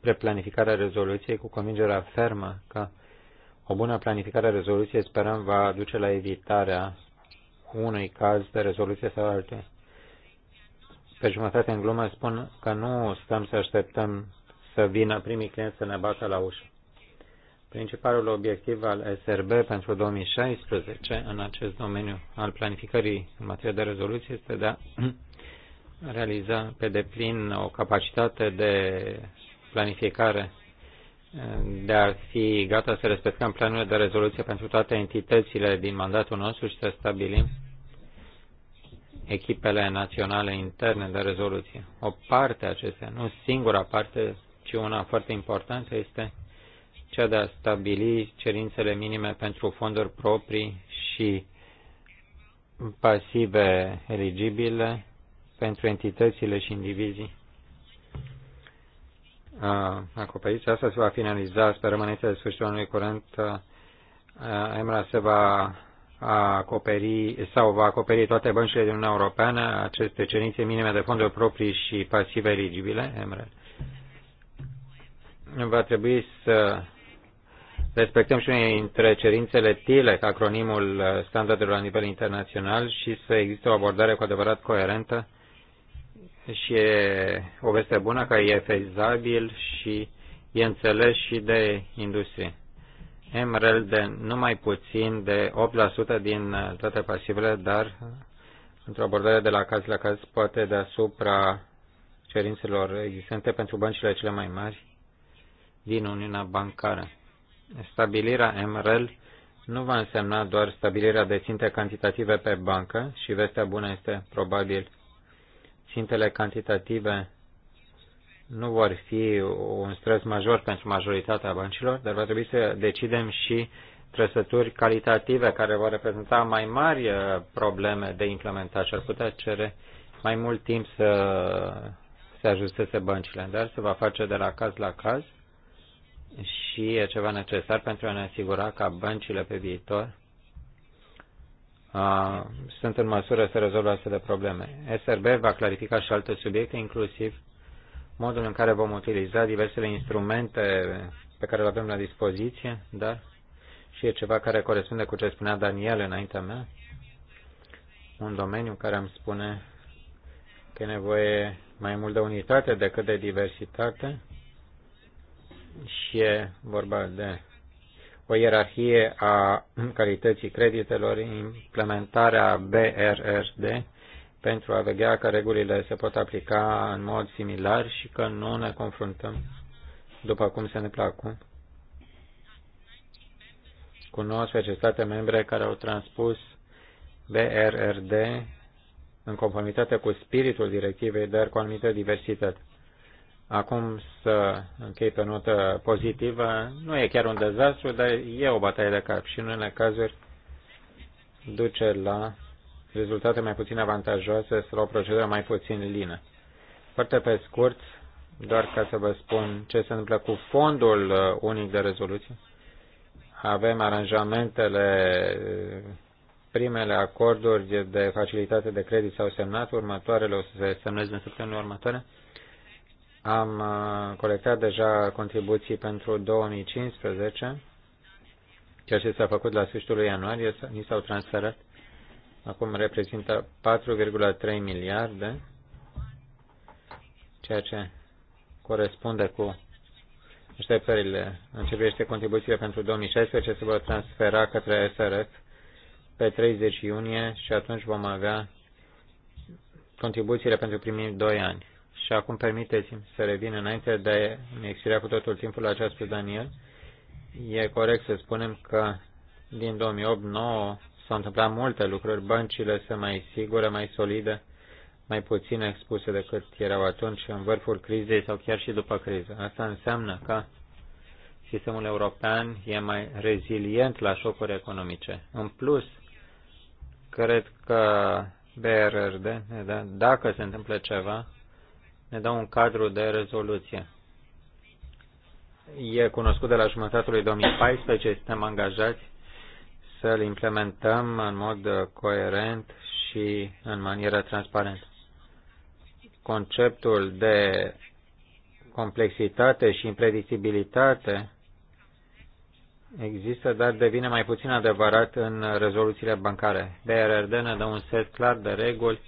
preplanificarea rezoluției cu convingerea fermă că o bună planificare a rezoluției sperăm va duce la evitarea unui caz de rezoluție sau alte. Pe jumătate în glumă spun că nu stăm să așteptăm să vină primii clienți să ne bată la ușă. Principalul obiectiv al SRB pentru 2016 în acest domeniu al planificării în materie de rezoluție este de a *clears throat* realiza pe deplin o capacitate de planificare de a fi gata să respectăm planurile de rezoluție pentru toate entitățile din mandatul nostru și să stabilim echipele naționale interne de rezoluție. O parte a acestea, nu singura parte, ci una foarte importantă este cea de a stabili cerințele minime pentru fonduri proprii și pasive eligibile pentru entitățile și indivizii acoperiți. Asta se va finaliza, sperăm, înainte de sfârșitul anului curent. EMRA se va acoperi sau va acoperi toate băncile din Uniunea Europeană aceste cerințe minime de fonduri proprii și pasive eligibile, Emra Va trebui să respectăm și unele dintre cerințele TILE, acronimul standardelor la nivel internațional, și să existe o abordare cu adevărat coerentă și e o veste bună că e fezabil și e înțeles și de industrie. MREL de numai puțin de 8% din toate pasivele, dar într-o abordare de la caz la caz, poate deasupra cerințelor existente pentru băncile cele mai mari din Uniunea Bancară. Stabilirea MREL nu va însemna doar stabilirea de ținte cantitative pe bancă și vestea bună este probabil Sfintele cantitative nu vor fi un stres major pentru majoritatea băncilor, dar va trebui să decidem și trăsături calitative care vor reprezenta mai mari uh, probleme de implementat și ar putea cere mai mult timp să se ajusteze băncile, dar se va face de la caz la caz și e ceva necesar pentru a ne asigura ca băncile pe viitor sunt în măsură să rezolve astfel de probleme. SRB va clarifica și alte subiecte, inclusiv modul în care vom utiliza diversele instrumente pe care le avem la dispoziție, dar și e ceva care corespunde cu ce spunea Daniel înaintea mea, un domeniu care îmi spune că e nevoie mai mult de unitate decât de diversitate și e vorba de o ierarhie a calității creditelor, implementarea BRRD pentru a vedea că regulile se pot aplica în mod similar și că nu ne confruntăm, după cum se întâmplă acum, cu 19 state membre care au transpus BRRD în conformitate cu spiritul directivei, dar cu anumită diversitate. Acum să închei pe notă pozitivă. Nu e chiar un dezastru, dar e o bataie de cap și în unele cazuri duce la rezultate mai puțin avantajoase sau o procedură mai puțin lină. Foarte pe scurt, doar ca să vă spun ce se întâmplă cu fondul uh, unic de rezoluție. Avem aranjamentele, uh, primele acorduri de facilitate de credit sau semnat, următoarele o să se semneze în săptămâna următoare. Am uh, colectat deja contribuții pentru 2015. Ceea ce s-a făcut la sfârșitul ianuarie, ni s-au transferat. Acum reprezintă 4,3 miliarde, ceea ce corespunde cu așteptările. Începește contribuțiile pentru 2016, se vor transfera către SRF pe 30 iunie și atunci vom avea contribuțiile pentru primii 2 ani. Și acum permiteți-mi să revin înainte de a-mi expira cu totul timpul la această Daniel. E corect să spunem că din 2008-2009 s-au întâmplat multe lucruri. Băncile sunt mai sigure, mai solide, mai puțin expuse decât erau atunci în vârful crizei sau chiar și după criză. Asta înseamnă că sistemul european e mai rezilient la șocuri economice. În plus, cred că BRRD, da, dacă se întâmplă ceva, ne dă un cadru de rezoluție. E cunoscut de la jumătatea lui 2014, suntem angajați să-l implementăm în mod coerent și în manieră transparentă. Conceptul de complexitate și impredictibilitate există, dar devine mai puțin adevărat în rezoluțiile bancare. BRRD ne dă un set clar de reguli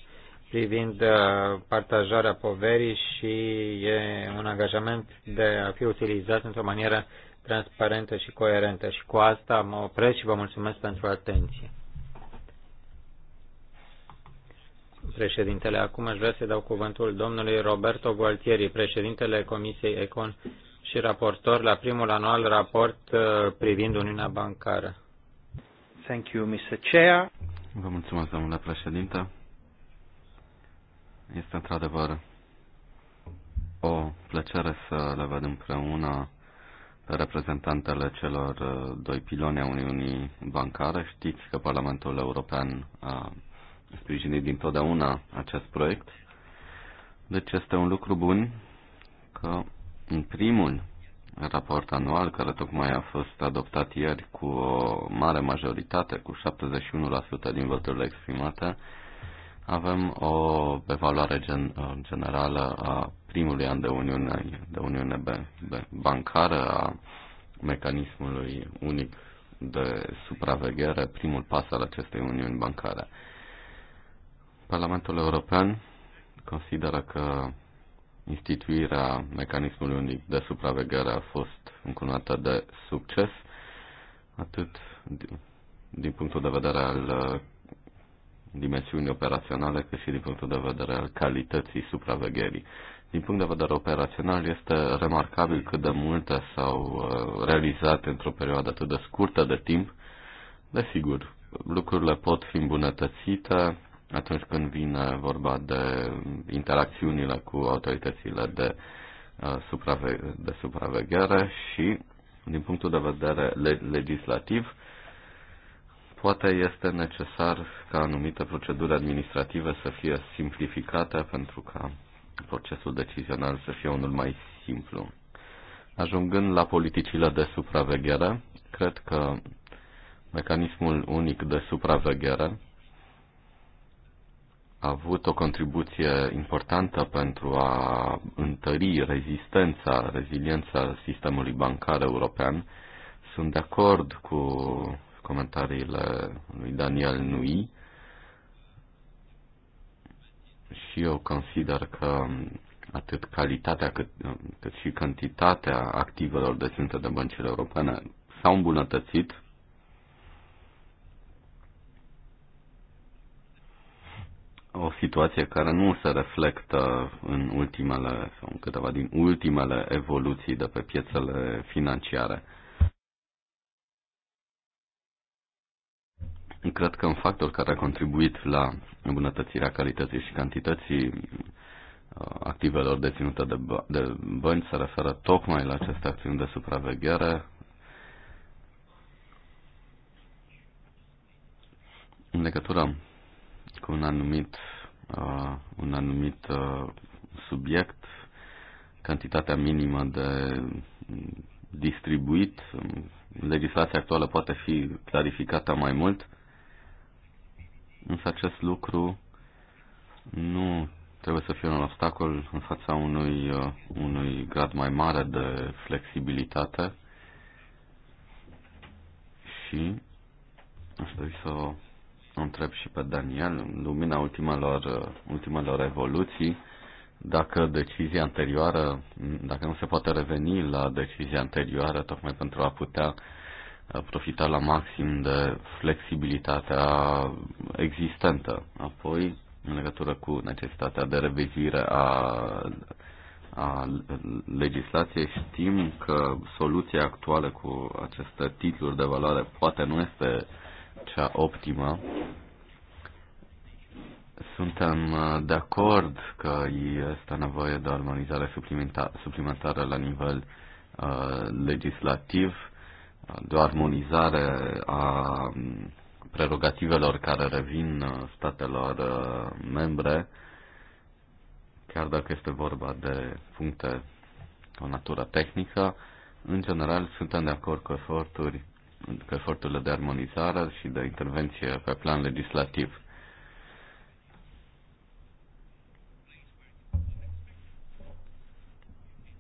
privind uh, partajarea poverii și e un angajament de a fi utilizat într-o manieră transparentă și coerentă. Și cu asta mă opresc și vă mulțumesc pentru atenție. Președintele, acum aș vrea să dau cuvântul domnului Roberto Gualtieri, președintele Comisiei Econ și raportor la primul anual raport uh, privind Uniunea Bancară. Thank you, Mr. Chair. Vă mulțumesc, domnule președinte. Este într-adevăr o plăcere să le vedem împreună pe reprezentantele celor uh, doi piloni a Uniunii Bancare. Știți că Parlamentul European a sprijinit dintotdeauna acest proiect. Deci este un lucru bun că în primul raport anual care tocmai a fost adoptat ieri cu o mare majoritate, cu 71% din voturile exprimate, avem o evaluare gen, uh, generală a primului an de Uniune, de Uniune B, B, bancară, a mecanismului unic de supraveghere, primul pas al acestei Uniuni bancare. Parlamentul European consideră că instituirea mecanismului unic de supraveghere a fost încunată de succes, atât din punctul de vedere al uh, dimensiuni operaționale, cât și din punctul de vedere al calității supravegherii. Din punct de vedere operațional, este remarcabil cât de multe s-au uh, realizat într-o perioadă atât de scurtă de timp. Desigur, lucrurile pot fi îmbunătățite atunci când vine vorba de interacțiunile cu autoritățile de, uh, de supraveghere și, din punctul de vedere legislativ, Poate este necesar ca anumite proceduri administrative să fie simplificate pentru ca procesul decizional să fie unul mai simplu. Ajungând la politicile de supraveghere, cred că mecanismul unic de supraveghere a avut o contribuție importantă pentru a întări rezistența, reziliența sistemului bancar european. Sunt de acord cu comentariile lui Daniel Nui și eu consider că atât calitatea cât, cât și cantitatea activelor deținute de băncile europene s-au îmbunătățit. O situație care nu se reflectă în ultimele sau în câteva din ultimele evoluții de pe piețele financiare. Cred că un factor care a contribuit la îmbunătățirea calității și cantității uh, activelor deținute de, b- de bănci se referă tocmai la aceste acțiuni de supraveghere. În legătură cu un anumit, uh, un anumit uh, subiect, cantitatea minimă de distribuit, um, legislația actuală poate fi clarificată mai mult Însă acest lucru nu trebuie să fie un obstacol în fața unui, uh, unui grad mai mare de flexibilitate și aș dori să o întreb și pe Daniel, în lumina ultimelor, uh, ultimelor evoluții, dacă decizia anterioară, dacă nu se poate reveni la decizia anterioară, tocmai pentru a putea uh, profita la maxim de flexibilitatea existentă. Apoi, în legătură cu necesitatea de revizuire a, a legislației, știm că soluția actuală cu aceste titluri de valoare poate nu este cea optimă. Suntem de acord că este nevoie de armonizare suplimentară la nivel uh, legislativ. Uh, de o armonizare a mm, prerogativelor care revin uh, statelor uh, membre, chiar dacă este vorba de puncte o natură tehnică, în general suntem de acord cu eforturi cu eforturile de armonizare și de intervenție pe plan legislativ.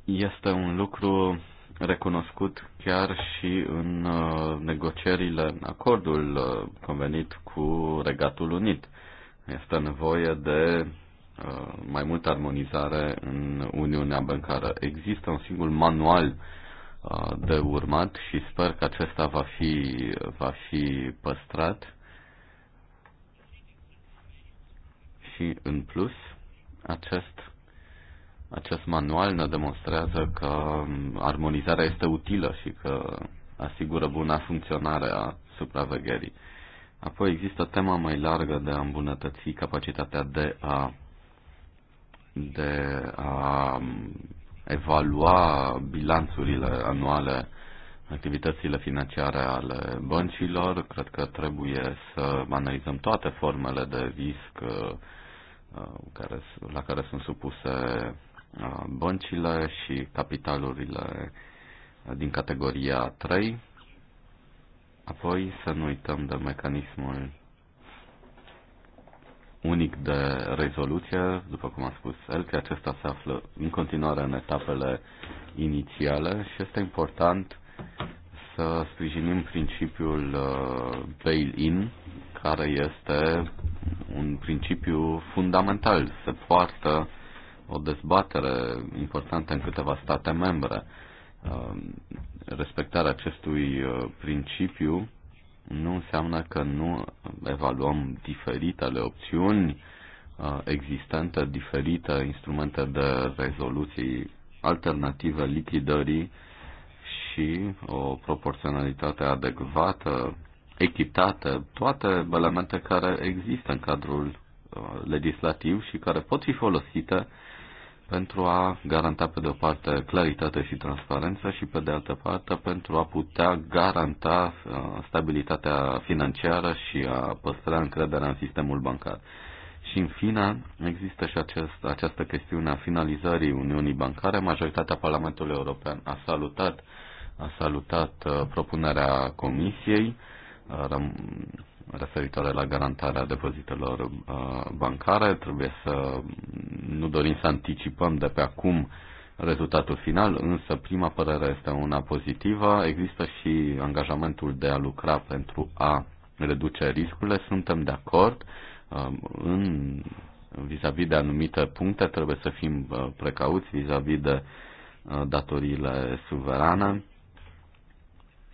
Este un lucru recunoscut chiar și în uh, negocierile, în acordul uh, convenit cu Regatul Unit. Este nevoie de uh, mai multă armonizare în Uniunea Bancară. Există un singur manual de urmat și sper că acesta va fi, va fi păstrat. Și în plus, acest acest manual ne demonstrează că armonizarea este utilă și că asigură buna funcționare a supravegherii. Apoi există tema mai largă de a îmbunătăți capacitatea de a, de a evalua bilanțurile anuale, activitățile financiare ale băncilor. Cred că trebuie să analizăm toate formele de risc uh, care, la care sunt supuse băncile și capitalurile din categoria 3. Apoi să nu uităm de mecanismul unic de rezoluție, după cum a spus el, că acesta se află în continuare în etapele inițiale și este important să sprijinim principiul bail-in, care este un principiu fundamental. Se poartă o dezbatere importantă în câteva state membre. Um, respectarea acestui uh, principiu nu înseamnă că nu evaluăm diferitele opțiuni uh, existente, diferite instrumente de rezoluții alternative lichidării și o proporționalitate adecvată, echitate, toate elemente care există în cadrul uh, legislativ și care pot fi folosite pentru a garanta, pe de o parte, claritate și transparență și, pe de altă parte, pentru a putea garanta uh, stabilitatea financiară și a păstra încrederea în sistemul bancar. Și, în fine, există și acest, această chestiune a finalizării Uniunii Bancare. Majoritatea Parlamentului European a salutat, a salutat uh, propunerea Comisiei uh, referitoare la garantarea depozitelor uh, bancare. Trebuie să nu dorim să anticipăm de pe acum rezultatul final, însă prima părere este una pozitivă. Există și angajamentul de a lucra pentru a reduce riscurile. Suntem de acord uh, în vis-a-vis -vis de anumite puncte, trebuie să fim uh, precauți vis-a-vis -vis de datoriile suverane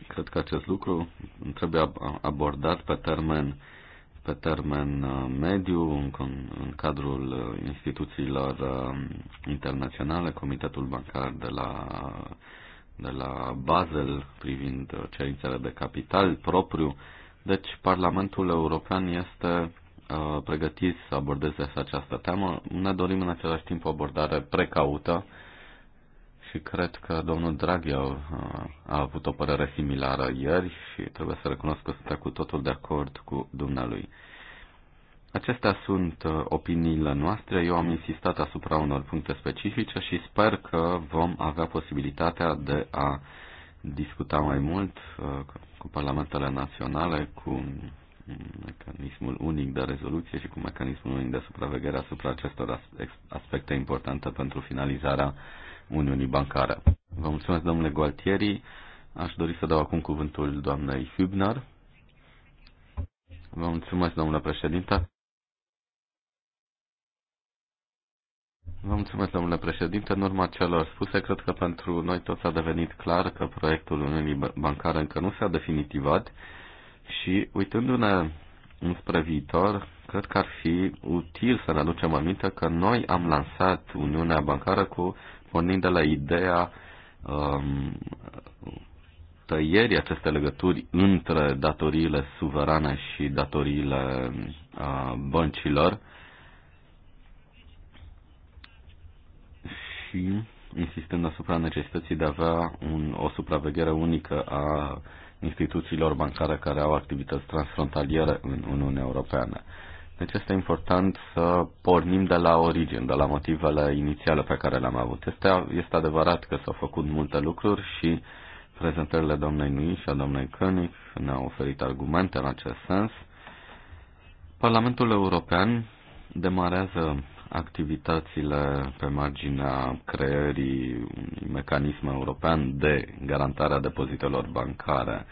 Cred că acest lucru trebuie abordat pe termen, pe termen uh, mediu, în, în cadrul uh, instituțiilor uh, internaționale, Comitetul Bancar de la, de la Basel privind cerințele de capital propriu. Deci Parlamentul European este pregătiți să abordeze această temă. Ne dorim în același timp o abordare precaută și cred că domnul Draghi a, a avut o părere similară ieri și trebuie să recunosc că sunt cu totul de acord cu dumnealui. Acestea sunt uh, opiniile noastre. Eu am insistat asupra unor puncte specifice și sper că vom avea posibilitatea de a discuta mai mult uh, cu parlamentele naționale, cu um, mecanismul unic de rezoluție și cu mecanismul unic de supraveghere asupra acestor aspecte importante pentru finalizarea Uniunii Bancare. Vă mulțumesc, domnule Gualtieri. Aș dori să dau acum cuvântul doamnei Hübner. Vă mulțumesc, domnule președinte. Vă mulțumesc, domnule președinte. În urma celor spuse, cred că pentru noi toți a devenit clar că proiectul Uniunii Bancare încă nu s-a definitivat și, uitându-ne înspre viitor, cred că ar fi util să ne aducem aminte că noi am lansat Uniunea Bancară cu pornind de la ideea um, tăierii acestei legături între datoriile suverane și datoriile uh, băncilor și insistând asupra necesității de a avea un, o supraveghere unică a instituțiilor bancare care au activități transfrontaliere în Uniunea Europeană. Deci este important să pornim de la origine, de la motivele inițiale pe care le-am avut. Este, este adevărat că s-au făcut multe lucruri și prezentările doamnei Nui și a doamnei König ne-au oferit argumente în acest sens. Parlamentul European demarează activitățile pe marginea creării unui mecanism european de garantarea a depozitelor bancare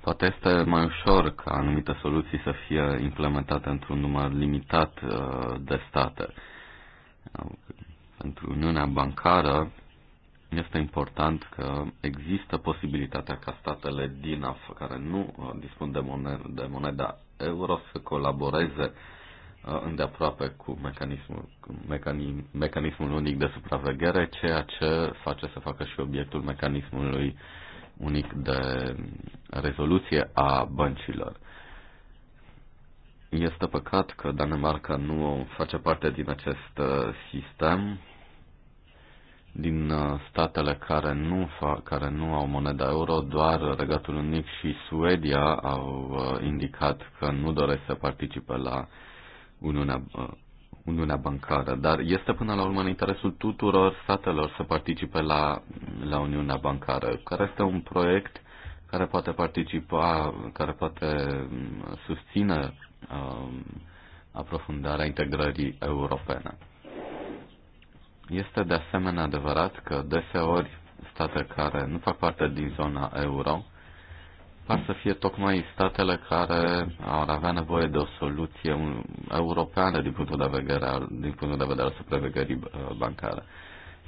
Poate este mai ușor ca anumite soluții să fie implementate într-un număr limitat uh, de state. Pentru Uniunea Bancară este important că există posibilitatea ca statele din AF, care nu uh, dispun de, moned- de moneda euro, să colaboreze uh, îndeaproape cu mecanismul, cu mecanismul unic de supraveghere, ceea ce face să facă și obiectul mecanismului uh, unic de rezoluție a băncilor. Este păcat că Danemarca nu face parte din acest uh, sistem, din uh, statele care nu, fac, care nu au moneda euro, doar Regatul Unic și Suedia au uh, indicat că nu doresc să participe la Uniunea Uniunea Bancară, dar este până la urmă în interesul tuturor statelor să participe la, la Uniunea Bancară, care este un proiect care poate participa, care poate mm, susține um, aprofundarea integrării europene. Este de asemenea adevărat că deseori state care nu fac parte din zona euro ar să fie tocmai statele care ar avea nevoie de o soluție europeană din punctul de vedere al, din punctul de vedere al supravegării uh, bancare.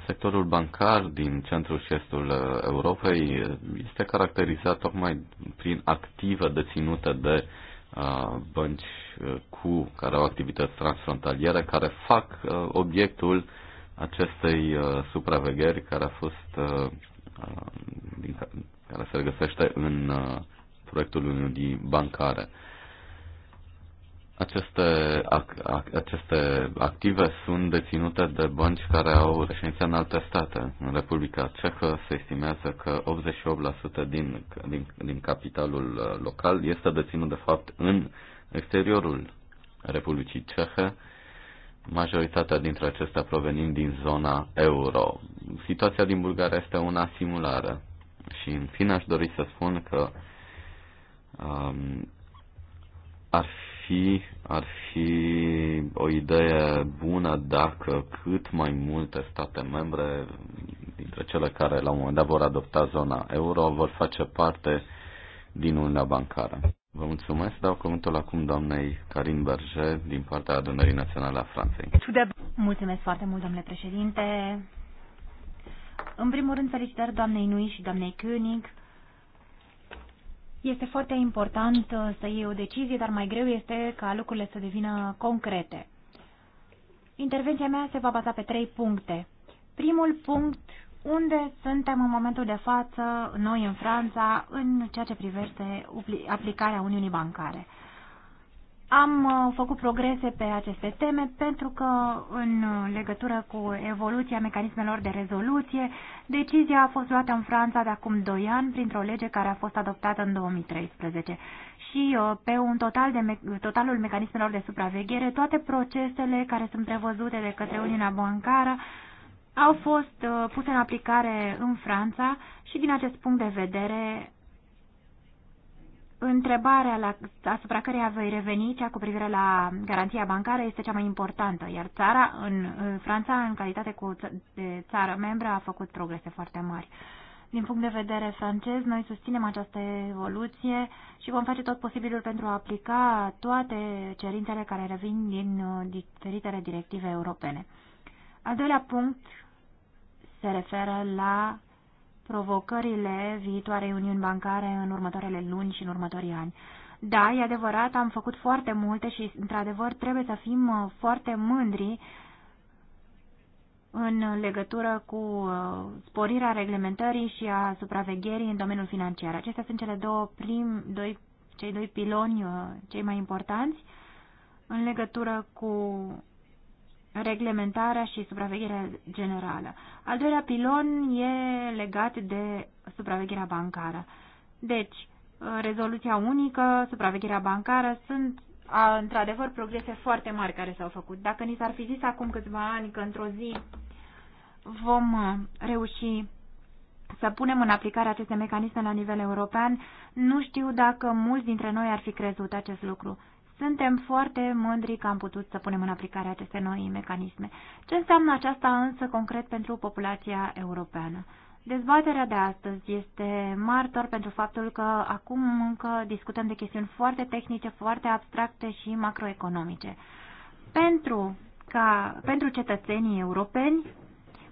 Sectorul bancar din centrul și estul uh, Europei uh, este caracterizat tocmai prin active deținute de bănci cu care au activități transfrontaliere care fac obiectul acestei supravegheri care a fost din, care se regăsește în proiectul Uniunii Bancare. Aceste, ac, ac, aceste active sunt deținute de bănci care au reședință în alte state. În Republica Cehă se estimează că 88% din, din, din capitalul uh, local este deținut de fapt în exteriorul Republicii Cehe, majoritatea dintre acestea provenind din zona euro. Situația din Bulgaria este una similară. Și în fine aș dori să spun că um, ar fi, ar fi o idee bună dacă cât mai multe state membre, dintre cele care la un moment dat vor adopta zona euro, vor face parte din Uniunea Bancară. Vă mulțumesc. Dau cuvântul acum doamnei Karin Berger din partea Adunării Naționale a Franței. Mulțumesc foarte mult, domnule președinte. În primul rând, felicitări doamnei Nui și doamnei König este foarte important uh, să iei o decizie, dar mai greu este ca lucrurile să devină concrete. Intervenția mea se va baza pe trei puncte. Primul punct, unde suntem în momentul de față, noi în Franța, în ceea ce privește aplicarea Uniunii Bancare. Am uh, făcut progrese pe aceste teme pentru că în uh, legătură cu evoluția mecanismelor de rezoluție, decizia a fost luată în Franța de acum 2 ani printr-o lege care a fost adoptată în 2013 și uh, pe un total de me totalul mecanismelor de supraveghere, toate procesele care sunt prevăzute de către Uniunea Bancară au fost puse în aplicare în Franța și din acest punct de vedere Întrebarea la, asupra căreia vei reveni, cea cu privire la garanția bancară, este cea mai importantă, iar țara, în, în Franța, în calitate cu de țară membră, a făcut progrese foarte mari. Din punct de vedere francez, noi susținem această evoluție și vom face tot posibilul pentru a aplica toate cerințele care revin din uh, diferitele directive europene. Al doilea punct se referă la provocările viitoarei uniuni bancare în următoarele luni și în următorii ani. Da, e adevărat, am făcut foarte multe și, într-adevăr, trebuie să fim uh, foarte mândri în legătură cu uh, sporirea reglementării și a supravegherii în domeniul financiar. Acestea sunt cele două prim, doi, cei doi piloni uh, cei mai importanți în legătură cu reglementarea și supravegherea generală. Al doilea pilon e legat de supravegherea bancară. Deci, rezoluția unică, supravegherea bancară sunt într-adevăr progrese foarte mari care s-au făcut. Dacă ni s-ar fi zis acum câțiva ani că într-o zi vom uh, reuși să punem în aplicare aceste mecanisme la nivel european, nu știu dacă mulți dintre noi ar fi crezut acest lucru. Suntem foarte mândri că am putut să punem în aplicare aceste noi mecanisme. Ce înseamnă aceasta însă concret pentru populația europeană? Dezbaterea de astăzi este martor pentru faptul că acum încă discutăm de chestiuni foarte tehnice, foarte abstracte și macroeconomice. Pentru, ca, pentru cetățenii europeni,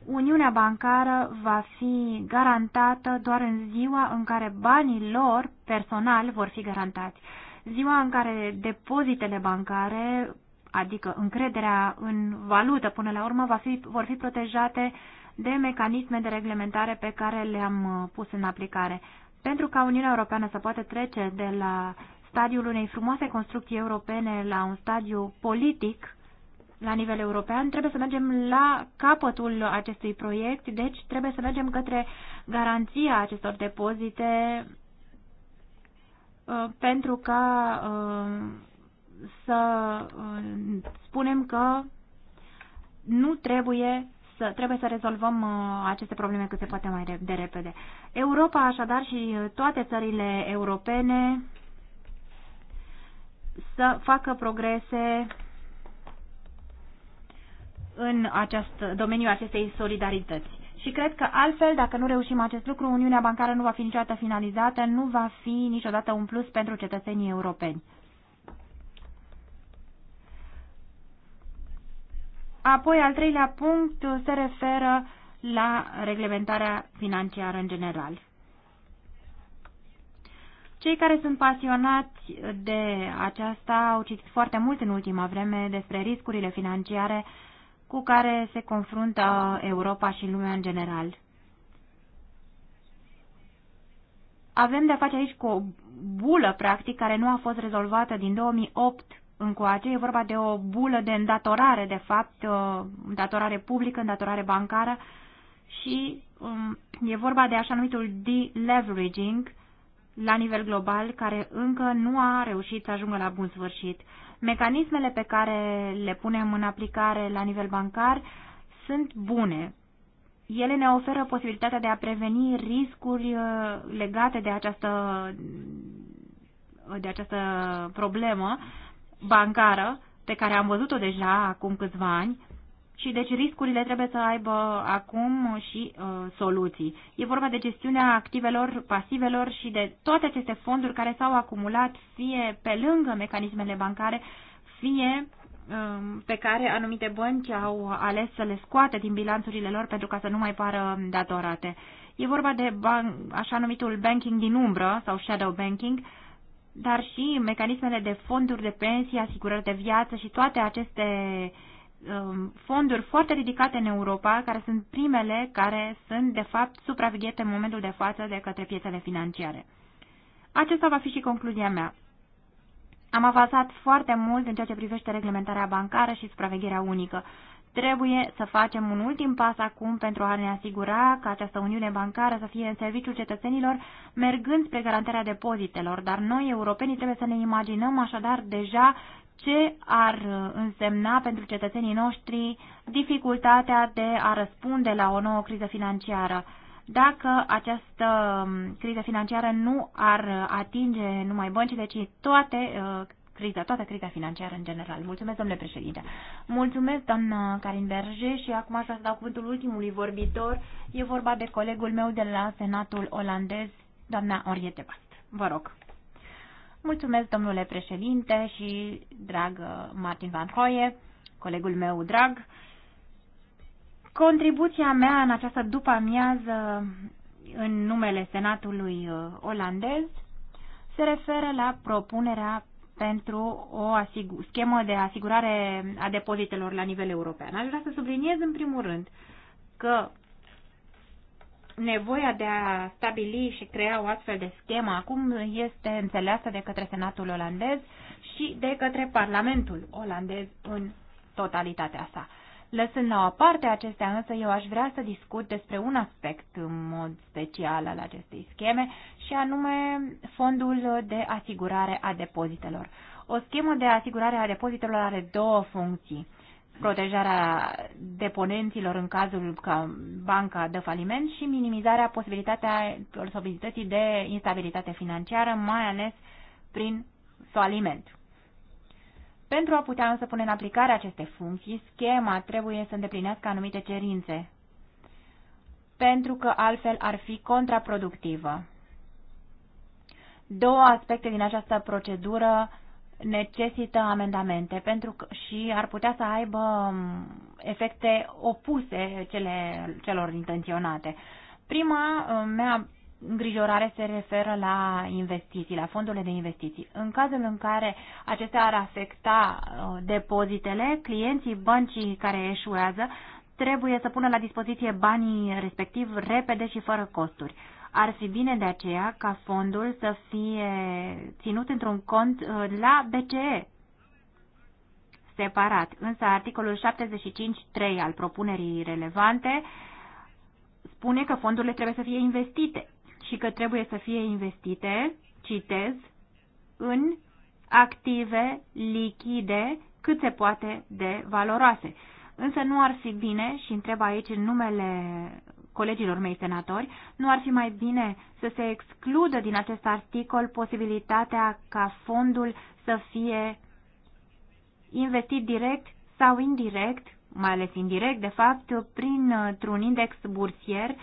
Uniunea bancară va fi garantată doar în ziua în care banii lor personal vor fi garantați ziua în care depozitele bancare, adică încrederea în valută până la urmă, va fi, vor fi protejate de mecanisme de reglementare pe care le-am uh, pus în aplicare. Pentru ca Uniunea Europeană să poată trece de la stadiul unei frumoase construcții europene la un stadiu politic la nivel european, trebuie să mergem la capătul acestui proiect, deci trebuie să mergem către garanția acestor depozite Uh, pentru ca uh, să uh, spunem că nu trebuie să, trebuie să rezolvăm aceste probleme cât se poate mai de repede. Europa, așadar, și toate țările europene să facă progrese în acest domeniu acestei solidarități. Și cred că altfel, dacă nu reușim acest lucru, Uniunea Bancară nu va fi niciodată finalizată, nu va fi niciodată un plus pentru cetățenii europeni. Apoi, al treilea punct se referă la reglementarea financiară în general. Cei care sunt pasionați de aceasta au citit foarte mult în ultima vreme despre riscurile financiare cu care se confruntă Europa și lumea în general. Avem de-a face aici cu o bulă, practic, care nu a fost rezolvată din 2008 încoace. E vorba de o bulă de îndatorare, de fapt, uh, îndatorare publică, îndatorare bancară și um, e vorba de așa numitul deleveraging la nivel global, care încă nu a reușit să ajungă la bun sfârșit. Mecanismele pe care le punem în aplicare la nivel bancar sunt bune. Ele ne oferă posibilitatea de a preveni riscuri uh, legate de această, de această problemă bancară pe care am văzut-o deja acum câțiva ani și deci riscurile trebuie să aibă acum și uh, soluții. E vorba de gestiunea activelor, pasivelor și de toate aceste fonduri care s-au acumulat fie pe lângă mecanismele bancare, fie uh, pe care anumite bănci au ales să le scoate din bilanțurile lor pentru ca să nu mai pară datorate. E vorba de așa numitul banking din umbră sau shadow banking, dar și mecanismele de fonduri de pensie, asigurări de viață și toate aceste uh, Um, fonduri foarte ridicate în Europa, care sunt primele care sunt, de fapt, supraveghete în momentul de față de către piețele financiare. Acesta va fi și concluzia mea. Am avansat foarte mult în ceea ce privește reglementarea bancară și supravegherea unică. Trebuie să facem un ultim pas acum pentru a ne asigura că această uniune bancară să fie în serviciul cetățenilor, mergând spre garantarea depozitelor, dar noi, europenii, trebuie să ne imaginăm așadar deja ce ar uh, însemna pentru cetățenii noștri dificultatea de a răspunde la o nouă criză financiară. Dacă această um, criză financiară nu ar uh, atinge numai băncile, ci toate uh, criza, toată criza financiară în general. Mulțumesc, domnule președinte. Mulțumesc, doamnă Karin Berge și acum aș vrea să dau cuvântul ultimului vorbitor. E vorba de colegul meu de la Senatul olandez, doamna Oriete Bast. Vă rog. Mulțumesc, domnule președinte și drag uh, Martin Van Hoye, colegul meu drag. Contribuția mea în această după-amiază în numele Senatului uh, olandez se referă la propunerea pentru o schemă de asigurare a depozitelor la nivel european. Aș vrea să subliniez în primul rând că nevoia de a stabili și crea o astfel de schemă acum este înțeleasă de către Senatul olandez și de către Parlamentul olandez în totalitatea sa. Lăsând la o parte acestea însă, eu aș vrea să discut despre un aspect în mod special al acestei scheme și anume fondul de asigurare a depozitelor. O schemă de asigurare a depozitelor are două funcții protejarea deponenților în cazul că banca dă faliment și minimizarea posibilității de instabilitate financiară, mai ales prin faliment. Pentru a putea însă pune în aplicare aceste funcții, schema trebuie să îndeplinească anumite cerințe, pentru că altfel ar fi contraproductivă. Două aspecte din această procedură necesită amendamente pentru că și ar putea să aibă um, efecte opuse cele, celor intenționate. Prima um, mea îngrijorare se referă la investiții, la fondurile de investiții. În cazul în care acestea ar afecta uh, depozitele, clienții băncii care eșuează trebuie să pună la dispoziție banii respectiv repede și fără costuri. Ar fi bine de aceea ca fondul să fie ținut într-un cont uh, la BCE, separat. Însă articolul 75.3 al propunerii relevante spune că fondurile trebuie să fie investite și că trebuie să fie investite, citez, în active, lichide, cât se poate de valoroase. Însă nu ar fi bine, și întreb aici în numele colegilor mei senatori, nu ar fi mai bine să se excludă din acest articol posibilitatea ca fondul să fie investit direct sau indirect, mai ales indirect, de fapt, printr-un index bursier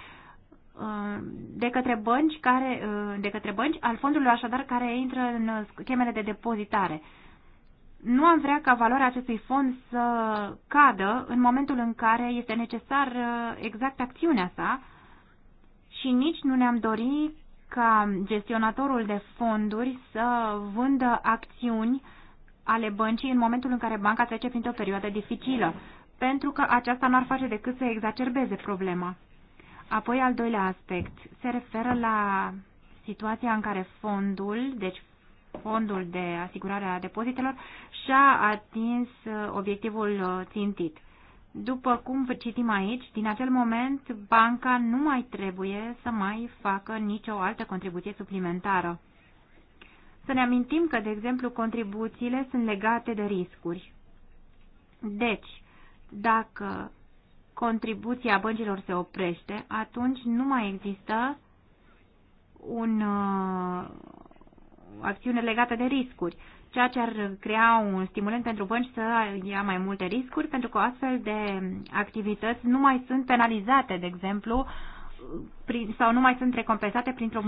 de către bănci, care, de către bănci al fondului așadar care intră în schemele de depozitare nu am vrea ca valoarea acestui fond să cadă în momentul în care este necesar uh, exact acțiunea sa și nici nu ne-am dorit ca gestionatorul de fonduri să vândă acțiuni ale băncii în momentul în care banca trece printr-o perioadă dificilă, pentru că aceasta nu ar face decât să exacerbeze problema. Apoi, al doilea aspect se referă la situația în care fondul, deci fondul de asigurare a depozitelor și-a atins uh, obiectivul uh, țintit. După cum citim aici, din acel moment banca nu mai trebuie să mai facă nicio altă contribuție suplimentară. Să ne amintim că, de exemplu, contribuțiile sunt legate de riscuri. Deci, dacă contribuția băncilor se oprește, atunci nu mai există un, uh, acțiune legată de riscuri, ceea ce ar crea un stimulent pentru bănci să ia mai multe riscuri, pentru că astfel de activități nu mai sunt penalizate, de exemplu, prin, sau nu mai sunt recompensate printr-o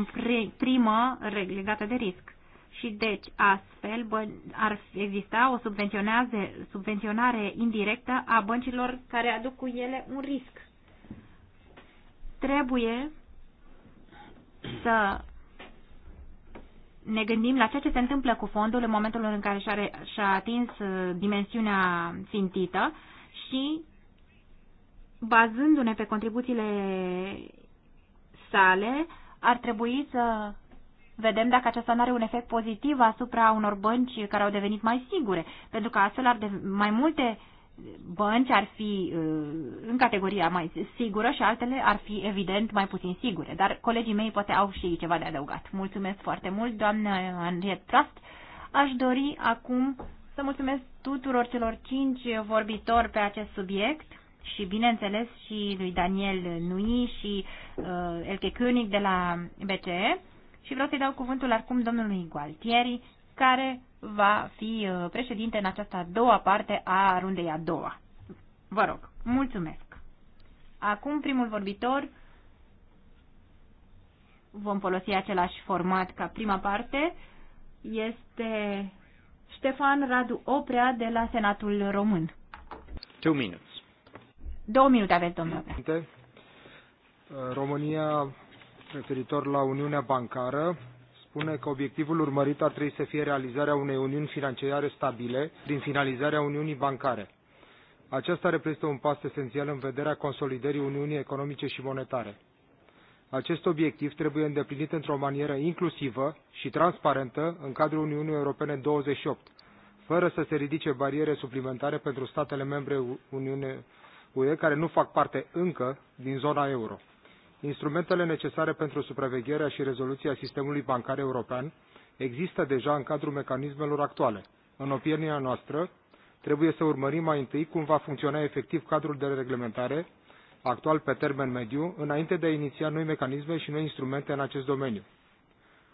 primă legată de risc. Și deci, astfel, ar exista o subvenționare indirectă a băncilor care aduc cu ele un risc. Trebuie să ne gândim la ceea ce se întâmplă cu fondul în momentul în care și-a, și, -a, atins uh, dimensiunea țintită și bazându-ne pe contribuțiile sale, ar trebui să vedem dacă aceasta nu are un efect pozitiv asupra unor bănci care au devenit mai sigure, pentru că astfel ar de- mai multe bănci ar fi uh, în categoria mai sigură și altele ar fi evident mai puțin sigure. Dar colegii mei poate au și ceva de adăugat. Mulțumesc foarte mult, doamna Henriette Trust. Aș dori acum să mulțumesc tuturor celor cinci vorbitori pe acest subiect și, bineînțeles, și lui Daniel Nui și uh, Elke König de la BCE. Și vreau să-i dau cuvântul acum domnului Gualtieri, care va fi uh, președinte în această a doua parte a rundei a doua. Vă rog, mulțumesc. Acum primul vorbitor vom folosi același format ca prima parte, este Ștefan Radu Oprea de la Senatul Român. Two minutes. Două minute aveți, domnule Oprea. România, referitor la Uniunea Bancară, spune că obiectivul urmărit ar trebui să fie realizarea unei uniuni financiare stabile prin finalizarea uniunii bancare. Aceasta reprezintă un pas esențial în vederea consolidării Uniunii Economice și Monetare. Acest obiectiv trebuie îndeplinit într-o manieră inclusivă și transparentă în cadrul Uniunii Europene 28, fără să se ridice bariere suplimentare pentru statele membre Uniunii UE care nu fac parte încă din zona euro. Instrumentele necesare pentru supravegherea și rezoluția sistemului bancar european există deja în cadrul mecanismelor actuale. În opinia noastră, trebuie să urmărim mai întâi cum va funcționa efectiv cadrul de reglementare actual pe termen mediu, înainte de a iniția noi mecanisme și noi instrumente în acest domeniu.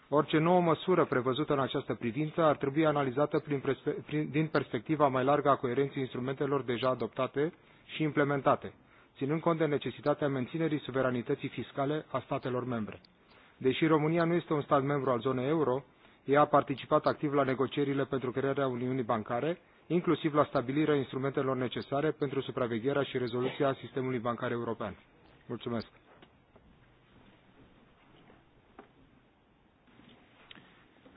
Orice nouă măsură prevăzută în această privință ar trebui analizată prin, prin, din perspectiva mai largă a coerenței instrumentelor deja adoptate și implementate ținând cont de necesitatea menținerii suveranității fiscale a statelor membre. Deși România nu este un stat membru al zonei euro, ea a participat activ la negocierile pentru crearea Uniunii Bancare, inclusiv la stabilirea instrumentelor necesare pentru supravegherea și rezoluția sistemului bancar european. Mulțumesc!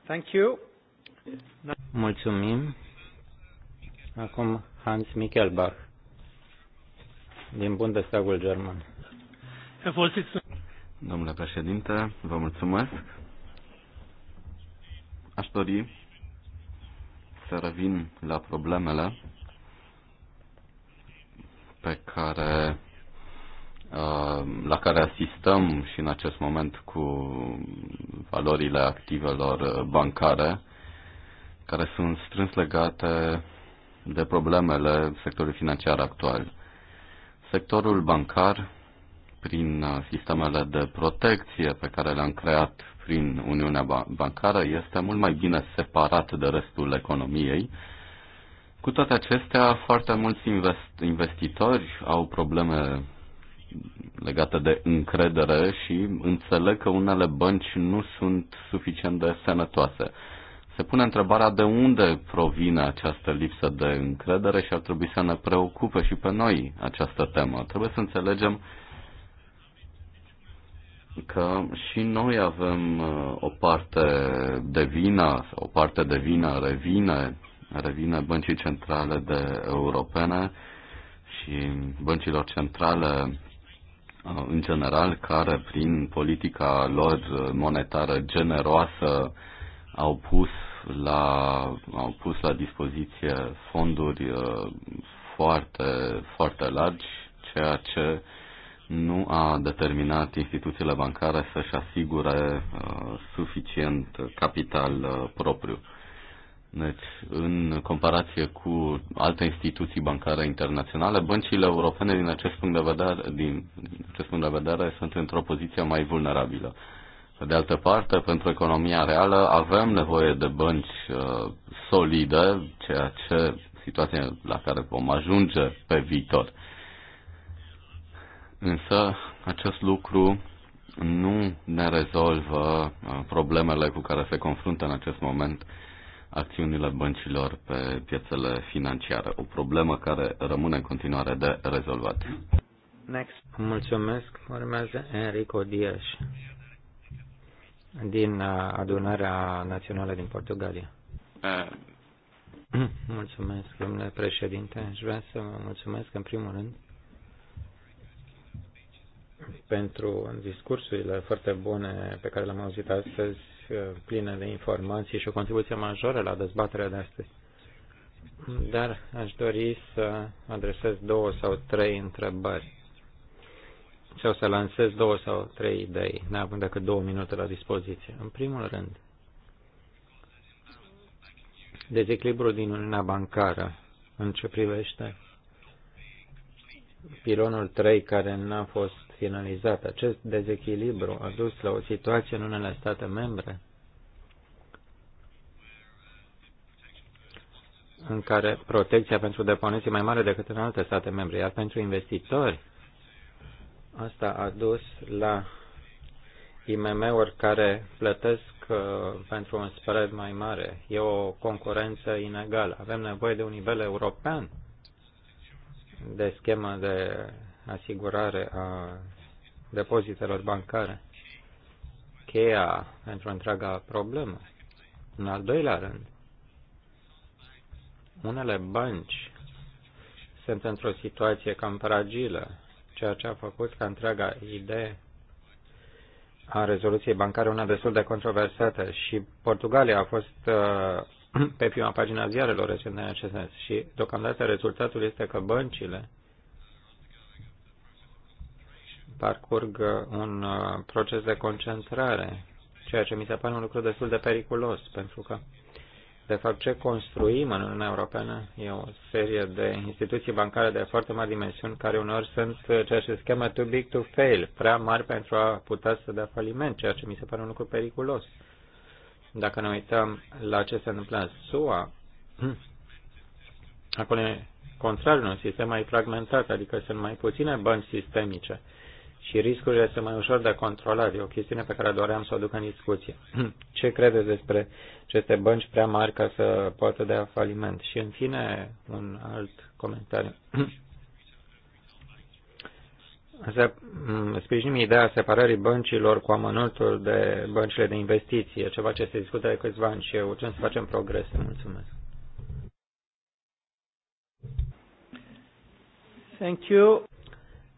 Thank you. Mulțumim. Acum Hans Michelbach din Bundestagul German. Domnule președinte, vă mulțumesc. Aș dori să revin la problemele pe care uh, la care asistăm și în acest moment cu valorile activelor bancare, care sunt strâns legate de problemele sectorului financiar actual. Sectorul bancar, prin uh, sistemele de protecție pe care le-am creat prin Uniunea Bancară, este mult mai bine separat de restul economiei. Cu toate acestea, foarte mulți investitori au probleme legate de încredere și înțeleg că unele bănci nu sunt suficient de sănătoase se pune întrebarea de unde provine această lipsă de încredere și ar trebui să ne preocupe și pe noi această temă. Trebuie să înțelegem că și noi avem uh, o parte de vină, o parte de vină revine, revine băncii centrale de europene și băncilor centrale uh, în general, care prin politica lor monetară generoasă au pus la, au pus la dispoziție fonduri uh, foarte, foarte largi, ceea ce nu a determinat instituțiile bancare să-și asigure uh, suficient capital uh, propriu. Deci, în comparație cu alte instituții bancare internaționale, băncile europene, din acest punct de vedere, din, din acest punct de vedere sunt într-o poziție mai vulnerabilă. Uh, pe de altă parte, pentru economia reală avem nevoie de bănci uh, solide, ceea ce situația la care vom ajunge pe viitor. Însă acest lucru nu ne rezolvă uh, problemele cu care se confruntă în acest moment acțiunile băncilor pe piețele financiare, o problemă care rămâne în continuare de rezolvat. Next. Mulțumesc. Urmează Enrico Dias din uh, adunarea națională din Portugalia. Uh. Mulțumesc, domnule președinte. Aș vrea să vă mulțumesc în primul rând pentru discursurile foarte bune pe care le-am auzit astăzi, uh, pline de informații și o contribuție majoră la dezbaterea de astăzi. Dar aș dori să adresez două sau trei întrebări și o să lansez două sau trei idei, neavând decât două minute la dispoziție. În primul rând, dezechilibrul din Uniunea Bancară în ce privește pilonul 3 care n-a fost finalizat. Acest dezechilibru a dus la o situație în unele state membre în care protecția pentru deponenții mai mare decât în alte state membre, iar pentru investitori Asta a dus la IMM-uri care plătesc uh, pentru un spread mai mare. E o concurență inegală. Avem nevoie de un nivel european de schemă de asigurare a depozitelor bancare. Cheia pentru întreaga problemă. În al doilea rând, unele bănci sunt într-o situație cam fragilă ceea ce a făcut ca întreaga idee a rezoluției bancare una destul de controversată și Portugalia a fost uh, *clears throat* pe prima pagina ziarelor recente în acest sens și deocamdată rezultatul este că băncile parcurg uh, un uh, proces de concentrare, ceea ce mi se pare un lucru destul de periculos, pentru că de fapt, ce construim în Uniunea Europeană e o serie de instituții bancare de foarte mari dimensiuni care uneori sunt ceea ce se cheamă too big to fail, prea mari pentru a putea să dea faliment, ceea ce mi se pare un lucru periculos. Dacă ne uităm la ce se întâmplă în SUA, *clears throat* acolo e contrariul, un sistem mai fragmentat, adică sunt mai puține bănci sistemice și riscurile sunt mai ușor de controlat. E o chestiune pe care doream să o duc în discuție. *clears throat* Ce credeți despre aceste bănci prea mari ca să poată dea faliment? Și, în fine, un alt comentariu. Să *clears throat* mm, sprijinim ideea separării băncilor cu amănuntul de băncile de investiție, ceva ce se discută de câțiva ani și urgent să facem progrese. Mulțumesc. Thank you.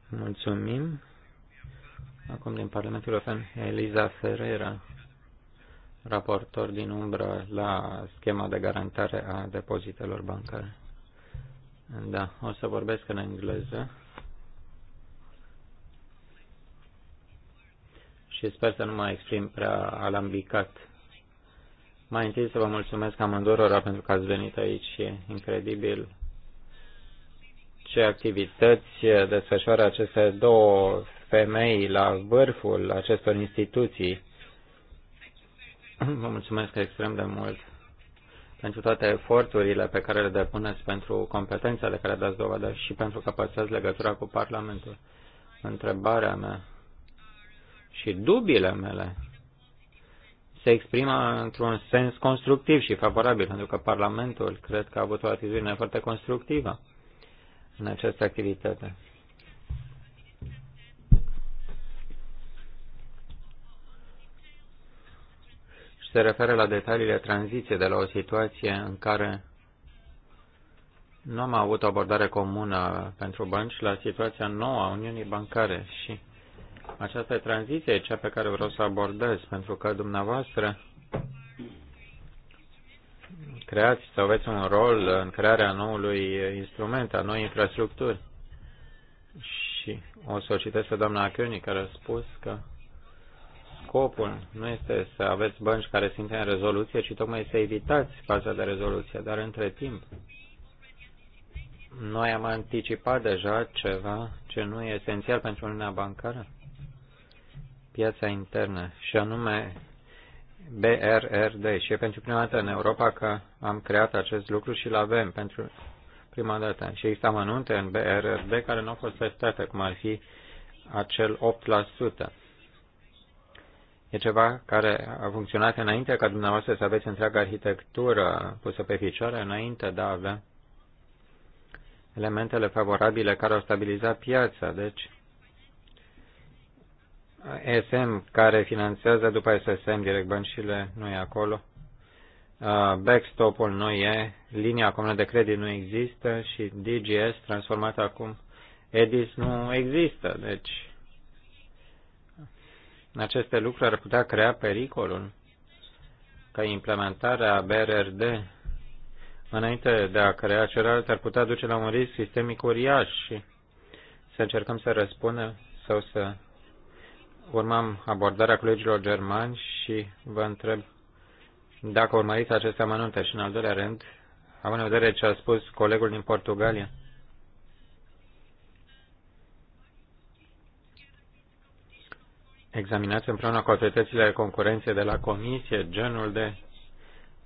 Mulțumim. Acum din Parlamentul European, Eliza Ferreira, raportor din umbră la schema de garantare a depozitelor bancare. Da, o să vorbesc în engleză. Și sper să nu mă exprim prea alambicat. Mai întâi să vă mulțumesc amândurora pentru că ați venit aici. E incredibil ce activități desfășoară aceste două femei la vârful acestor instituții. Vă mulțumesc extrem de mult pentru toate eforturile pe care le depuneți, pentru competența de care dați dovadă și pentru că păstrați legătura cu Parlamentul. Întrebarea mea și dubile mele se exprimă într-un sens constructiv și favorabil, pentru că Parlamentul cred că a avut o atitudine foarte constructivă în această activitate. se referă la detaliile tranziției de la o situație în care nu am avut o abordare comună pentru bănci la situația nouă a Uniunii Bancare și această tranziție e cea pe care vreau să abordez, pentru că dumneavoastră creați sau aveți un rol în crearea noului instrument, a noi infrastructuri. Și o să o citesc pe doamna Acăni, care a spus că Scopul nu este să aveți bănci care sunt în rezoluție, ci tocmai să evitați faza de rezoluție. Dar între timp, noi am anticipat deja ceva ce nu e esențial pentru lumea Bancară, piața internă, și anume BRRD. Și e pentru prima dată în Europa că am creat acest lucru și îl avem pentru prima dată. Și există amănunte în BRRD care nu au fost testate, cum ar fi acel 8%. E ceva care a funcționat înainte ca dumneavoastră să aveți întreaga arhitectură pusă pe picioare, înainte de a avea elementele favorabile care au stabilizat piața. Deci, SM care finanțează după SSM direct băncile nu e acolo, backstop-ul nu e, linia comună de credit nu există și DGS transformat acum, EDIS nu există. Deci, aceste lucruri ar putea crea pericolul ca implementarea BRRD înainte de a crea celălalt ar putea duce la un risc sistemic uriaș și să încercăm să răspundem sau să urmăm abordarea colegilor germani și vă întreb dacă urmăriți aceste amănunte și în al doilea rând, având în vedere ce a spus colegul din Portugalia, examinați împreună cu autoritățile de de la Comisie genul de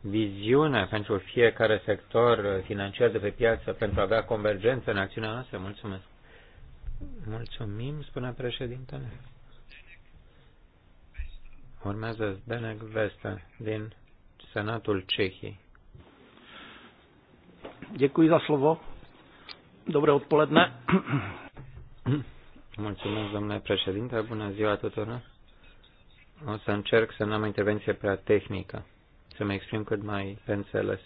viziune pentru fiecare sector financiar de pe piață pentru a avea convergență în acțiunea noastră? Mulțumesc. Mulțumim, spune președintele. Urmează Zdenek Vesta din Senatul Cehii. Děkuji za slovo. Dobré odpoledne. Mulțumesc, domnule președinte. Bună ziua tuturor. O să încerc să nu am intervenție prea tehnică, să mă exprim cât mai pe înțeles.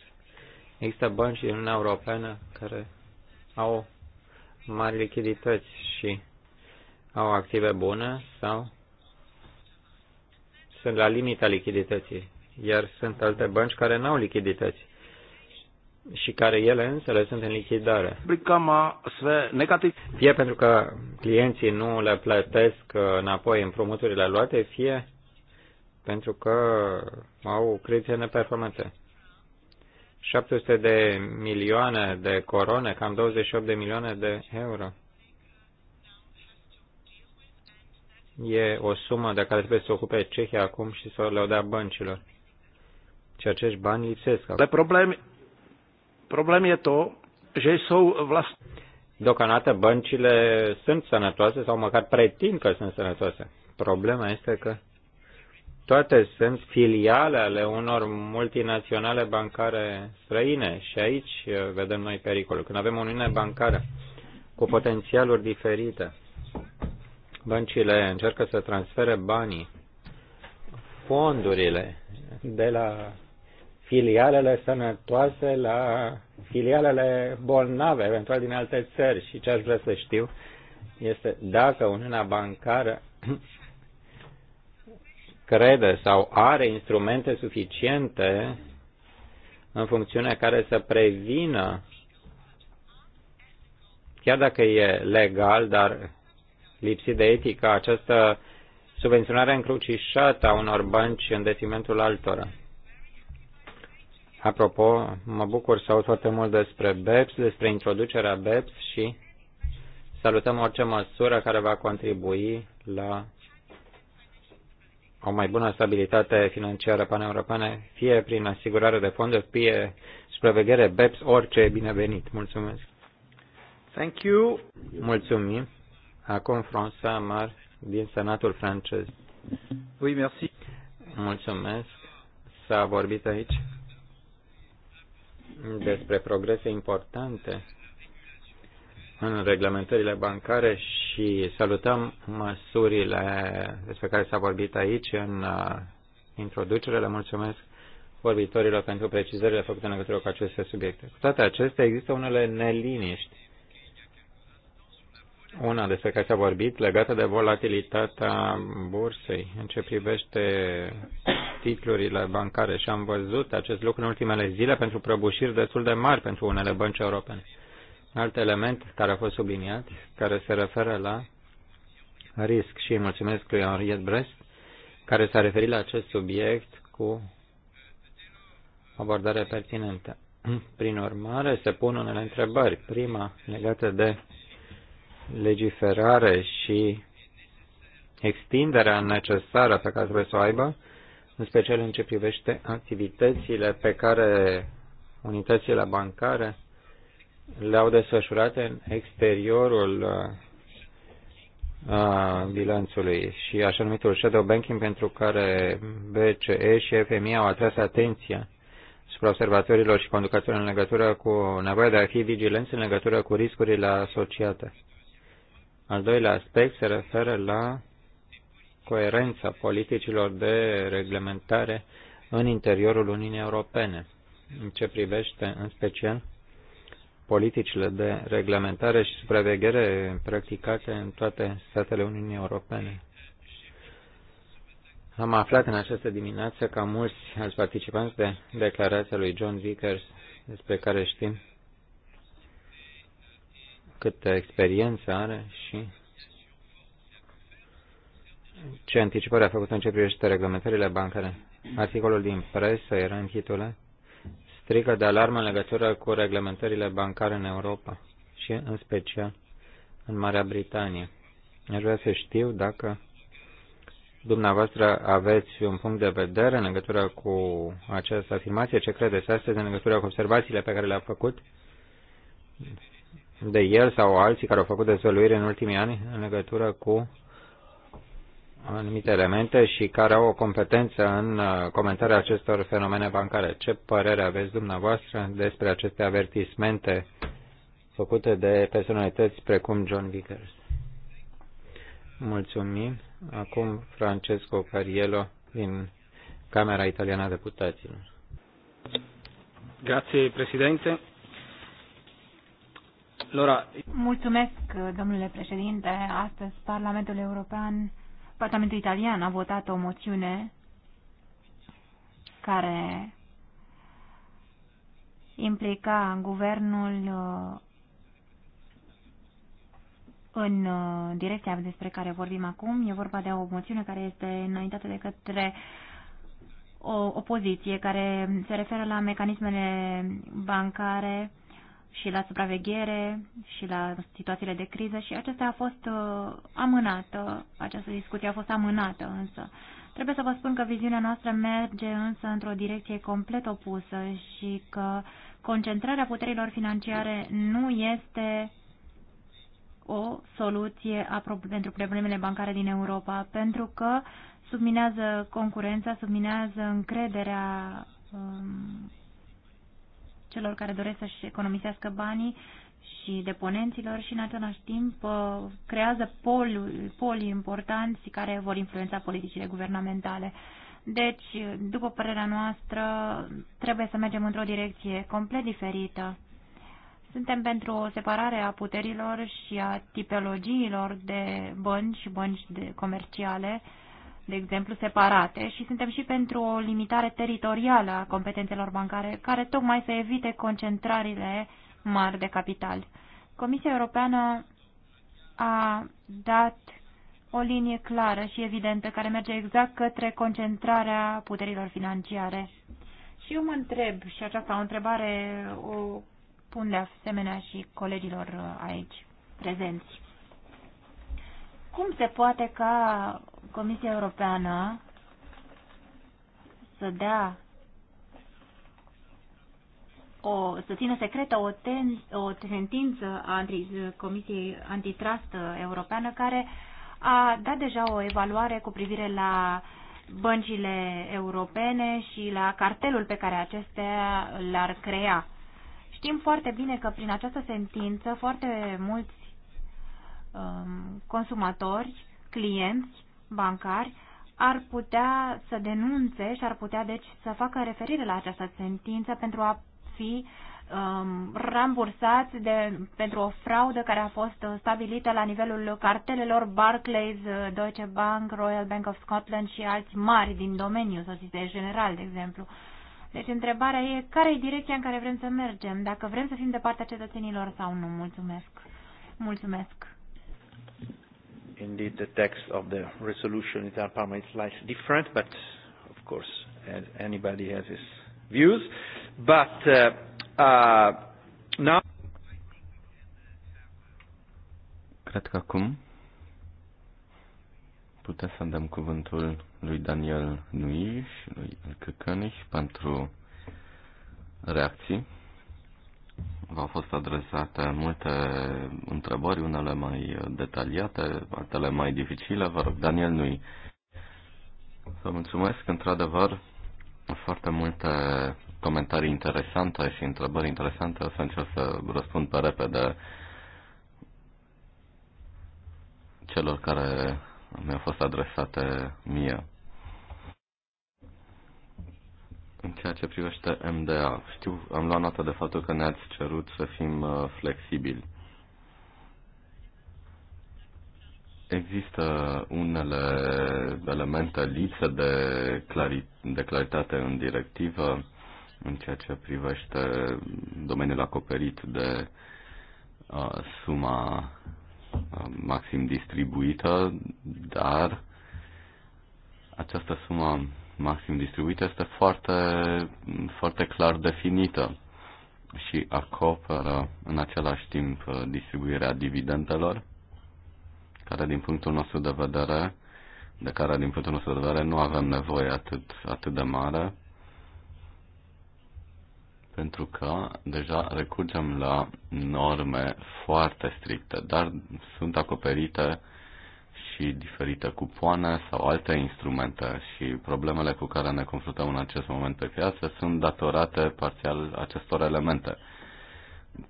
Există bănci din Uniunea Europeană care au mari lichidități și au active bune sau sunt la limita lichidității, iar sunt alte bănci care nu au lichidități și care ele însele sunt în lichidare. Fie pentru că clienții nu le plătesc înapoi împrumuturile în luate, fie pentru că au credite neperformante. 700 de milioane de corone, cam 28 de milioane de euro. E o sumă de care trebuie să se ocupe Cehia acum și să le dea băncilor. Și acești bani lipsesc. Le probleme Problem je to, že jsou vlastně... Deocamdată băncile sunt sănătoase sau măcar pretind că sunt sănătoase. Problema este că toate sunt filiale ale unor multinaționale bancare străine și aici uh, vedem noi pericolul. Când avem o uniune bancară cu potențialuri diferite, băncile încearcă să transfere banii, fondurile de la filialele sănătoase la filialele bolnave, eventual din alte țări. Și ce aș vrea să știu este dacă Uniunea Bancară crede sau are instrumente suficiente în funcțiune care să prevină, chiar dacă e legal, dar lipsit de etică, această subvenționare încrucișată a unor bănci în detrimentul altora. Apropo, mă bucur să aud foarte mult despre BEPS, despre introducerea BEPS și salutăm orice măsură care va contribui la o mai bună stabilitate financiară paneuropeană, fie prin asigurare de fonduri, fie supraveghere BEPS, orice e binevenit. Mulțumesc. Thank you. Mulțumim. Acum François Amar din Senatul francez. Oui, merci. Mulțumesc. S-a vorbit aici despre progrese importante în reglementările bancare și salutăm măsurile despre care s-a vorbit aici în uh, introducere. Le mulțumesc vorbitorilor pentru precizările făcute în legătură cu aceste subiecte. Cu toate acestea, există unele neliniști. Una despre care s-a vorbit, legată de volatilitatea bursei, în ce privește titlurile bancare și am văzut acest lucru în ultimele zile pentru prăbușiri destul de mari pentru unele bănci europene. Alt element care a fost subliniat, care se referă la risc și îi mulțumesc lui Henriette Brest, care s-a referit la acest subiect cu abordare pertinentă. *clears throat* Prin urmare, se pun unele întrebări. Prima, legată de legiferare și extinderea necesară pe care trebuie să o aibă în special în ce privește activitățile pe care unitățile bancare le-au desfășurat în exteriorul uh, uh, bilanțului și așa numitul shadow banking pentru care BCE și FMI au atras atenția supra observatorilor și conducătorilor în legătură cu nevoia de a fi vigilenți în legătură cu riscurile asociate. Al doilea aspect se referă la coerența politicilor de reglementare în interiorul Uniunii Europene, în ce privește în special politicile de reglementare și supraveghere practicate în toate statele Uniunii Europene. Am aflat în această dimineață ca mulți alți participanți de declarația lui John Vickers, despre care știm câtă experiență are și ce anticipare a făcut în ce privește reglementările bancare. Articolul din presă era în titulă strigă de alarmă în legătură cu reglementările bancare în Europa și în special în Marea Britanie. Aș vrea să știu dacă dumneavoastră aveți un punct de vedere în legătură cu această afirmație, ce credeți astăzi în legătură cu observațiile pe care le-a făcut de el sau alții care au făcut dezvăluire în ultimii ani în legătură cu anumite elemente și care au o competență în uh, comentarea acestor fenomene bancare. Ce părere aveți dumneavoastră despre aceste avertismente făcute de personalități precum John Vickers? Mulțumim. Acum Francesco Cariello din Camera Italiană a Deputaților. Grazie, Presidente. Mulțumesc, domnule președinte. Astăzi Parlamentul European Parlamentul italian a votat o moțiune care implica guvernul uh, în uh, direcția despre care vorbim acum. E vorba de o moțiune care este înaintată de către o opoziție care se referă la mecanismele bancare și la supraveghere și la situațiile de criză și aceasta a fost uh, amânată, această discuție a fost amânată însă. Trebuie să vă spun că viziunea noastră merge însă într-o direcție complet opusă și că concentrarea puterilor financiare nu este o soluție pentru problemele bancare din Europa, pentru că subminează concurența, subminează încrederea um, celor care doresc să-și economisească banii și deponenților și în același timp uh, creează poli, poli importanți care vor influența politicile guvernamentale. Deci, după părerea noastră, trebuie să mergem într-o direcție complet diferită. Suntem pentru o separare a puterilor și a tipologiilor de bănci și bănci de comerciale, de exemplu, separate și suntem și pentru o limitare teritorială a competențelor bancare, care tocmai să evite concentrările mari de capital. Comisia Europeană a dat o linie clară și evidentă care merge exact către concentrarea puterilor financiare. Și eu mă întreb, și aceasta o întrebare o pun de asemenea și colegilor aici prezenți. Cum se poate ca Comisia Europeană să dea o, să țină secretă o, ten, o sentință a Comisiei Antitrust Europeană care a dat deja o evaluare cu privire la băncile europene și la cartelul pe care acestea l-ar crea. Știm foarte bine că prin această sentință foarte mulți Um, consumatori, clienți, bancari, ar putea să denunțe și ar putea deci să facă referire la această sentință pentru a fi um, rambursați de, pentru o fraudă care a fost stabilită la nivelul cartelelor Barclays, Deutsche Bank, Royal Bank of Scotland și alți mari din domeniu, să zicem general, de exemplu. Deci întrebarea e care e direcția în care vrem să mergem, dacă vrem să fim de partea cetățenilor sau nu. Mulțumesc. Mulțumesc indeed the text of the resolution in that parliament is slightly different, but of course anybody has his views. But uh, uh, now. Cred că acum puteți să dăm cuvântul lui Daniel Nuiș, lui Elke pentru reacții v-au fost adresate multe întrebări, unele mai detaliate, altele mai dificile. Vă rog, Daniel Nui. Vă mulțumesc, într-adevăr, foarte multe comentarii interesante și întrebări interesante. O să încerc să răspund pe repede celor care mi-au fost adresate mie. În ceea ce privește MDA, știu, am luat notă de faptul că ne-ați cerut să fim uh, flexibili. Există unele elemente lipse de, clari- de claritate în directivă în ceea ce privește domeniul acoperit de uh, suma uh, maxim distribuită, dar această sumă maxim distribuită este foarte, foarte clar definită și acoperă în același timp uh, distribuirea dividendelor, care din punctul nostru de vedere, de care din punctul nostru de vedere nu avem nevoie atât, atât de mare, pentru că deja recurgem la norme foarte stricte, dar sunt acoperite și diferite cupoane sau alte instrumente și problemele cu care ne confruntăm în acest moment pe piață sunt datorate parțial acestor elemente.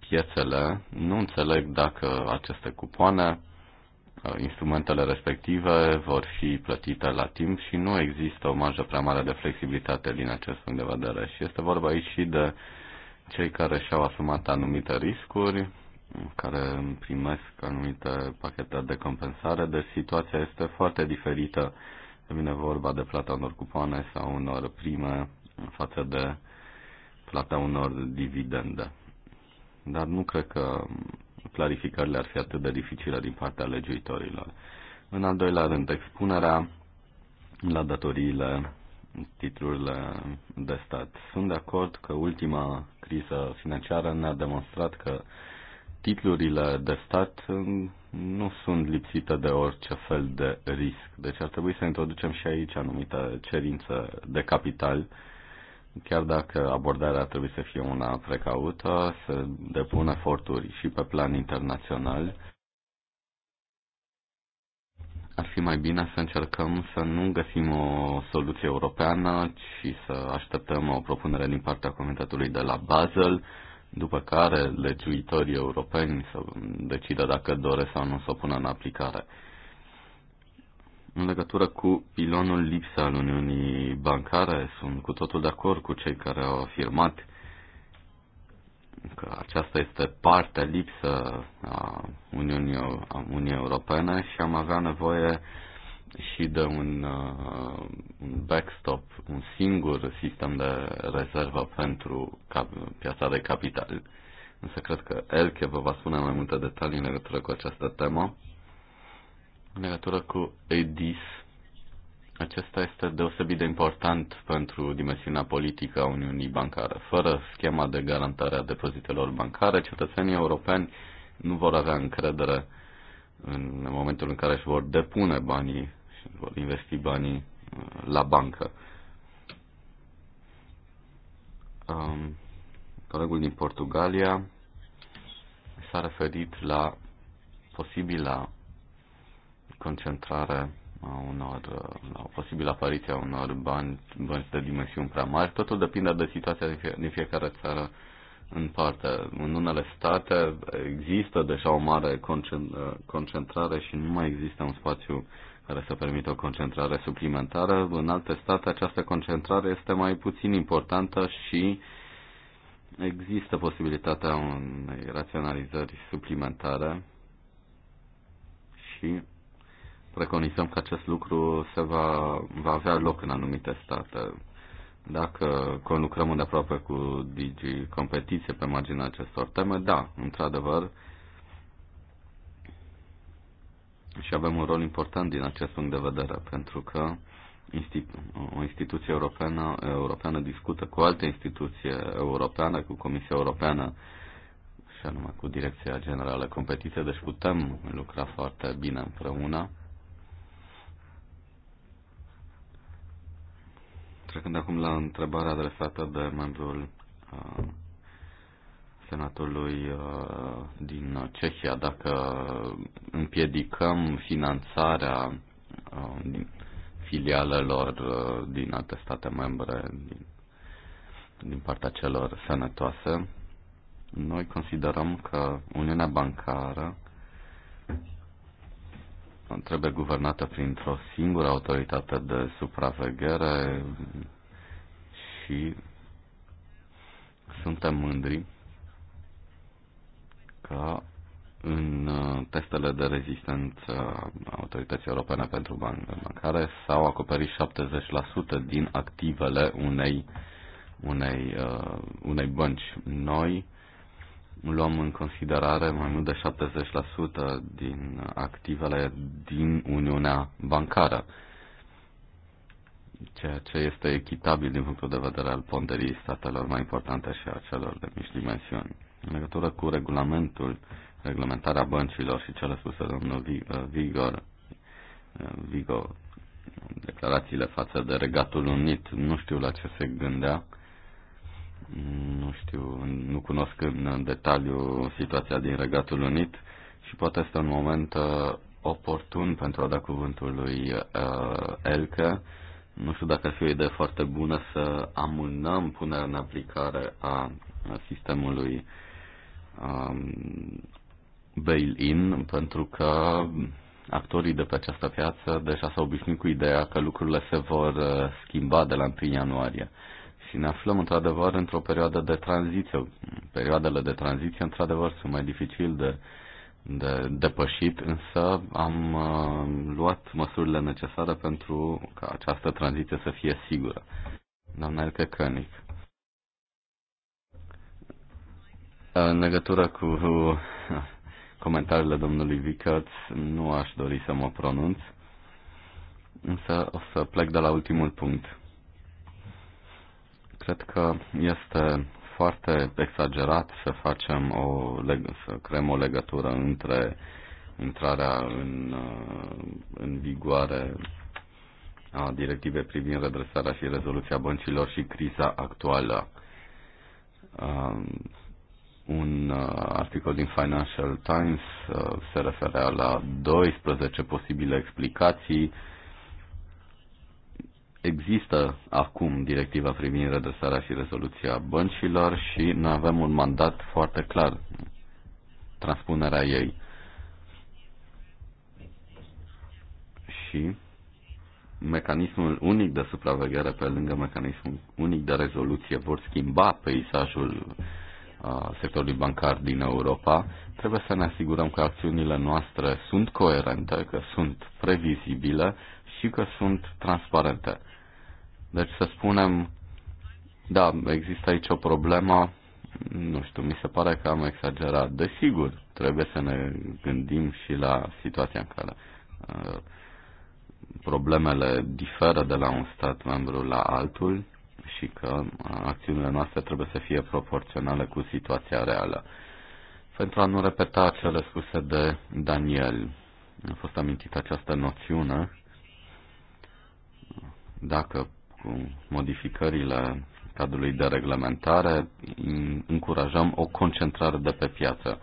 Piețele nu înțeleg dacă aceste cupoane, uh, instrumentele respective vor fi plătite la timp și nu există o marjă prea mare de flexibilitate din acest punct de vedere. Și este vorba aici și de cei care și-au asumat anumite riscuri, care primesc anumite pachete de compensare, deci situația este foarte diferită. Vine vorba de plata unor cupoane sau unor prime față de plata unor dividende. Dar nu cred că clarificările ar fi atât de dificile din partea legiuitorilor. În al doilea rând, expunerea la datoriile, titlurile de stat. Sunt de acord că ultima criză financiară ne-a demonstrat că titlurile de stat mm, nu sunt lipsite de orice fel de risc. Deci ar trebui să introducem și aici anumite cerințe de capital, chiar dacă abordarea ar trebui să fie una precaută, să depun eforturi și pe plan internațional. Ar fi mai bine să încercăm să nu găsim o soluție europeană, ci să așteptăm o propunere din partea Comitetului de la Basel, după care legiuitorii europeni să decidă dacă doresc sau nu să o pună în aplicare. În legătură cu pilonul lipsa al Uniunii Bancare, sunt cu totul de acord cu cei care au afirmat că aceasta este partea lipsă a Uniunii, a Uniunii Europene și am avea nevoie și de un, uh, un backstop, un singur sistem de rezervă pentru cap- piața de capital. Însă cred că Elke vă va spune mai multe detalii în legătură cu această temă. În legătură cu EDIS, acesta este deosebit de important pentru dimensiunea politică a Uniunii Bancare. Fără schema de garantare a depozitelor bancare, cetățenii europeni nu vor avea încredere în momentul în care își vor depune banii vor investi banii uh, la bancă. Um, colegul din Portugalia s-a referit la posibila concentrare a unor, uh, la posibilă apariție a unor bani, bani de dimensiuni prea mari. Totul depinde de situația din, fie, din fiecare țară în parte. În unele state există deja o mare uh, concentrare și nu mai există un spațiu care să permită o concentrare suplimentară. În alte state această concentrare este mai puțin importantă și există posibilitatea unei raționalizări suplimentare și preconizăm că acest lucru se va, va avea loc în anumite state. Dacă conlucrăm îndeaproape cu Digi Competiție pe marginea acestor teme, da, într-adevăr, și avem un rol important din acest punct de vedere, pentru că institu o instituție europeană, europeană discută cu alte instituții europeană, cu Comisia Europeană și anume cu Direcția Generală Competiție, deci putem lucra foarte bine împreună. Trecând acum la întrebarea adresată de membrul uh, Senatului uh, din Cehia, dacă împiedicăm finanțarea uh, din filialelor uh, din alte state membre din, din partea celor sănătoase, noi considerăm că Uniunea Bancară trebuie guvernată printr-o singură autoritate de supraveghere și suntem mândri că în uh, testele de rezistență Autorității Europene pentru Bancare s-au acoperit 70% din activele unei, unei, uh, unei bănci. Noi luăm în considerare mai mult de 70% din activele din Uniunea Bancară, ceea ce este echitabil din punctul de vedere al ponderii statelor mai importante și a celor de mici dimensiuni în legătură cu regulamentul, reglementarea băncilor și cele spuse domnul uh, Vigor, uh, Vigo, declarațiile față de Regatul Unit, nu știu la ce se gândea, nu știu, nu cunosc în detaliu situația din Regatul Unit și poate este un moment uh, oportun pentru a da cuvântul lui Elke. Nu știu dacă ar fi o idee foarte bună să amânăm punerea în aplicare a sistemului um, bail-in pentru că actorii de pe această piață deja s-au obișnuit cu ideea că lucrurile se vor uh, schimba de la 1 ianuarie. Și ne aflăm într-adevăr într-o perioadă de tranziție. Perioadele de tranziție într-adevăr sunt mai dificil de, de depășit, însă am uh, luat măsurile necesare pentru ca această tranziție să fie sigură. Doamna Elke König. În legătură cu uh, comentariile domnului Vicăț, nu aș dori să mă pronunț, însă o să plec de la ultimul punct. Cred că este foarte exagerat să facem o să creăm o legătură între intrarea în, uh, în vigoare a directivei privind redresarea și rezoluția băncilor și criza actuală. Uh, un uh, articol din Financial Times uh, se referea la 12 posibile explicații. Există acum directiva privind redresarea și rezoluția băncilor și noi avem un mandat foarte clar, transpunerea ei. Și mecanismul unic de supraveghere pe lângă mecanismul unic de rezoluție vor schimba peisajul uh, a sectorului bancar din Europa, trebuie să ne asigurăm că acțiunile noastre sunt coerente, că sunt previzibile și că sunt transparente. Deci să spunem, da, există aici o problemă, nu știu, mi se pare că am exagerat. Desigur, trebuie să ne gândim și la situația în care uh, problemele diferă de la un stat membru la altul și că acțiunile noastre trebuie să fie proporționale cu situația reală. Pentru a nu repeta cele spuse de Daniel, a fost amintită această noțiune, dacă cu modificările cadrului de reglementare încurajăm o concentrare de pe piață.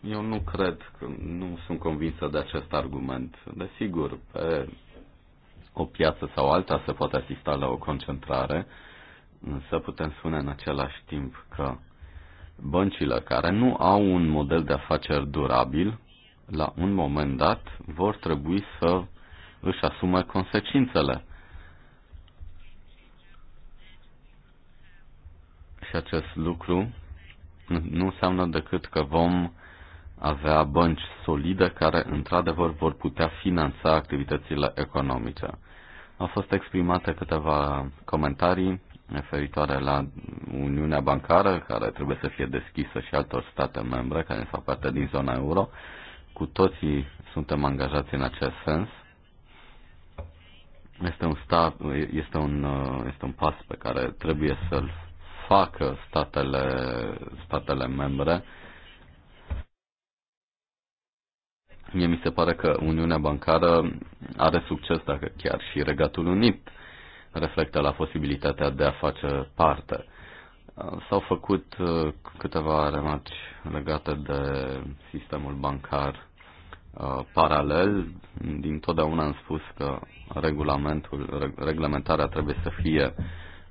Eu nu cred, nu sunt convinsă de acest argument. Desigur, pe o piață sau alta se poate asista la o concentrare, Însă putem spune în același timp că băncile care nu au un model de afaceri durabil, la un moment dat vor trebui să își asume consecințele. Și acest lucru nu înseamnă decât că vom avea bănci solide care, într-adevăr, vor putea finanța activitățile economice. Au fost exprimate câteva comentarii referitoare la Uniunea Bancară, care trebuie să fie deschisă și altor state membre care fac parte din zona euro. Cu toții suntem angajați în acest sens. Este un, stat, este un, este un pas pe care trebuie să-l facă statele, statele membre. Mie mi se pare că Uniunea Bancară are succes dacă chiar și Regatul Unit uh, reflectă la posibilitatea de a face parte. S-au făcut uh, câteva remarci legate de sistemul bancar uh, paralel. Din totdeauna am spus că regulamentul, reglementarea trebuie să fie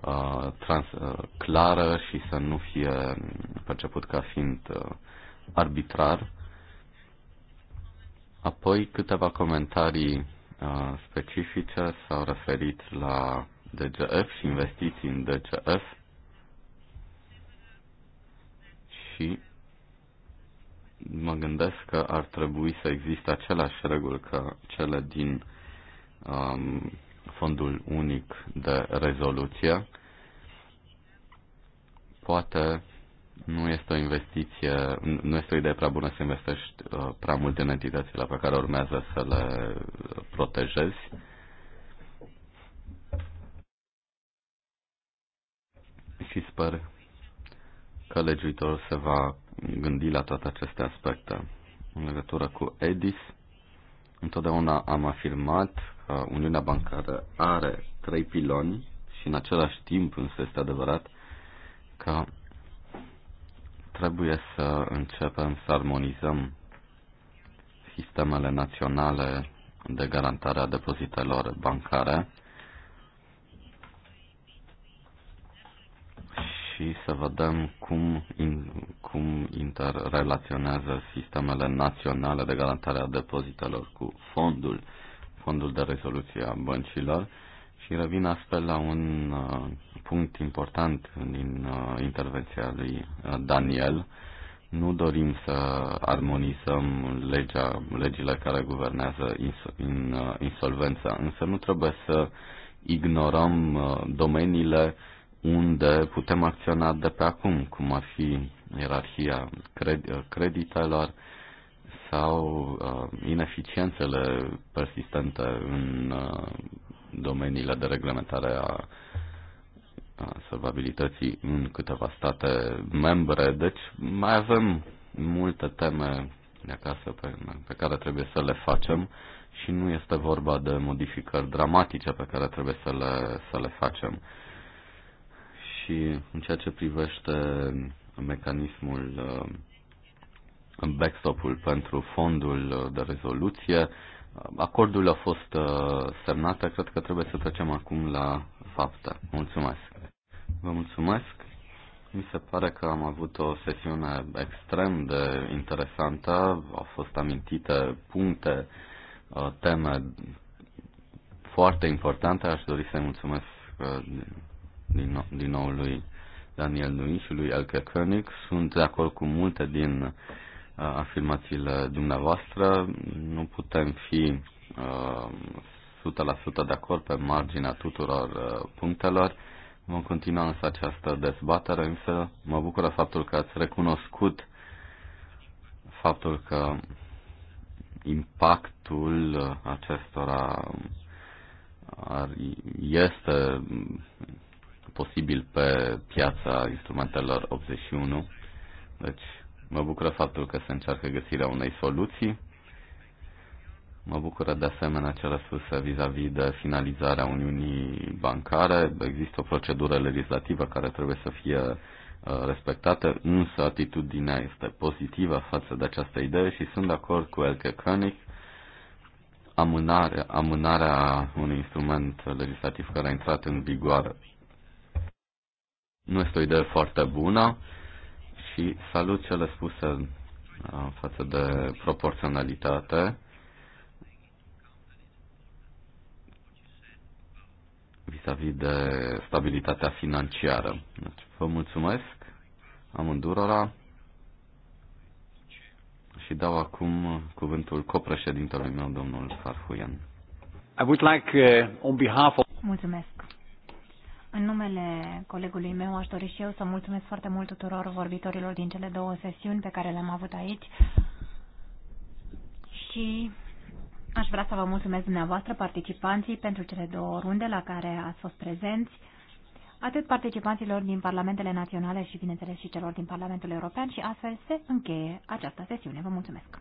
uh, trans, clară și să nu fie perceput ca fiind arbitrar. Apoi câteva comentarii specifice s-au referit la DGF și investiții în DGF și mă gândesc că ar trebui să existe aceleași reguli ca cele din um, fondul unic de rezoluție. Poate nu este o investiție, nu este o idee prea bună să investești uh, prea mult în entitățile pe care urmează să le protejezi. și sper că legiuitorul se va gândi la toate aceste aspecte. În legătură cu EDIS, întotdeauna am afirmat că Uniunea Bancară are trei piloni și în același timp însă este adevărat că trebuie să începem să armonizăm sistemele naționale de garantare a depozitelor bancare și să vedem cum, in, cum interrelaționează sistemele naționale de garantare a depozitelor cu fondul, fondul de rezoluție a băncilor și revin astfel la un uh, punct important din uh, intervenția lui uh, Daniel. Nu dorim să armonizăm legea, legile care guvernează ins, in, uh, insolvența, însă nu trebuie să ignorăm uh, domeniile uh, unde putem acționa de pe acum, cum ar fi ierarhia cred- creditelor sau uh, ineficiențele persistente în uh, domeniile de reglementare a salvabilității în câteva state membre. Deci mai avem multe teme de acasă pe, pe care trebuie să le facem și nu este vorba de modificări dramatice pe care trebuie să le, să le facem și în ceea ce privește mecanismul uh, backstop-ul pentru fondul uh, de rezoluție. Acordul a fost uh, semnat, cred că trebuie să trecem acum la fapte. Mulțumesc! Vă mulțumesc! Mi se pare că am avut o sesiune extrem de interesantă, au fost amintite puncte, teme foarte importante. Aș dori să-i mulțumesc din nou, din nou lui Daniel Nui și lui Elke Koenig. Sunt de acord cu multe din uh, afirmațiile dumneavoastră. Nu putem fi uh, 100% de acord pe marginea tuturor uh, punctelor. Vom continua însă această dezbatere, însă mă bucură faptul că ați recunoscut faptul că impactul acestora este posibil pe piața instrumentelor 81. Deci mă bucură faptul că se încearcă găsirea unei soluții. Mă bucură de asemenea ce spuse vis-a-vis de finalizarea Uniunii Bancare. Există o procedură legislativă care trebuie să fie uh, respectată, însă atitudinea este pozitivă față de această idee și sunt de acord cu Elke Koenig. Amânarea, amânarea unui instrument legislativ care a intrat în vigoare nu este o idee foarte bună și salut cele spuse uh, față de proporționalitate. vis-a-vis de stabilitatea financiară. Deci, vă mulțumesc amândurora și dau acum cuvântul copreședintelui meu, domnul Farhuian. I would like, uh, on behalf of... Mulțumesc. În numele colegului meu aș dori și eu să mulțumesc foarte mult tuturor vorbitorilor din cele două sesiuni pe care le-am avut aici și aș vrea să vă mulțumesc dumneavoastră, participanții, pentru cele două runde la care ați fost prezenți, atât participanților din Parlamentele Naționale și, bineînțeles, și celor din Parlamentul European și astfel se încheie această sesiune. Vă mulțumesc!